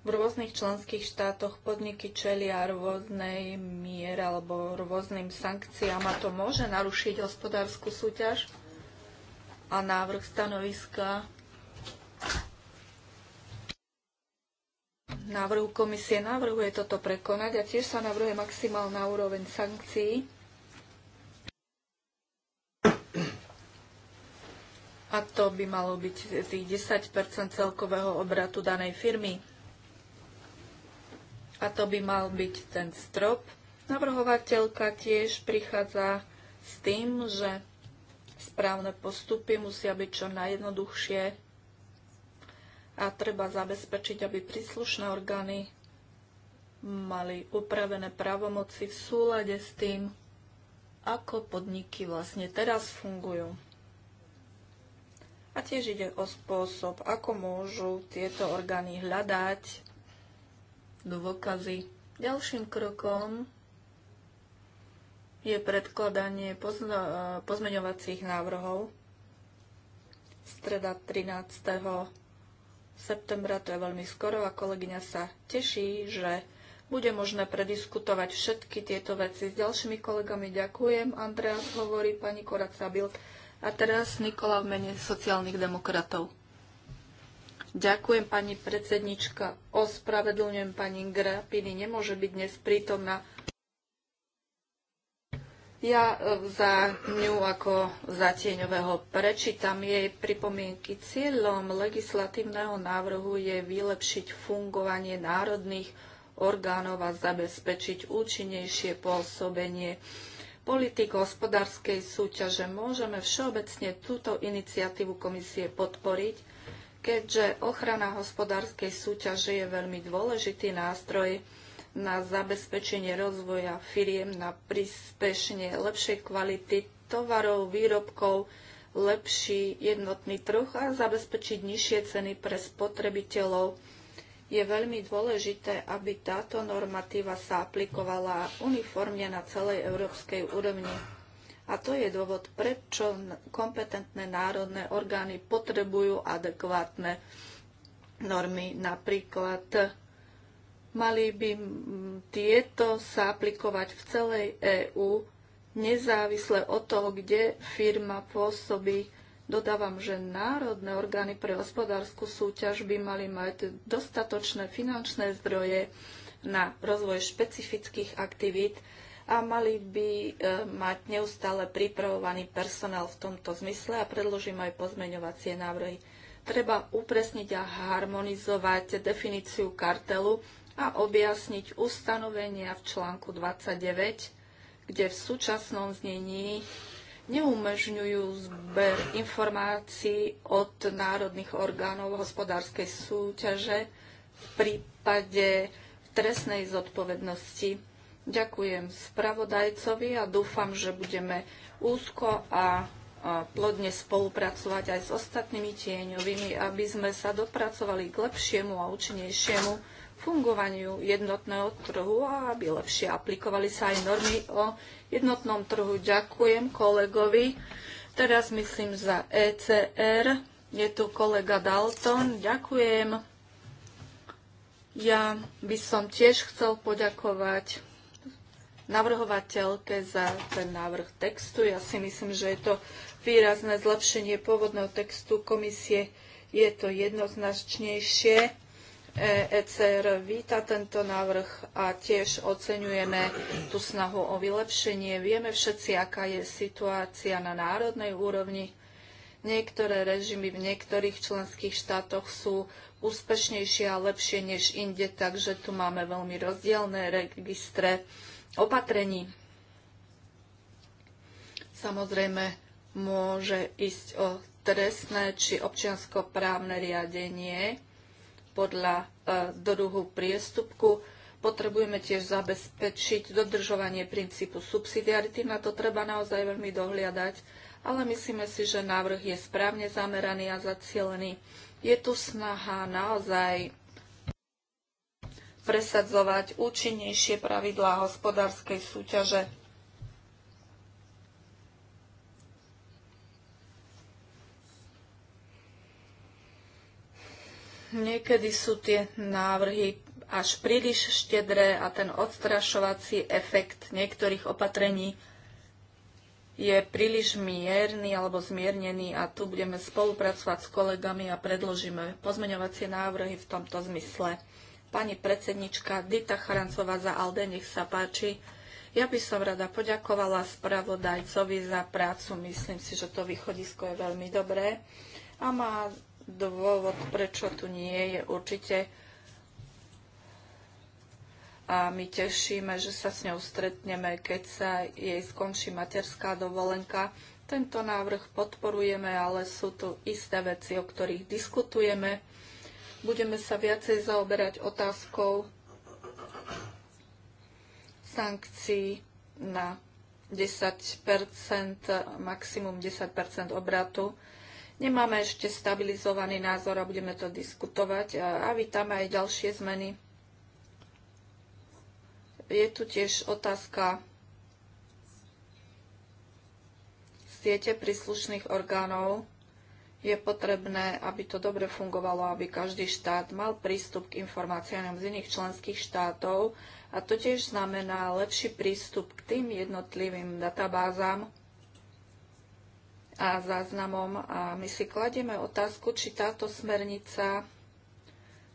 v rôznych členských štátoch podniky čelia rôznej miere alebo rôznym sankciám a to môže narušiť hospodárskú súťaž a návrh stanoviska návrhu komisie navrhuje toto prekonať a tiež sa navrhuje maximálna úroveň sankcií. A to by malo byť tých 10 celkového obratu danej firmy. A to by mal byť ten strop. Navrhovateľka tiež prichádza s tým, že právne postupy musia byť čo najjednoduchšie a treba zabezpečiť, aby príslušné orgány mali upravené právomoci v súlade s tým, ako podniky vlastne teraz fungujú. A tiež ide o spôsob, ako môžu tieto orgány hľadať dôkazy. Ďalším krokom je predkladanie pozmeňovacích návrhov. Streda 13. septembra, to je veľmi skoro a kolegyňa sa teší, že bude možné prediskutovať všetky tieto veci s ďalšími kolegami. Ďakujem, Andreas hovorí, pani Koraca Bild. A teraz Nikola v mene sociálnych demokratov. Ďakujem, pani predsednička. Ospravedlňujem pani Grapiny, nemôže byť dnes prítomná. Ja e, za ňu ako zatieňového prečítam jej pripomienky. Cieľom legislatívneho návrhu je vylepšiť fungovanie národných orgánov a zabezpečiť účinnejšie pôsobenie politik hospodárskej súťaže. Môžeme všeobecne túto iniciatívu komisie podporiť, keďže ochrana hospodárskej súťaže je veľmi dôležitý nástroj na zabezpečenie rozvoja firiem, na prispešne lepšej kvality tovarov, výrobkov, lepší jednotný trh a zabezpečiť nižšie ceny pre spotrebiteľov. Je veľmi dôležité, aby táto normatíva sa aplikovala uniformne na celej európskej úrovni. A to je dôvod, prečo kompetentné národné orgány potrebujú adekvátne normy. Napríklad Mali by tieto sa aplikovať v celej EÚ, nezávisle od toho, kde firma pôsobí. Dodávam, že národné orgány pre hospodárskú súťaž by mali mať dostatočné finančné zdroje na rozvoj špecifických aktivít a mali by e, mať neustále pripravovaný personál v tomto zmysle a predložím aj pozmeňovacie návrhy. Treba upresniť a harmonizovať definíciu kartelu a objasniť ustanovenia v článku 29, kde v súčasnom znení neumožňujú zber informácií od národných orgánov hospodárskej súťaže v prípade trestnej zodpovednosti. Ďakujem spravodajcovi a dúfam, že budeme úzko a plodne spolupracovať aj s ostatnými tieňovými, aby sme sa dopracovali k lepšiemu a účinnejšiemu fungovaniu jednotného trhu a aby lepšie aplikovali sa aj normy o jednotnom trhu. Ďakujem kolegovi. Teraz myslím za ECR. Je tu kolega Dalton. Ďakujem. Ja by som tiež chcel poďakovať navrhovateľke za ten návrh textu. Ja si myslím, že je to výrazné zlepšenie pôvodného textu komisie. Je to jednoznačnejšie ECR e víta tento návrh a tiež oceňujeme tú snahu o vylepšenie. Vieme všetci, aká je situácia na národnej úrovni. Niektoré režimy v niektorých členských štátoch sú úspešnejšie a lepšie než inde, takže tu máme veľmi rozdielne registre opatrení. Samozrejme, môže ísť o trestné či občianskoprávne riadenie podľa e, druhu priestupku. Potrebujeme tiež zabezpečiť dodržovanie princípu subsidiarity. Na to treba naozaj veľmi dohliadať, ale myslíme si, že návrh je správne zameraný a zacielený. Je tu snaha naozaj presadzovať účinnejšie pravidlá hospodárskej súťaže Niekedy sú tie návrhy až príliš štedré a ten odstrašovací efekt niektorých opatrení je príliš mierny alebo zmiernený a tu budeme spolupracovať s kolegami a predložíme pozmeňovacie návrhy v tomto zmysle. Pani predsednička Dita Charancová za Alde, nech sa páči. Ja by som rada poďakovala spravodajcovi za prácu. Myslím si, že to východisko je veľmi dobré a má dôvod, prečo tu nie je určite. A my tešíme, že sa s ňou stretneme, keď sa jej skončí materská dovolenka. Tento návrh podporujeme, ale sú tu isté veci, o ktorých diskutujeme. Budeme sa viacej zaoberať otázkou sankcií na 10 maximum 10 obratu Nemáme ešte stabilizovaný názor a budeme to diskutovať a, a vítame aj ďalšie zmeny. Je tu tiež otázka siete príslušných orgánov. Je potrebné, aby to dobre fungovalo, aby každý štát mal prístup k informáciám z iných členských štátov a to tiež znamená lepší prístup k tým jednotlivým databázám, a záznamom. A my si kladieme otázku, či táto smernica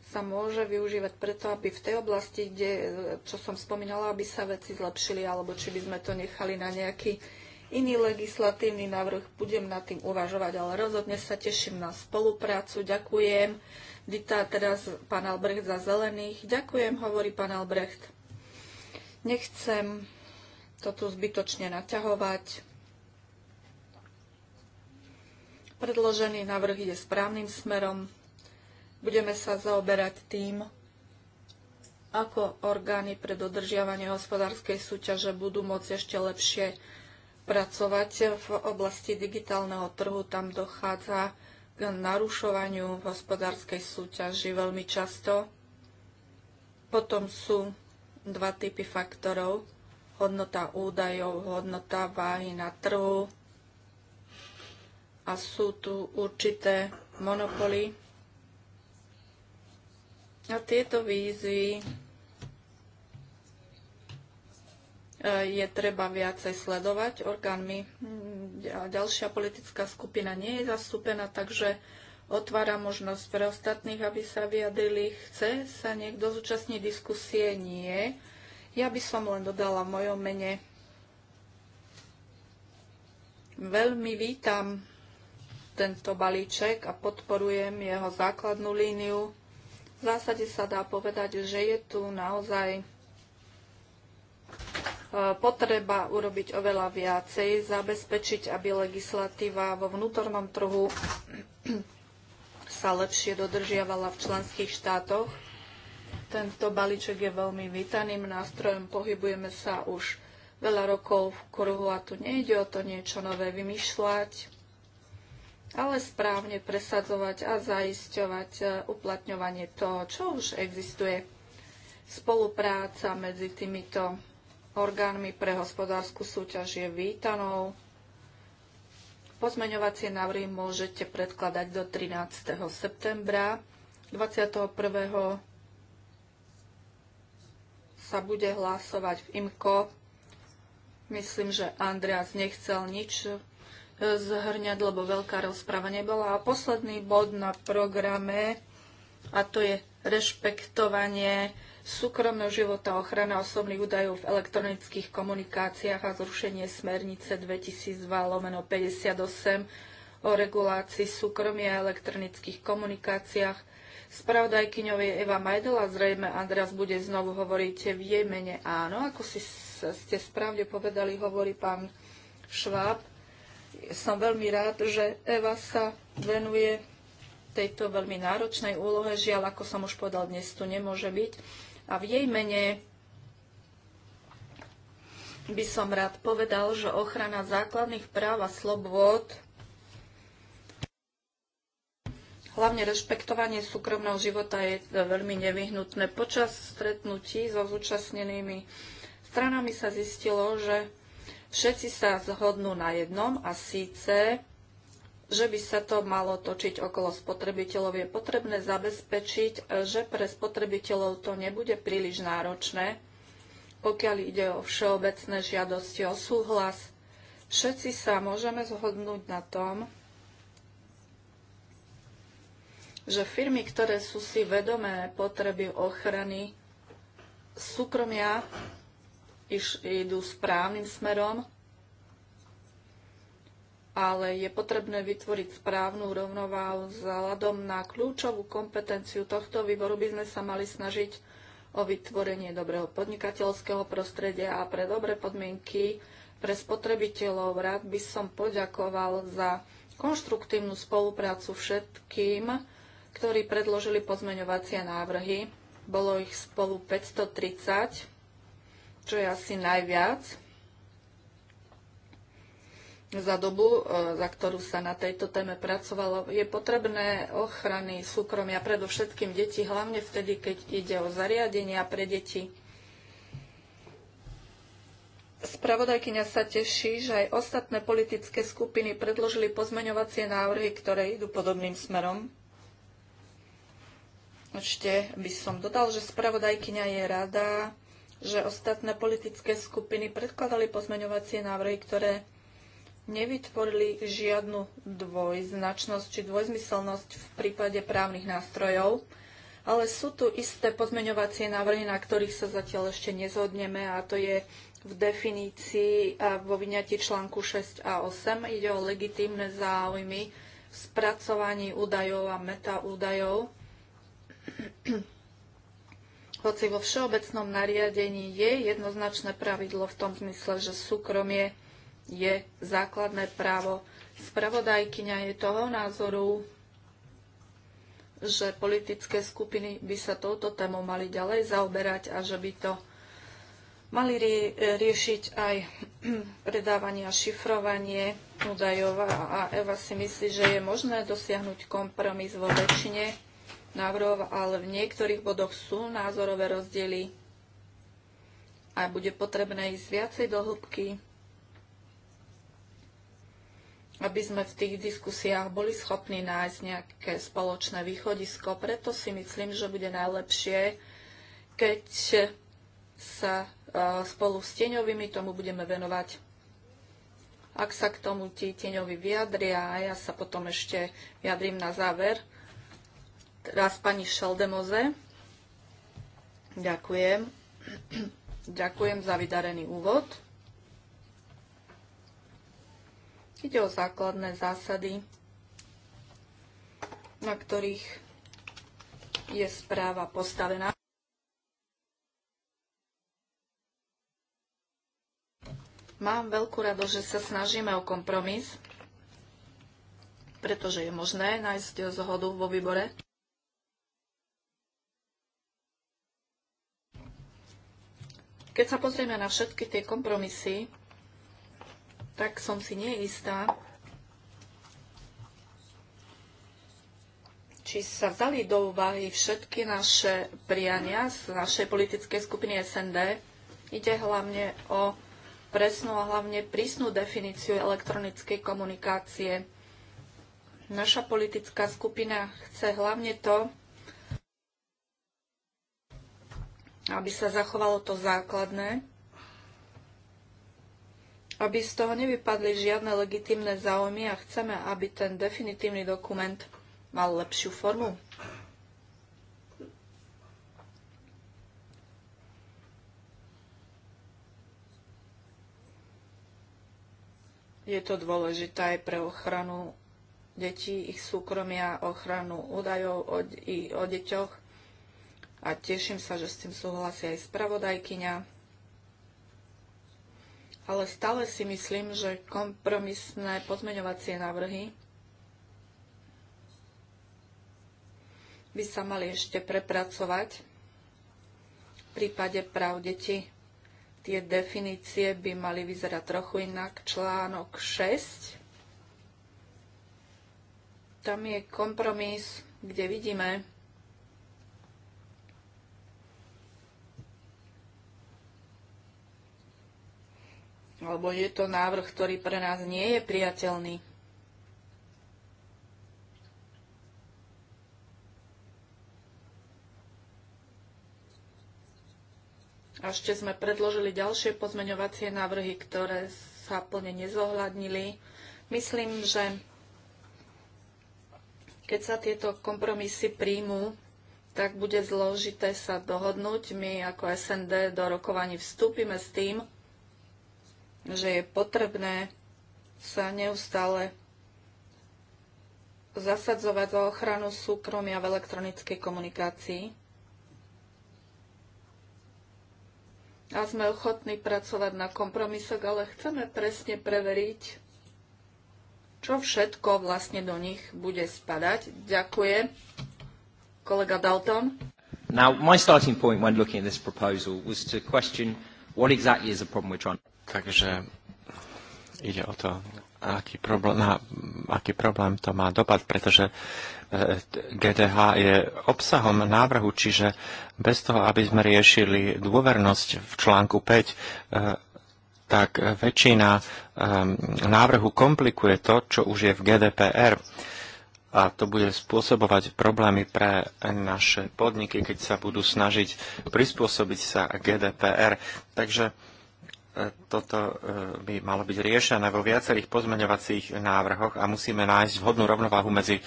sa môže využívať preto, aby v tej oblasti, kde, čo som spomínala, aby sa veci zlepšili, alebo či by sme to nechali na nejaký iný legislatívny návrh. Budem nad tým uvažovať, ale rozhodne sa teším na spoluprácu. Ďakujem. Vítá teraz pán Albrecht za zelených. Ďakujem, hovorí pán Albrecht. Nechcem to tu zbytočne naťahovať. Predložený návrh ide správnym smerom. Budeme sa zaoberať tým, ako orgány pre dodržiavanie hospodárskej súťaže budú môcť ešte lepšie pracovať v oblasti digitálneho trhu. Tam dochádza k narušovaniu hospodárskej súťaži veľmi často. Potom sú dva typy faktorov. Hodnota údajov, hodnota váhy na trhu a sú tu určité monopoly. A tieto výzvy e, je treba viacej sledovať orgánmi. Ďalšia politická skupina nie je zastúpená, takže otvára možnosť pre ostatných, aby sa vyjadrili. Chce sa niekto zúčastniť diskusie? Nie. Ja by som len dodala v mojom mene. Veľmi vítam tento balíček a podporujem jeho základnú líniu. V zásade sa dá povedať, že je tu naozaj e, potreba urobiť oveľa viacej, zabezpečiť, aby legislatíva vo vnútornom trhu sa lepšie dodržiavala v členských štátoch. Tento balíček je veľmi vítaným nástrojom, pohybujeme sa už veľa rokov v kruhu a tu nejde o to niečo nové vymýšľať ale správne presadzovať a zaisťovať e, uplatňovanie toho, čo už existuje. Spolupráca medzi týmito orgánmi pre hospodárskú súťaž je vítanou. Pozmeňovacie návrhy môžete predkladať do 13. septembra. 21. sa bude hlasovať v IMKO. Myslím, že Andreas nechcel nič zhrňať, lebo veľká rozprava nebola. A posledný bod na programe, a to je rešpektovanie súkromného života, ochrana osobných údajov v elektronických komunikáciách a zrušenie smernice 2002 lomeno 58 o regulácii súkromia a elektronických komunikáciách. Spravodajkyňou je Eva Majdela, zrejme Andreas bude znovu hovoriť v jej mene áno, ako si ste správne povedali, hovorí pán Šváb som veľmi rád, že Eva sa venuje tejto veľmi náročnej úlohe. Žiaľ, ako som už povedal, dnes tu nemôže byť. A v jej mene by som rád povedal, že ochrana základných práv a slobôd, hlavne rešpektovanie súkromného života je veľmi nevyhnutné. Počas stretnutí so zúčastnenými stranami sa zistilo, že Všetci sa zhodnú na jednom a síce, že by sa to malo točiť okolo spotrebiteľov. Je potrebné zabezpečiť, že pre spotrebiteľov to nebude príliš náročné, pokiaľ ide o všeobecné žiadosti o súhlas. Všetci sa môžeme zhodnúť na tom, že firmy, ktoré sú si vedomé potreby ochrany súkromia, iš, idú správnym smerom, ale je potrebné vytvoriť správnu rovnováhu vzhľadom na kľúčovú kompetenciu tohto výboru by sme sa mali snažiť o vytvorenie dobrého podnikateľského prostredia a pre dobré podmienky pre spotrebiteľov. Rád by som poďakoval za konštruktívnu spoluprácu všetkým, ktorí predložili pozmeňovacie návrhy. Bolo ich spolu 530 čo je asi najviac za dobu, e, za ktorú sa na tejto téme pracovalo. Je potrebné ochrany súkromia predovšetkým detí, hlavne vtedy, keď ide o zariadenia pre deti. Spravodajkyňa sa teší, že aj ostatné politické skupiny predložili pozmeňovacie návrhy, ktoré idú podobným smerom. Ešte by som dodal, že spravodajkyňa je rada, že ostatné politické skupiny predkladali pozmeňovacie návrhy, ktoré nevytvorili žiadnu dvojznačnosť či dvojzmyselnosť v prípade právnych nástrojov, ale sú tu isté pozmeňovacie návrhy, na ktorých sa zatiaľ ešte nezhodneme a to je v definícii a vo vyňati článku 6 a 8 ide o legitímne záujmy v spracovaní údajov a metaúdajov hoci vo všeobecnom nariadení je jednoznačné pravidlo v tom zmysle, že súkromie je základné právo. Spravodajkyňa je toho názoru, že politické skupiny by sa touto témou mali ďalej zaoberať a že by to mali rie- riešiť aj predávanie a šifrovanie údajov a Eva si myslí, že je možné dosiahnuť kompromis vo väčšine návrhov, ale v niektorých bodoch sú názorové rozdiely a bude potrebné ísť viacej do hĺbky, aby sme v tých diskusiách boli schopní nájsť nejaké spoločné východisko. Preto si myslím, že bude najlepšie, keď sa e, spolu s tieňovými tomu budeme venovať. Ak sa k tomu tí tieňovi vyjadria, ja sa potom ešte vyjadrím na záver, Teraz pani Šaldemoze. Ďakujem. Ďakujem za vydarený úvod. Ide o základné zásady, na ktorých je správa postavená. Mám veľkú rado, že sa snažíme o kompromis, pretože je možné nájsť zhodu vo výbore. Keď sa pozrieme na všetky tie kompromisy, tak som si neistá, či sa vzali do úvahy všetky naše priania z našej politickej skupiny SND. Ide hlavne o presnú a hlavne prísnu definíciu elektronickej komunikácie. Naša politická skupina chce hlavne to, aby sa zachovalo to základné, aby z toho nevypadli žiadne legitimné záujmy a chceme, aby ten definitívny dokument mal lepšiu formu. Je to dôležité aj pre ochranu detí, ich súkromia, ochranu údajov o, o deťoch a teším sa, že s tým súhlasí aj spravodajkyňa. Ale stále si myslím, že kompromisné pozmeňovacie návrhy by sa mali ešte prepracovať v prípade práv detí. Tie definície by mali vyzerať trochu inak. Článok 6. Tam je kompromis, kde vidíme, alebo je to návrh, ktorý pre nás nie je priateľný. A ešte sme predložili ďalšie pozmeňovacie návrhy, ktoré sa plne nezohľadnili. Myslím, že keď sa tieto kompromisy príjmú, tak bude zložité sa dohodnúť. My ako SND do rokovaní vstúpime s tým, že je potrebné sa neustále zasadzovať za ochranu súkromia v elektronickej komunikácii. A sme ochotní pracovať na kompromisoch, ale chceme presne preveriť, čo všetko vlastne do nich bude spadať. Ďakujem. Kolega Dalton. Now, my starting point when looking at this proposal was to question what exactly is the problem we're trying to Takže ide o to, aký problém, na aký problém to má dopad, pretože e, GDH je obsahom návrhu, čiže bez toho, aby sme riešili dôvernosť v článku 5, e, tak väčšina e, návrhu komplikuje to, čo už je v GDPR. A to bude spôsobovať problémy pre naše podniky, keď sa budú snažiť prispôsobiť sa GDPR. Takže toto e, by malo byť riešené vo viacerých pozmeňovacích návrhoch a musíme nájsť vhodnú rovnováhu medzi e,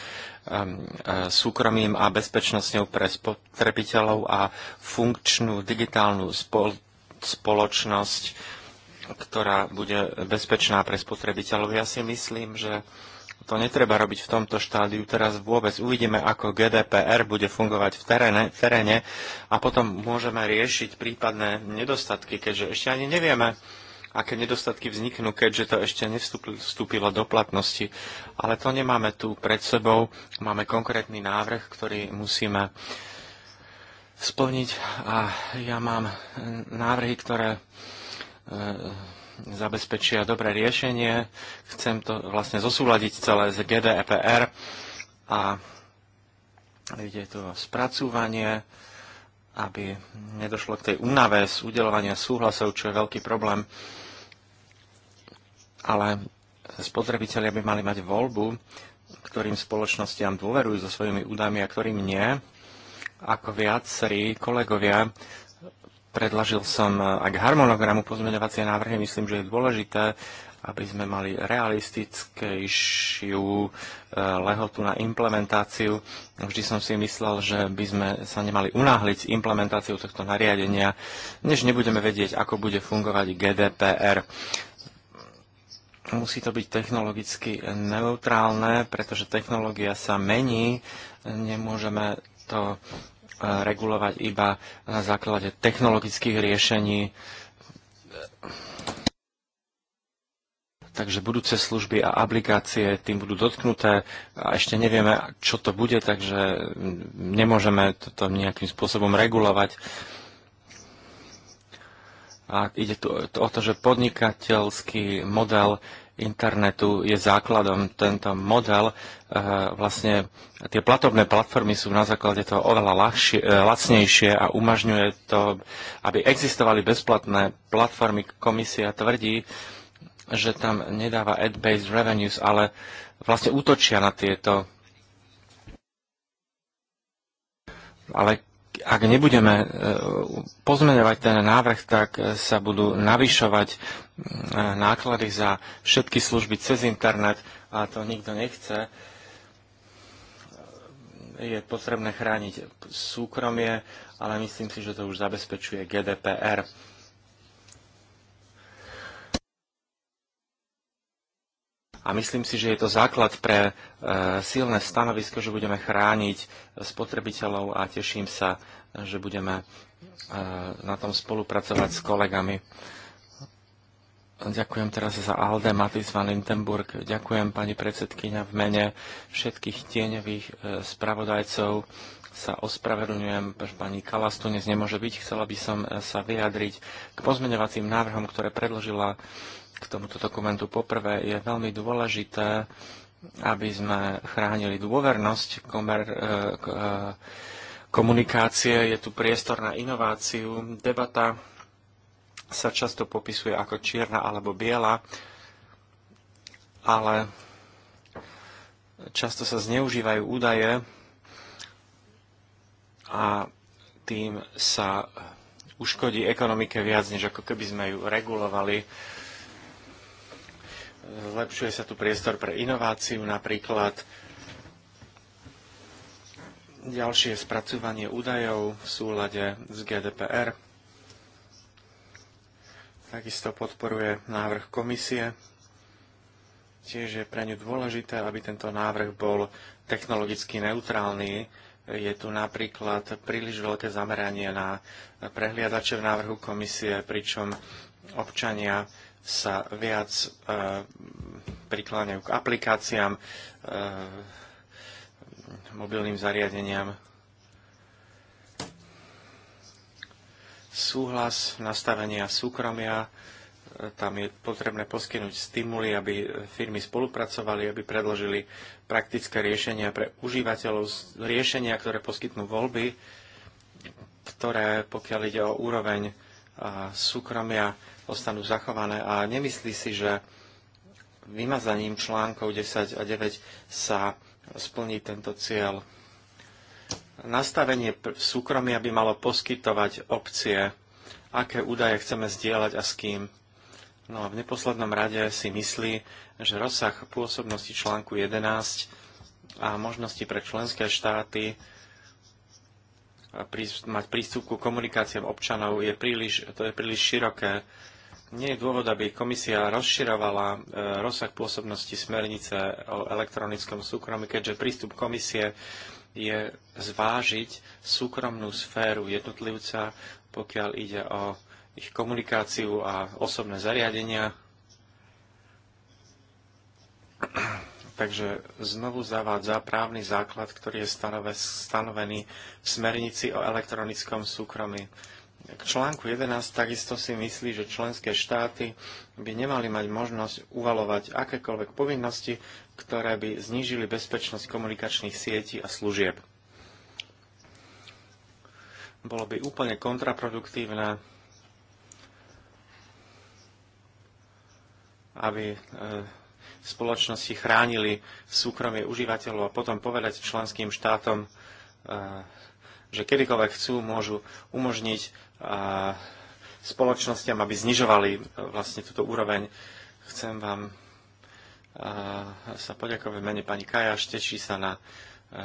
súkromím a bezpečnosťou pre spotrebiteľov a funkčnú digitálnu spoločnosť, ktorá bude bezpečná pre spotrebiteľov. Ja si myslím, že to netreba robiť v tomto štádiu teraz vôbec. Uvidíme, ako GDPR bude fungovať v teréne, v teréne a potom môžeme riešiť prípadné nedostatky, keďže ešte ani nevieme, aké nedostatky vzniknú, keďže to ešte nevstúpilo do platnosti. Ale to nemáme tu pred sebou. Máme konkrétny návrh, ktorý musíme splniť a ja mám eh, návrhy, ktoré eh, zabezpečia dobré riešenie. Chcem to vlastne zosúľadiť celé z GDPR e a ide tu o spracúvanie, aby nedošlo k tej únave z udelovania súhlasov, čo je veľký problém. Ale spotrebitelia by mali mať voľbu, ktorým spoločnostiam dôverujú so svojimi údami a ktorým nie. Ako viacerí kolegovia Predlažil som e, aj k harmonogramu pozmeňovacie návrhy. Myslím, že je dôležité, aby sme mali realistickejšiu e, lehotu na implementáciu. Vždy som si myslel, že by sme sa nemali unáhliť s implementáciou tohto nariadenia, než nebudeme vedieť, ako bude fungovať GDPR. Musí to byť technologicky neutrálne, pretože technológia sa mení, nemôžeme to regulovať iba na základe technologických riešení. Takže budúce služby a aplikácie tým budú dotknuté a ešte nevieme, čo to bude, takže nemôžeme toto nejakým spôsobom regulovať. A ide tu o to, že podnikateľský model internetu je základom. Tento model, eh, vlastne tie platobné platformy sú na základe toho oveľa ľahšie, eh, lacnejšie a umožňuje to, aby existovali bezplatné platformy. Komisia tvrdí, že tam nedáva ad-based revenues, ale vlastne útočia na tieto ale ak nebudeme e, pozmeňovať ten návrh, tak e, sa budú navyšovať e, náklady za všetky služby cez internet a to nikto nechce. Je potrebné chrániť súkromie, ale myslím si, že to už zabezpečuje GDPR. A myslím si, že je to základ pre e, silné stanovisko, že budeme chrániť spotrebiteľov a teším sa, že budeme e, na tom spolupracovať s kolegami. Ďakujem teraz za Alde Matis van Lindenburg. Ďakujem pani predsedkyňa v mene všetkých tieňových e, spravodajcov. Sa ospravedlňujem, pani Kalas tu dnes nemôže byť. Chcela by som sa vyjadriť k pozmeňovacím návrhom, ktoré predložila k tomuto dokumentu. Poprvé je veľmi dôležité, aby sme chránili dôvernosť komer, e, e, komunikácie, je tu priestor na inováciu. Debata sa často popisuje ako čierna alebo biela, ale často sa zneužívajú údaje a tým sa uškodí ekonomike viac, než ako keby sme ju regulovali Zlepšuje sa tu priestor pre inováciu napríklad. Ďalšie spracovanie údajov v súlade s GDPR. Takisto podporuje návrh komisie. Tiež je pre ňu dôležité, aby tento návrh bol technologicky neutrálny. Je tu napríklad príliš veľké zameranie na prehliadače v návrhu komisie, pričom občania sa viac e, prikláňajú k aplikáciám, e, mobilným zariadeniam. Súhlas nastavenia súkromia, e, tam je potrebné poskytnúť stimuly, aby firmy spolupracovali, aby predložili praktické riešenia pre užívateľov, riešenia, ktoré poskytnú voľby, ktoré, pokiaľ ide o úroveň súkromia, ostanú zachované a nemyslí si, že vymazaním článkov 10 a 9 sa splní tento cieľ. Nastavenie súkromia by malo poskytovať opcie, aké údaje chceme zdieľať a s kým. No a v neposlednom rade si myslí, že rozsah pôsobnosti článku 11 a možnosti pre členské štáty mať prístup ku komunikáciám občanov je príliš, to je príliš široké. Nie je dôvod, aby komisia rozširovala e, rozsah pôsobnosti smernice o elektronickom súkromí, keďže prístup komisie je zvážiť súkromnú sféru jednotlivca, pokiaľ ide o ich komunikáciu a osobné zariadenia. Takže znovu zavádza právny základ, ktorý je stanovený v smernici o elektronickom súkromí. K článku 11 takisto si myslí, že členské štáty by nemali mať možnosť uvalovať akékoľvek povinnosti, ktoré by znížili bezpečnosť komunikačných sietí a služieb. Bolo by úplne kontraproduktívne, aby e, spoločnosti chránili súkromie užívateľov a potom povedať členským štátom, e, že kedykoľvek chcú, môžu umožniť spoločnostiam, aby znižovali e, vlastne túto úroveň. Chcem vám e, sa poďakovať mene pani Kajaš, teší sa na e,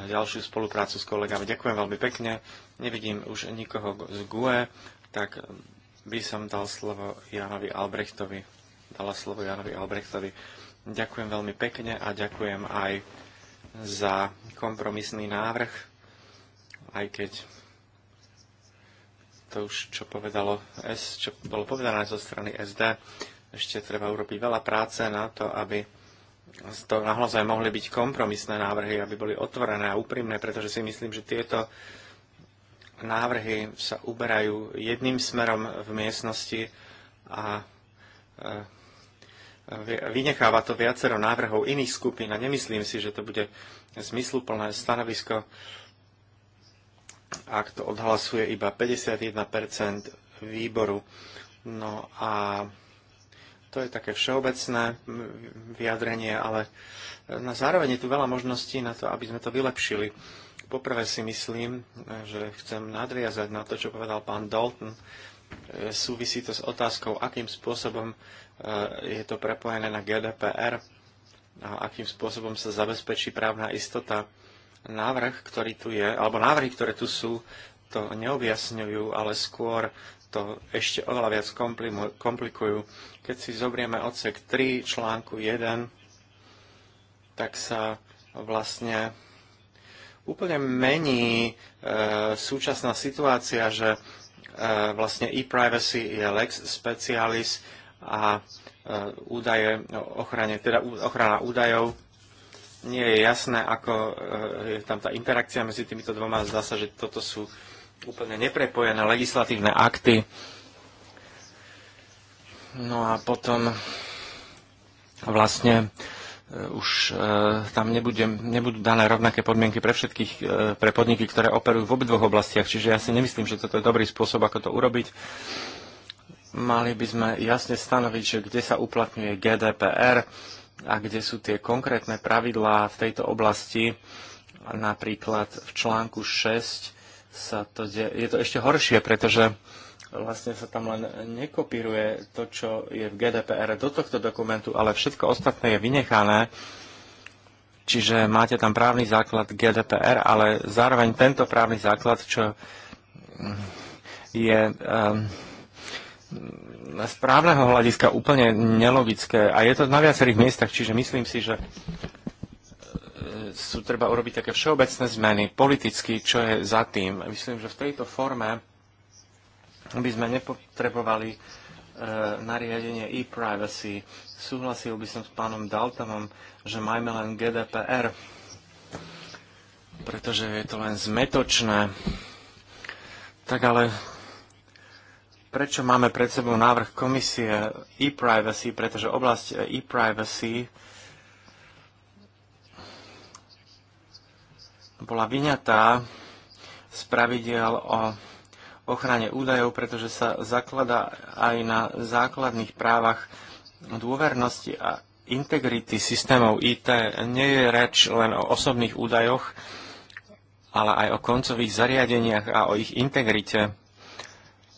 ďalšiu spoluprácu s kolegami. Ďakujem veľmi pekne. Nevidím už nikoho z GUE, tak by som dal slovo Janovi Albrechtovi. Dala slovo Janovi Albrechtovi. Ďakujem veľmi pekne a ďakujem aj za kompromisný návrh, aj keď to už, čo, povedalo S, čo bolo povedané zo strany SD, ešte treba urobiť veľa práce na to, aby to naozaj mohli byť kompromisné návrhy, aby boli otvorené a úprimné, pretože si myslím, že tieto návrhy sa uberajú jedným smerom v miestnosti a e, e, vynecháva to viacero návrhov iných skupín a nemyslím si, že to bude zmysluplné stanovisko ak to odhlasuje iba 51% výboru. No a to je také všeobecné vyjadrenie, ale e, na zároveň je tu veľa možností na to, aby sme to vylepšili. Poprvé si myslím, že chcem nadviazať na to, čo povedal pán Dalton. E, súvisí to s otázkou, akým spôsobom e, je to prepojené na GDPR a akým spôsobom sa zabezpečí právna istota návrh, ktorý tu je, alebo návrhy, ktoré tu sú, to neobjasňujú, ale skôr to ešte oveľa viac komplikujú. Keď si zobrieme odsek 3 článku 1, tak sa vlastne úplne mení e, súčasná situácia, že e, vlastne e-privacy je lex specialis a e, údaje, ochrane, teda ochrana údajov nie je jasné, ako e, je tam tá interakcia medzi týmito dvoma. Zdá sa, že toto sú úplne neprepojené legislatívne akty. No a potom vlastne e, už e, tam nebude, nebudú dané rovnaké podmienky pre všetkých, pre podniky, ktoré operujú v obidvoch oblastiach. Čiže ja si nemyslím, že toto je dobrý spôsob, ako to urobiť. Mali by sme jasne stanoviť, že kde sa uplatňuje GDPR, a kde sú tie konkrétne pravidlá v tejto oblasti. Napríklad v článku 6 sa to de- je to ešte horšie, pretože vlastne sa tam len nekopíruje to, čo je v GDPR do tohto dokumentu, ale všetko ostatné je vynechané. Čiže máte tam právny základ GDPR, ale zároveň tento právny základ, čo je um, z právneho hľadiska úplne nelogické a je to na viacerých miestach, čiže myslím si, že e, sú treba urobiť také všeobecné zmeny politicky, čo je za tým. Myslím, že v tejto forme by sme nepotrebovali e, nariadenie e-privacy. Súhlasil by som s pánom Daltonom, že majme len GDPR, pretože je to len zmetočné. Tak ale prečo máme pred sebou návrh komisie e-privacy, pretože oblasť e, e-privacy bola vyňatá z pravidel o ochrane údajov, pretože sa zaklada aj na základných právach dôvernosti a integrity systémov IT. Nie je reč len o osobných údajoch, ale aj o koncových zariadeniach a o ich integrite.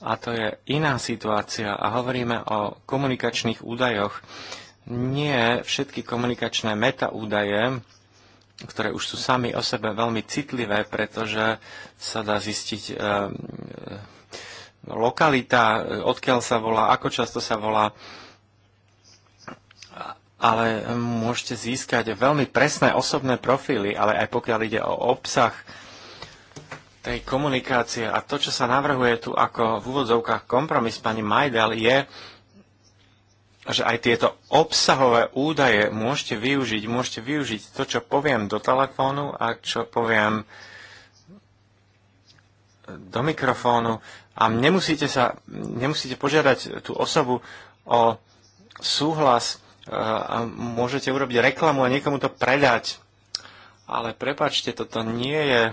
A to je iná situácia a hovoríme o komunikačných údajoch. Nie všetky komunikačné metaúdaje, ktoré už sú sami o sebe veľmi citlivé, pretože sa dá zistiť e, lokalita, odkiaľ sa volá, ako často sa volá, ale môžete získať veľmi presné osobné profily, ale aj pokiaľ ide o obsah, tej komunikácie a to, čo sa navrhuje tu ako v úvodzovkách kompromis pani Majdel, je, že aj tieto obsahové údaje môžete využiť. Môžete využiť to, čo poviem do telefónu a čo poviem do mikrofónu a nemusíte, sa, nemusíte požiadať tú osobu o súhlas a môžete urobiť reklamu a niekomu to predať. Ale prepačte, toto nie je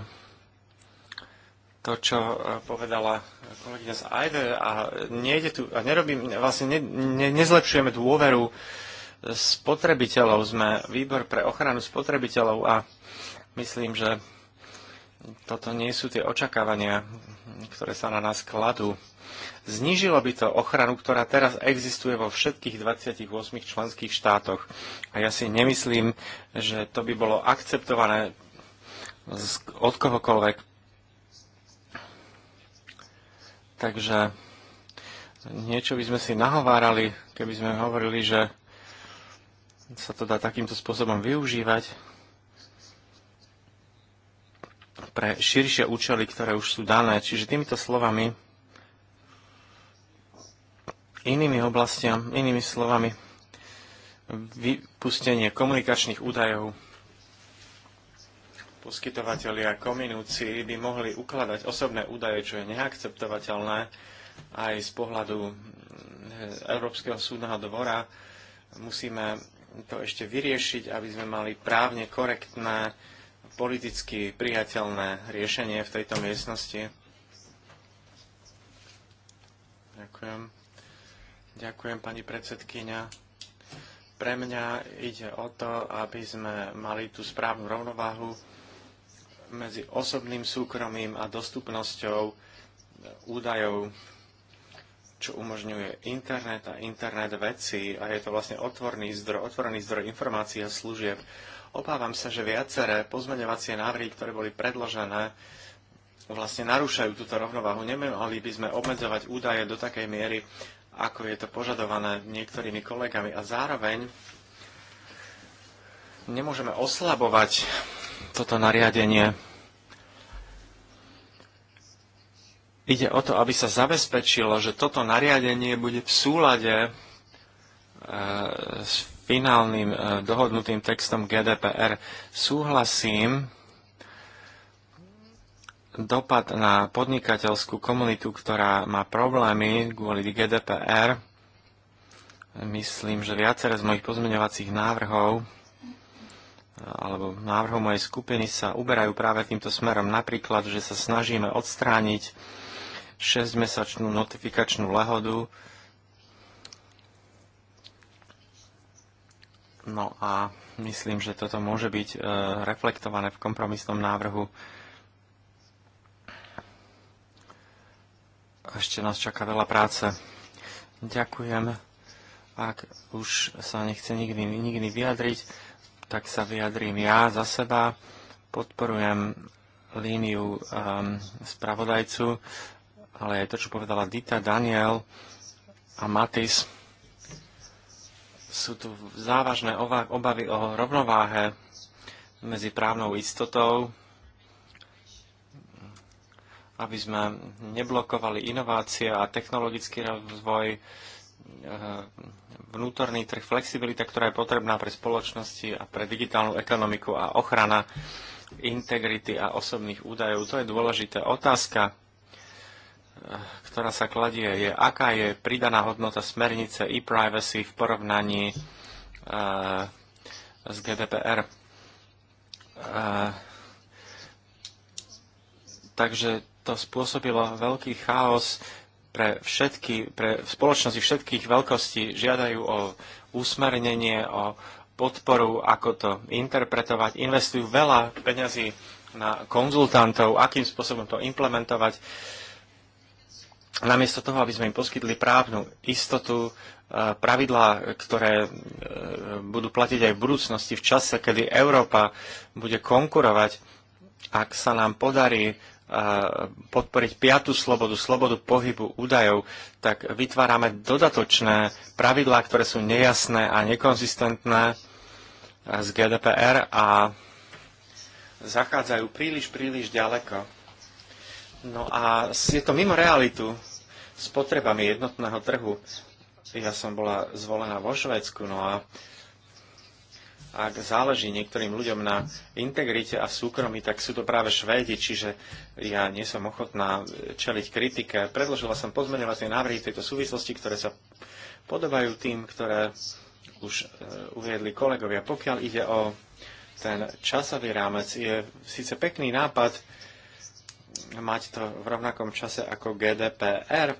to, čo e, povedala kolegyňa z AIDE a, nejde tu, a nerobím, vlastne ne, ne, nezlepšujeme dôveru spotrebiteľov. Sme výbor pre ochranu spotrebiteľov a myslím, že toto nie sú tie očakávania, ktoré sa na nás kladú. Znížilo by to ochranu, ktorá teraz existuje vo všetkých 28 členských štátoch. A ja si nemyslím, že to by bolo akceptované od kohokoľvek Takže niečo by sme si nahovárali, keby sme hovorili, že sa to dá takýmto spôsobom využívať pre širšie účely, ktoré už sú dané. Čiže týmito slovami, inými oblastiam, inými slovami, vypustenie komunikačných údajov Poskytovateľia kominúci by mohli ukladať osobné údaje, čo je neakceptovateľné aj z pohľadu hm, Európskeho súdneho dvora. Musíme to ešte vyriešiť, aby sme mali právne korektné, politicky priateľné riešenie v tejto miestnosti. Ďakujem. Ďakujem, pani predsedkynia. Pre mňa ide o to, aby sme mali tú správnu rovnováhu medzi osobným súkromím a dostupnosťou údajov, čo umožňuje internet a internet veci a je to vlastne otvorný zdroj, otvorený zdroj informácií a služieb. Obávam sa, že viaceré pozmeňovacie návrhy, ktoré boli predložené, vlastne narúšajú túto rovnováhu. Nemali by sme obmedzovať údaje do takej miery, ako je to požadované niektorými kolegami. A zároveň nemôžeme oslabovať toto nariadenie. Ide o to, aby sa zabezpečilo, že toto nariadenie bude v súlade e, s finálnym e, dohodnutým textom GDPR. Súhlasím, dopad na podnikateľskú komunitu, ktorá má problémy kvôli GDPR, myslím, že viacere z mojich pozmeňovacích návrhov alebo návrhom mojej skupiny sa uberajú práve týmto smerom. Napríklad, že sa snažíme odstrániť 6-mesačnú notifikačnú lehodu. No a myslím, že toto môže byť e, reflektované v kompromisnom návrhu. Ešte nás čaká veľa práce. Ďakujem. Ak už sa nechce nikdy, nikdy vyjadriť, tak sa vyjadrím ja za seba. Podporujem líniu um, spravodajcu, ale aj to, čo povedala Dita, Daniel a Matis, sú tu závažné obavy o rovnováhe medzi právnou istotou, aby sme neblokovali inovácie a technologický rozvoj vnútorný trh, flexibilita, ktorá je potrebná pre spoločnosti a pre digitálnu ekonomiku a ochrana integrity a osobných údajov. To je dôležité. Otázka, eh, ktorá sa kladie, je, aká je pridaná hodnota smernice e-privacy v porovnaní uh, s GDPR. Uh, eh, takže to spôsobilo veľký chaos pre všetky, pre spoločnosti všetkých veľkostí žiadajú o úsmernenie, o podporu, ako to interpretovať. Investujú veľa peňazí na konzultantov, akým spôsobom to implementovať. Namiesto toho, aby sme im poskytli právnu istotu, e, pravidlá, ktoré e, budú platiť aj v budúcnosti, v čase, kedy Európa bude konkurovať, ak sa nám podarí podporiť piatu slobodu, slobodu pohybu údajov, tak vytvárame dodatočné pravidlá, ktoré sú nejasné a nekonzistentné z GDPR a zachádzajú príliš, príliš ďaleko. No a je to mimo realitu s potrebami jednotného trhu. Ja som bola zvolená vo Švedsku, no a ak záleží niektorým ľuďom na integrite a súkromí, tak sú to práve Švédi, čiže ja nie som ochotná čeliť kritike. Predložila som pozmeňovacie návrhy tejto súvislosti, ktoré sa podobajú tým, ktoré už e, uviedli kolegovia. Pokiaľ ide o ten časový rámec, je síce pekný nápad mať to v rovnakom čase ako GDPR,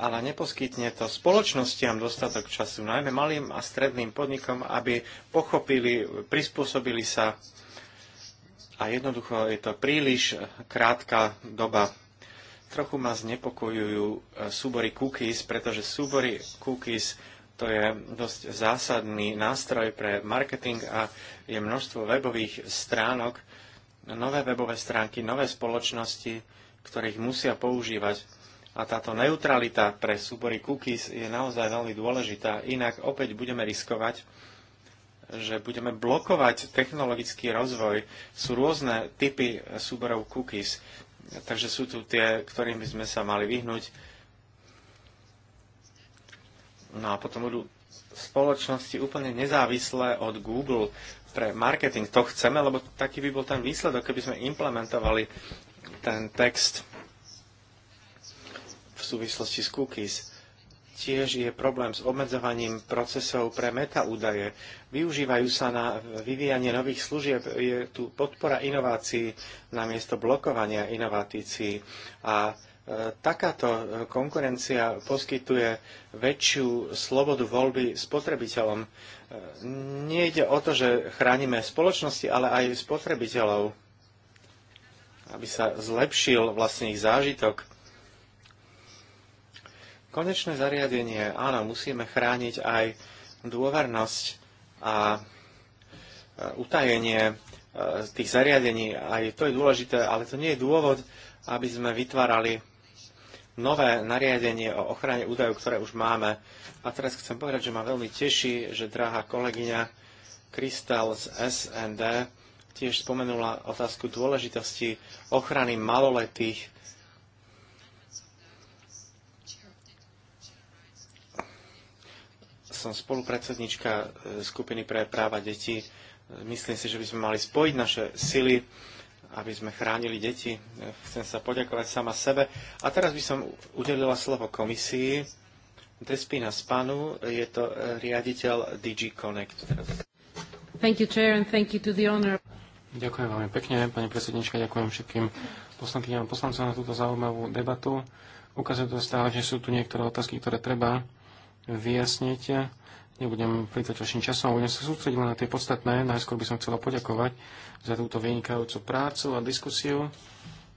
ale neposkytne to spoločnostiam dostatok času, najmä malým a stredným podnikom, aby pochopili, prispôsobili sa a jednoducho je to príliš krátka doba. Trochu ma znepokojujú e, súbory cookies, pretože súbory cookies to je dosť zásadný nástroj pre marketing a je množstvo webových stránok, nové webové stránky, nové spoločnosti, ktorých musia používať a táto neutralita pre súbory cookies je naozaj veľmi dôležitá. Inak opäť budeme riskovať, že budeme blokovať technologický rozvoj. Sú rôzne typy súborov cookies, takže sú tu tie, ktorým by sme sa mali vyhnúť. No a potom budú spoločnosti úplne nezávislé od Google pre marketing. To chceme, lebo taký by bol ten výsledok, keby sme implementovali ten text v súvislosti s cookies. Tiež je problém s obmedzovaním procesov pre metaúdaje. Využívajú sa na vyvíjanie nových služieb. Je tu podpora inovácií namiesto blokovania inovácií. A e, takáto konkurencia poskytuje väčšiu slobodu voľby spotrebiteľom. Nie ide o to, že chránime spoločnosti, ale aj spotrebiteľov, aby sa zlepšil vlastne ich zážitok. Konečné zariadenie, áno, musíme chrániť aj dôvernosť a e, utajenie e, tých zariadení. Aj to je dôležité, ale to nie je dôvod, aby sme vytvárali nové nariadenie o ochrane údajov, ktoré už máme. A teraz chcem povedať, že ma veľmi teší, že drahá kolegyňa Kristel z SND tiež spomenula otázku dôležitosti ochrany maloletých som spolupredsednička e, skupiny pre práva detí. E, myslím si, že by sme mali spojiť naše sily, aby sme chránili deti. E, chcem sa poďakovať sama sebe. A teraz by som udelila slovo komisii. Despina Spanu, je to riaditeľ DG Connect. Thank you, Chair, and thank you to the honor. Ďakujem veľmi pekne, pani predsednička, ďakujem všetkým poslankyňam a poslancom na túto zaujímavú debatu. Ukazuje to stále, že sú tu niektoré otázky, ktoré treba vyjasniť. Nebudem plýtať vašim časom, budem sa sústrediť na tie podstatné. Najskôr by som chcela poďakovať za túto vynikajúcu prácu a diskusiu.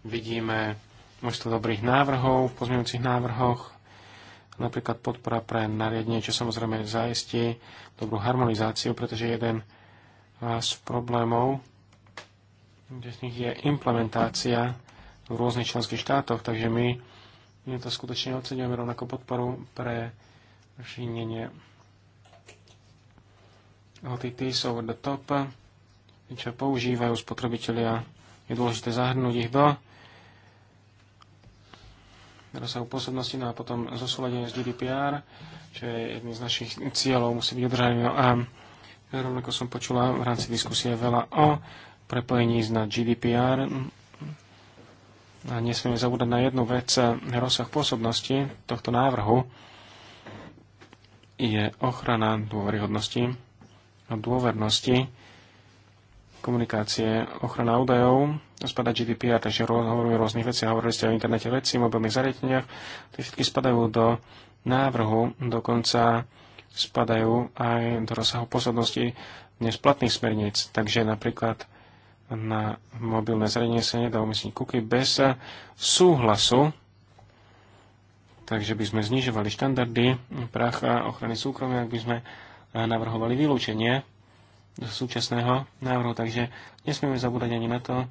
Vidíme množstvo dobrých návrhov v pozmeňujúcich návrhoch, napríklad podpora pre nariadenie, čo samozrejme zaistí dobrú harmonizáciu, pretože jeden z problémov z nich je implementácia v rôznych členských štátoch, takže my, my to skutočne oceňujeme rovnako podporu pre šínenie OTT sú over the top, čo používajú spotrebitelia. Je dôležité zahrnúť ich do rozsahu pôsobnosti, no a potom zosúladenie s GDPR, čo je jedným z našich cieľov, musí byť održaný. No a rovnako som počula v rámci diskusie veľa o prepojení na GDPR. A nesmieme zabúdať na jednu vec, rozsah pôsobnosti tohto návrhu je ochrana dôveryhodnosti a dôvernosti komunikácie, ochrana údajov, spada GDPR, takže hovoríme o rôznych veciach, hovorili ste o internete veci, mobilných zariadeniach, tie všetky spadajú do návrhu, dokonca spadajú aj do rozsahu poslednosti dnes platných smerníc, takže napríklad na mobilné zariadenie sa nedá umiestniť kuky bez súhlasu Takže by sme znižovali štandardy prach a ochrany súkromia, ak by sme eh, navrhovali vylúčenie do súčasného návrhu. Takže nesmieme zabúdať ani na to,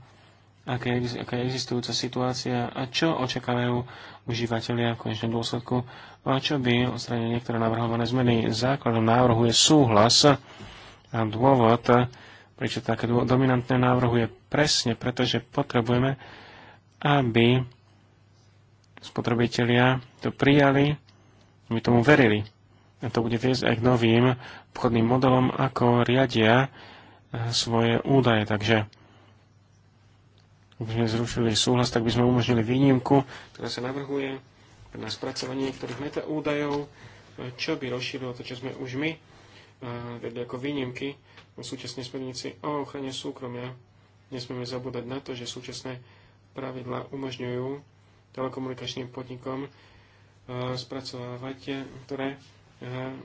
aká je, aká je existujúca situácia a čo očakávajú užívateľia v konečnom dôsledku a čo by odstranili niektoré navrhované zmeny. Základom návrhu je súhlas a dôvod, prečo také dominantné návrhu je presne, pretože potrebujeme, aby spotrebitelia to prijali, my tomu verili. A to bude viesť aj k novým obchodným modelom, ako riadia eh, svoje údaje. Takže by sme zrušili súhlas, tak by sme umožnili výnimku, ktorá sa navrhuje na spracovanie niektorých metaúdajov, eh, čo by rozšírilo to, čo sme už my eh, vedli ako výnimky v súčasnej smernici o ochrane súkromia. Nesmieme zabúdať na to, že súčasné pravidlá umožňujú telekomunikačným podnikom e, spracovávať, e, ktoré e,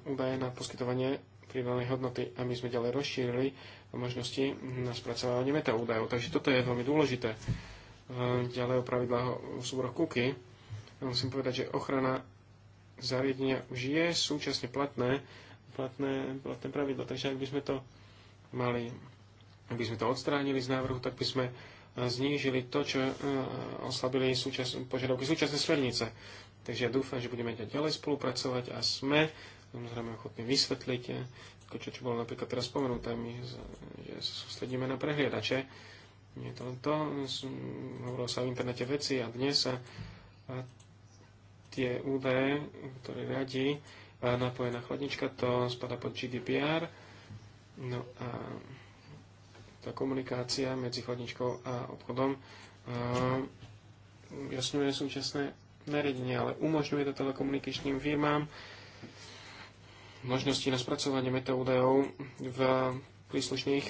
údaje na poskytovanie pridanej hodnoty a my sme ďalej rozšírili možnosti na spracovávanie metaúdajov. Takže toto je veľmi dôležité. Ďalej o pravidlách o súboroch Musím povedať, že ochrana zariadenia už je súčasne platné, platné, platné pravidlo. Takže ak by sme to mali, ak by sme to odstránili z návrhu, tak by sme znížili to, čo e, oslabili súčas, požiadavky súčasnej smernice. Takže ja dúfam, že budeme ďalej spolupracovať a sme samozrejme ochotní vysvetliť, e, ako čo, čo bolo napríklad teraz spomenuté, my že sa sústredíme na prehliadače. Nie to len to, hovorilo sa v internete veci a dnes sa a tie údaje, ktoré radí napojená chladnička, to spada pod GDPR. No a tá komunikácia medzi chodničkou a obchodom eh, jasňuje súčasné nariadenie, ale umožňuje to telekomunikačným firmám možnosti na spracovanie metaúdajov v príslušných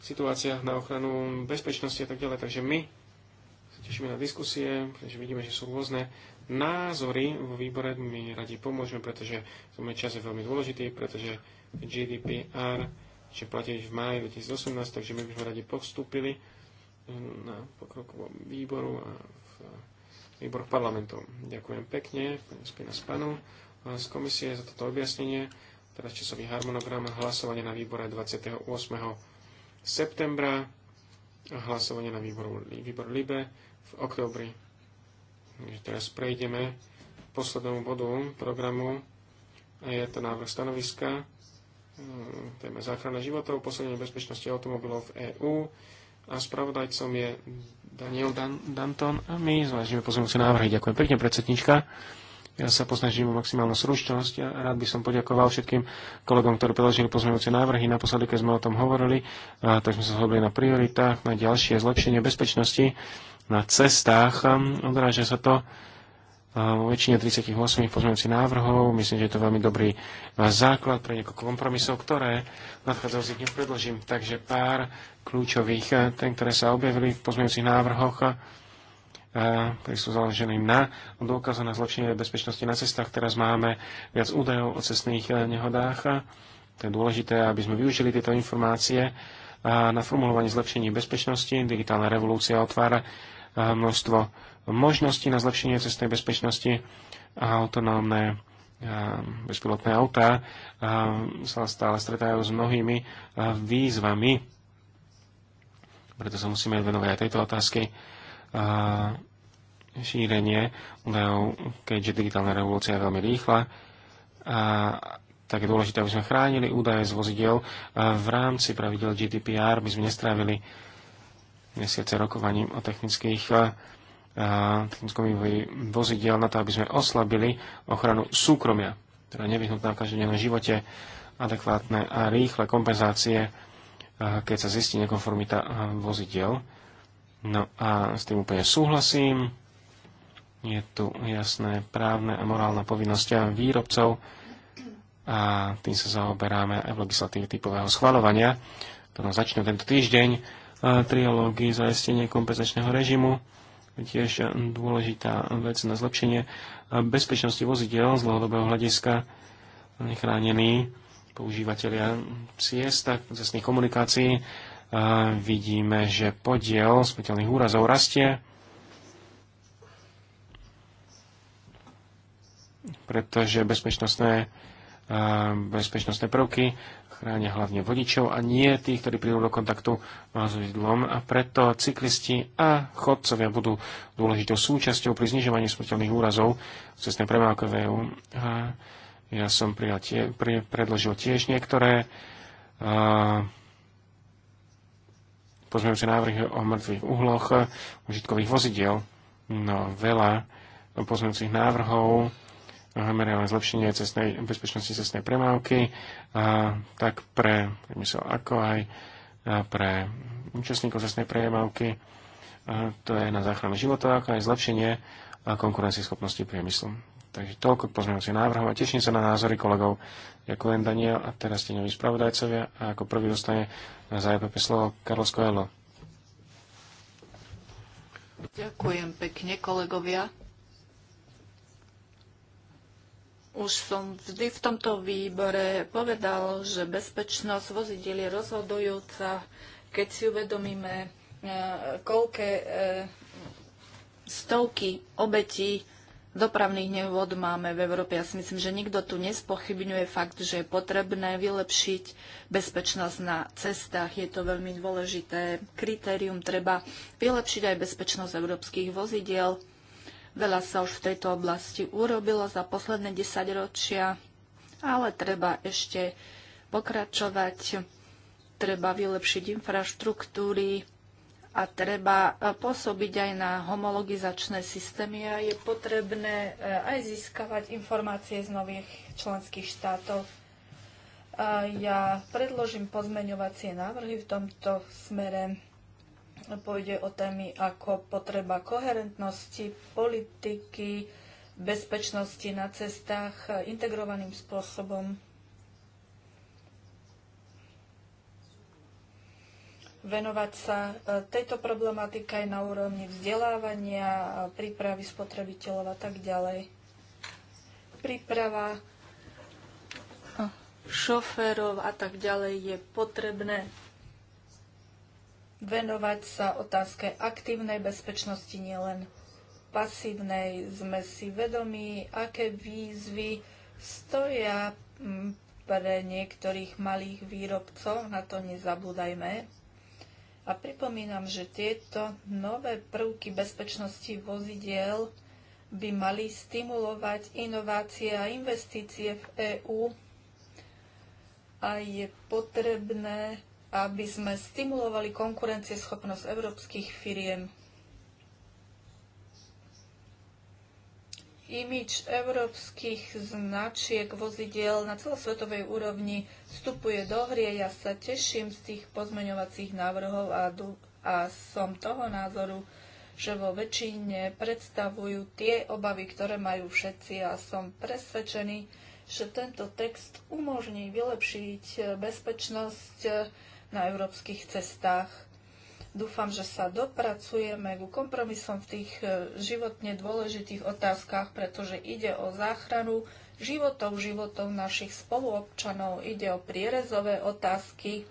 situáciách na ochranu bezpečnosti a tak ďalej. Takže my sa tešíme na diskusie, pretože vidíme, že sú rôzne názory vo výbore. My radi pomôžeme, pretože čas je veľmi dôležitý, pretože GDPR že platiť v máji 2018, takže my by sme radi postúpili ehm, na pokrokovom výboru a v výboroch parlamentu. Ďakujem pekne, pani Spina Spanu z komisie za toto objasnenie. Teraz časový harmonogram hlasovanie na výbore 28. septembra a hlasovanie na výboru, výbor LIBE v októbri. Takže teraz prejdeme k poslednému bodu programu a je to návrh stanoviska Hm, téme záchrana životov, posilnenie bezpečnosti automobilov v EÚ a spravodajcom je Daniel Dan- Danton a my zvážime pozornosť návrhy. Ďakujem pekne, predsednička. Ja sa posnažím o maximálnu slušnosť a rád by som poďakoval všetkým kolegom, ktorí predložili pozmeňujúce návrhy. Naposledy, keď sme o tom hovorili, a tak sme sa zhodli na prioritách, na ďalšie zlepšenie bezpečnosti na cestách. Odráža sa to vo väčšine 38 pozmeňujúcich návrhov. Myslím, že je to veľmi dobrý e, základ pre niekoľko kompromisov, ktoré nadchádzajúcich dňoch predložím. Takže pár kľúčových, e, ten, ktoré sa objavili v pozmeňujúcich návrhoch, e, ktoré sú založené na dôkazu na zlepšenie bezpečnosti na cestách. Teraz máme viac údajov o cestných nehodách. To je dôležité, aby sme využili tieto informácie na formulovanie zlepšení bezpečnosti. Digitálna revolúcia otvára množstvo možnosti na zlepšenie cestnej bezpečnosti a autonómne bezpilotné autá sa stále stretajú s mnohými výzvami. Preto sa musíme venovať aj tejto otázky šírenie údajov, keďže digitálna revolúcia je veľmi rýchla. A tak je dôležité, aby sme chránili údaje z vozidel. v rámci pravidel GDPR by sme nestrávili mesiace rokovaním o technických zgových vozidiel na to, aby sme oslabili ochranu súkromia, ktorá je nevyhnutná v každodennom živote, adekvátne a rýchle kompenzácie, keď sa zistí nekonformita vozidiel. No a s tým úplne súhlasím. Je tu jasné právne a morálna povinnosť výrobcov a tým sa zaoberáme aj v legislatíve typového schvalovania, ktorom začnú tento týždeň triológii zaistenie kompenzačného režimu tiež dôležitá vec na zlepšenie bezpečnosti vozidel z dlhodobého hľadiska nechránení používateľia ciest a cestných komunikácií. A vidíme, že podiel smrteľných úrazov rastie, pretože bezpečnostné bezpečnostné prvky, chránia hlavne vodičov a nie tých, ktorí prídu do kontaktu s vozidlom. A preto cyklisti a chodcovia budú dôležitou súčasťou pri znižovaní smrteľných úrazov v cestnej premávke v EU. A ja som tie, pri, predložil tiež niektoré a, pozmeňujúce návrhy o mŕtvych uhloch užitkových vozidiel. No, veľa pozmeňujúcich návrhov zamerajú na zlepšenie cestnej, bezpečnosti cestnej premávky, a, tak pre myslím, ako aj a pre účastníkov cestnej premávky. A to je na záchranu života, ako aj zlepšenie a konkurencieschopnosti priemyslu. Takže toľko k si návrhom a teším sa na názory kolegov. Ďakujem Daniel a teraz ste noví spravodajcovia a ako prvý dostane za EPP slovo Carlos Skojelo. Ďakujem pekne kolegovia. Už som vždy v tomto výbore povedal, že bezpečnosť vozidiel je rozhodujúca, keď si uvedomíme, e, koľké e, stovky obetí dopravných nehôd máme v Európe. Ja si myslím, že nikto tu nespochybňuje fakt, že je potrebné vylepšiť bezpečnosť na cestách. Je to veľmi dôležité kritérium. Treba vylepšiť aj bezpečnosť európskych vozidiel. Veľa sa už v tejto oblasti urobilo za posledné ročia, ale treba ešte pokračovať, treba vylepšiť infraštruktúry a treba e, pôsobiť aj na homologizačné systémy a je potrebné e, aj získavať informácie z nových členských štátov. Ja predložím pozmeňovacie návrhy v tomto smere. Pôjde o témy ako potreba koherentnosti, politiky, bezpečnosti na cestách integrovaným spôsobom. Venovať sa e, tejto problematike aj na úrovni vzdelávania, prípravy spotrebiteľov a tak ďalej. Príprava šoférov a tak ďalej je potrebné venovať sa otázke aktívnej bezpečnosti, nielen pasívnej. Sme si vedomi, aké výzvy stoja mm, pre niektorých malých výrobcov, na to nezabúdajme. A pripomínam, že tieto nové prvky bezpečnosti vozidiel by mali stimulovať inovácie a investície v EÚ a je potrebné aby sme stimulovali konkurencieschopnosť európskych firiem. Imič európskych značiek vozidiel na celosvetovej úrovni vstupuje do hry. Ja sa teším z tých pozmeňovacích návrhov a, a som toho názoru, že vo väčšine predstavujú tie obavy, ktoré majú všetci a som presvedčený, že tento text umožní vylepšiť bezpečnosť na európskych cestách. Dúfam, že sa dopracujeme ku kompromisom v tých e, životne dôležitých otázkach, pretože ide o záchranu životov, životov našich spoluobčanov, ide o prierezové otázky,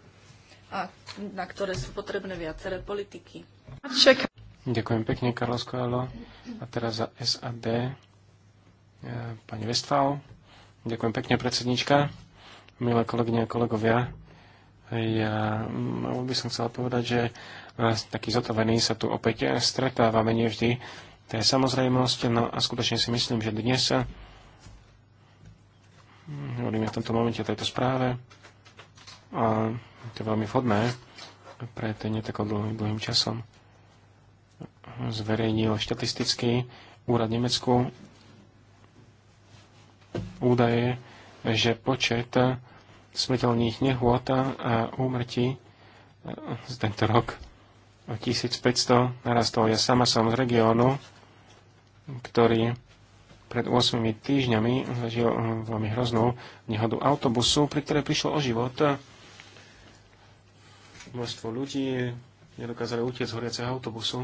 a na ktoré sú potrebné viaceré politiky. Čaká. Ďakujem pekne, Carlos Coelho. A teraz za SAD e, pani Westfál. Ďakujem pekne, predsednička. Milé kolegyne a kolegovia, ja mm, by som chcel povedať, že e, taký zotovený sa tu opäť e, stretávame nevždy. To je samozrejmosť, no a skutočne si myslím, že dnes sa e, hovoríme v tomto momente o tejto správe a to je veľmi vhodné pre ten netakom dlhým, dlhým časom. Zverejnil štatistický úrad Nemecku údaje, že počet smrteľných nehôd a úmrtí e, z tento rok o 1500 narastol. Ja sama som z regiónu, ktorý pred 8 týždňami zažil e, veľmi hroznú nehodu autobusu, pri ktorej prišlo o život množstvo ľudí, nedokázali utiec z horiaceho autobusu.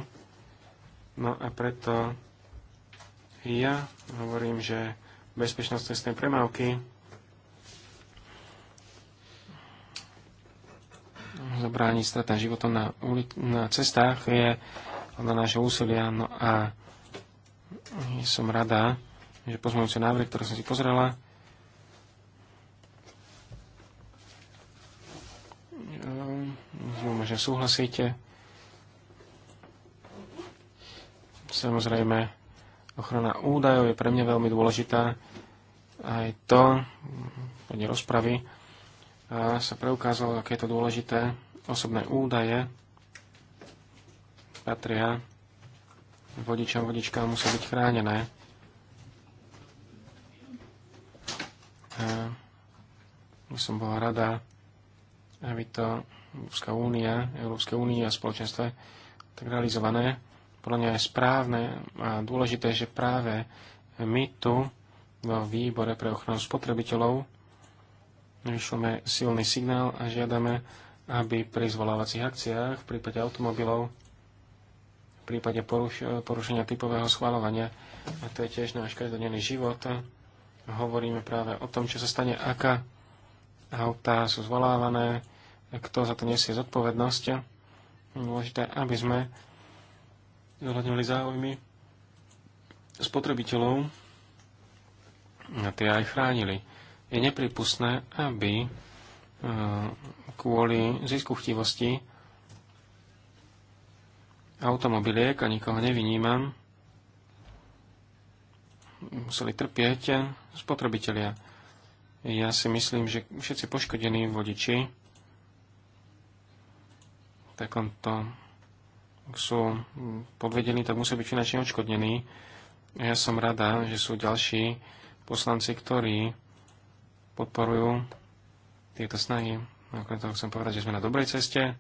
No a preto ja hovorím, že bezpečnosť cestnej premávky zabrániť stratám životom na, uli- na cestách je na nášho úsilia. No a som rada, že pozmeňujúce návrhy, ktoré som si pozrela, Zmúme, ehm, že súhlasíte. Samozrejme, ochrana údajov je pre mňa veľmi dôležitá. Aj to, mm, podľa rozpravy, sa preukázalo, aké je to dôležité osobné údaje patria vodičom, vodička musia byť chránené. A som bola rada, aby to Európska únia, Európska únia a spoločenstve tak realizované. Podľa mňa je správne a dôležité, že práve my tu vo výbore pre ochranu spotrebiteľov vyšleme silný signál a žiadame aby pri zvolávacích akciách v prípade automobilov, v prípade poruš- porušenia typového schváľovania, a to je tiež náš každodenný život, hovoríme práve o tom, čo sa stane, aká autá sú zvolávané, kto za to nesie zodpovednosť. dôležité, aby sme zohľadňovali záujmy spotrebiteľov a tie aj chránili. Je nepripustné, aby kvôli chtivosti automobiliek a nikoho nevinímam. Museli trpieť spotrebitelia. Ja si myslím, že všetci poškodení vodiči takomto sú podvedení, tak musia byť finančne odškodnení. Ja som rada, že sú ďalší poslanci, ktorí podporujú tieto snahy. Nakoniec toho chcem povedať, že sme na dobrej ceste.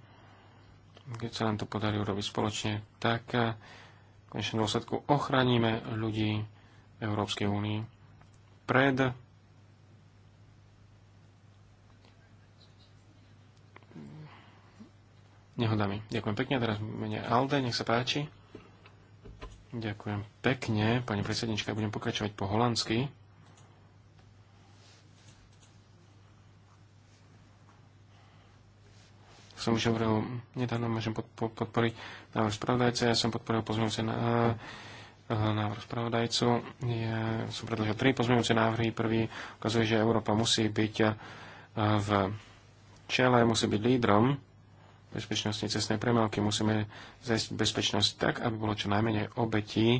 Keď sa nám to podarí urobiť spoločne, tak eh, v konečnom dôsledku ochránime ľudí v Európskej únii pred nehodami. Ďakujem pekne, teraz mene Alde, nech sa páči. Ďakujem pekne, pani predsednička, budem pokračovať po holandsky. som už hovoril nedávno, môžem podporiť návrh spravodajca. Ja som podporil pozmeňujúce na, eh, návrh spravodajcu. Ja som predložil tri pozmeňujúce návrhy. Prvý ukazuje, že Európa musí byť eh, v čele, musí byť lídrom bezpečnosti cestnej premávky. Musíme zajistiť bezpečnosť tak, aby bolo čo najmenej obetí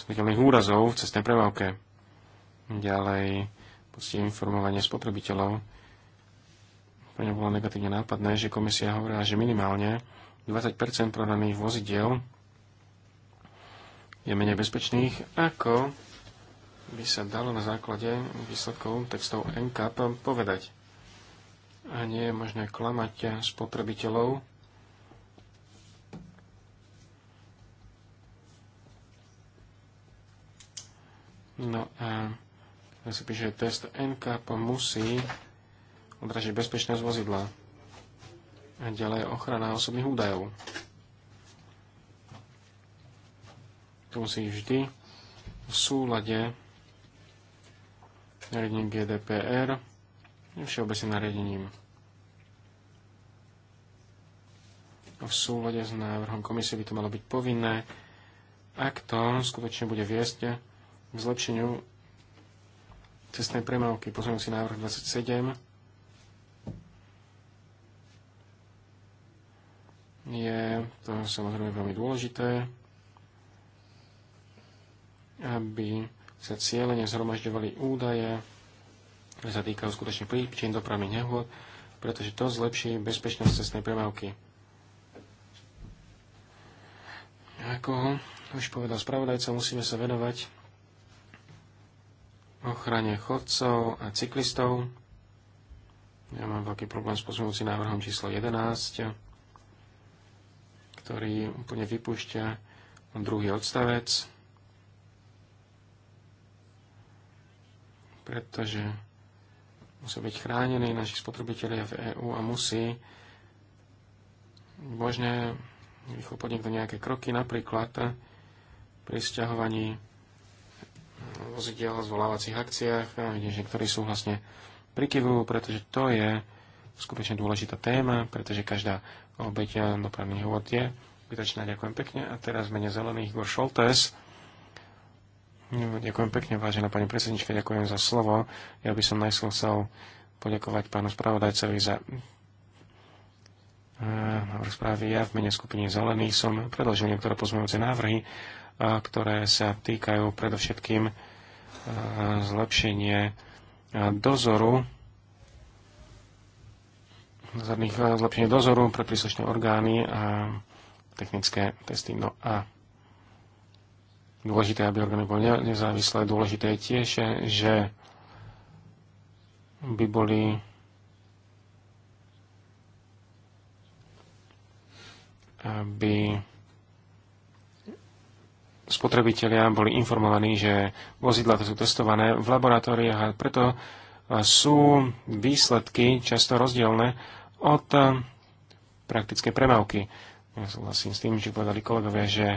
smrteľných úrazov v cestnej premávke. Ďalej, pustím informovanie spotrebiteľov pre mňa bolo negatívne nápadné, že komisia hovorila, že minimálne 20 prodaných vozidiel je menej bezpečných, ako by sa dalo na základe výsledkov textov NCAP povedať. A nie je možné klamať spotrebiteľov, No a ja si píše, test NCAP musí odražiť bezpečnosť vozidla. A ďalej ochrana osobných údajov. To musí vždy v súlade nariadením GDPR všeobecným nariadením. V súlade s návrhom komisie by to malo byť povinné, ak to skutočne bude viesť k zlepšeniu cestnej premávky. Pozmeňujem si návrh 27 je to samozrejme veľmi dôležité, aby sa cieľene zhromažďovali údaje, ktoré sa týkajú skutočne príčin dopravných nehôd, pretože to zlepší bezpečnosť cestnej premávky. Ako už povedal spravodajca, musíme sa venovať ochrane chodcov a cyklistov. Ja mám veľký problém s pozmúcim návrhom číslo 11 ktorý úplne vypúšťa druhý odstavec, pretože musia byť chránení naši spotrebitelia v EÚ a musí možné rýchlo podniknúť nejaké kroky, napríklad pri stiahovaní vozidel v zvolávacích akciách, vidím, že ktorí sú vlastne prikyvujú, pretože to je skutočne dôležitá téma, pretože každá obeťa dopravných hôd je. ďakujem pekne. A teraz mene zelených Igor Šoltes. Ďakujem pekne, vážená pani predsednička, ďakujem za slovo. Ja by som najskôr chcel poďakovať pánu spravodajcovi za eh, návrh správy. Ja v mene skupiny zelených som predložil niektoré pozmeňujúce návrhy, eh, ktoré sa týkajú predovšetkým eh, zlepšenie dozoru zadných eh, zlepšení dozoru pre príslušné orgány a technické testy. No a dôležité, aby orgány boli nezávislé, dôležité je tiež, eh, že by boli aby spotrebitelia boli informovaní, že vozidla to sú testované v laboratóriách a preto eh, sú výsledky často rozdielne od eh, praktickej premávky. Ja súhlasím s tým, že povedali kolegovia, že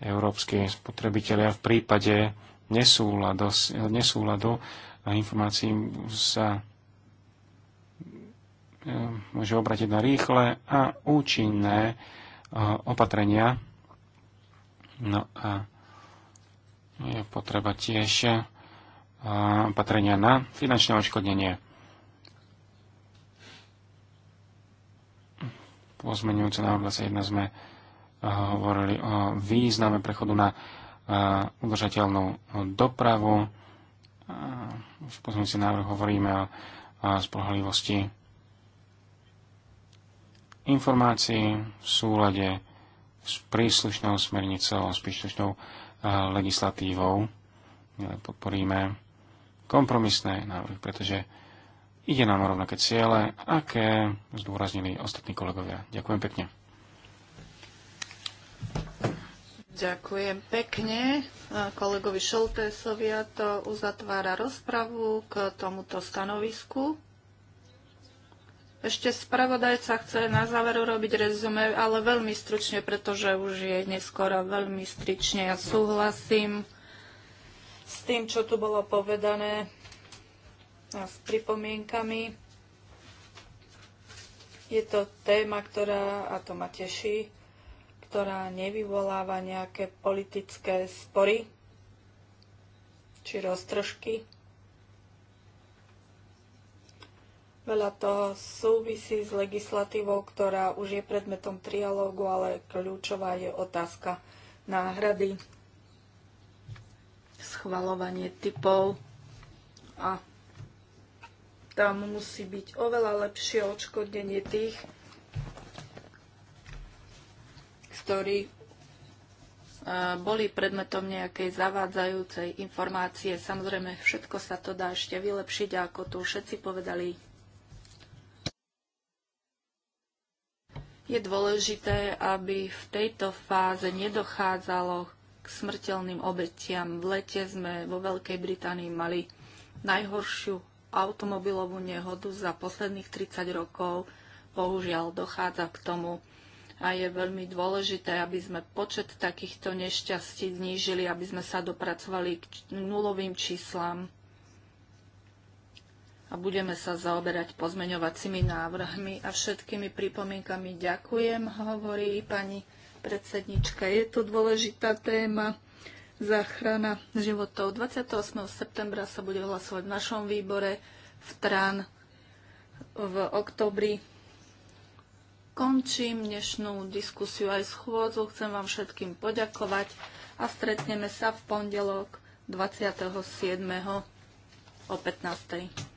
európsky spotrebitelia v prípade nesúladu, nesúladu informácií sa eh, môže obratiť na rýchle a účinné eh, opatrenia. No a je potreba tiež opatrenia na finančné odškodnenie. pozmenujúce na 1 sme eh, hovorili o význame prechodu na eh, udržateľnú dopravu. Eh, v pozmenujúci návrh hovoríme o spolahlivosti informácií v súlade s príslušnou smernicou, s príslušnou legislatívou. Podporíme kompromisné návrhy, pretože Ide nám o rovnaké ciele, aké zdôraznili ostatní kolegovia. Ďakujem pekne. Ďakujem pekne kolegovi Šoltésovi a to uzatvára rozpravu k tomuto stanovisku. Ešte spravodajca chce na záver urobiť rezume, ale veľmi stručne, pretože už je neskoro veľmi strične. Ja súhlasím s tým, čo tu bolo povedané s pripomienkami. Je to téma, ktorá, a to ma teší, ktorá nevyvoláva nejaké politické spory či roztržky. Veľa toho súvisí s legislatívou, ktorá už je predmetom trialógu, ale kľúčová je otázka náhrady, schvalovanie typov a tam musí byť oveľa lepšie odškodnenie tých, ktorí e, boli predmetom nejakej zavádzajúcej informácie. Samozrejme, všetko sa to dá ešte vylepšiť, ako tu všetci povedali. Je dôležité, aby v tejto fáze nedochádzalo k smrteľným obetiam. V lete sme vo Veľkej Británii mali najhoršiu automobilovú nehodu za posledných 30 rokov. Bohužiaľ, dochádza k tomu a je veľmi dôležité, aby sme počet takýchto nešťastí znížili, aby sme sa dopracovali k nulovým číslam a budeme sa zaoberať pozmeňovacími návrhmi a všetkými pripomienkami ďakujem, hovorí pani predsednička. Je to dôležitá téma záchrana životov. 28. septembra sa bude hlasovať v našom výbore v Trán v oktobri. Končím dnešnú diskusiu aj schôdzu. Chcem vám všetkým poďakovať a stretneme sa v pondelok 27. o 15.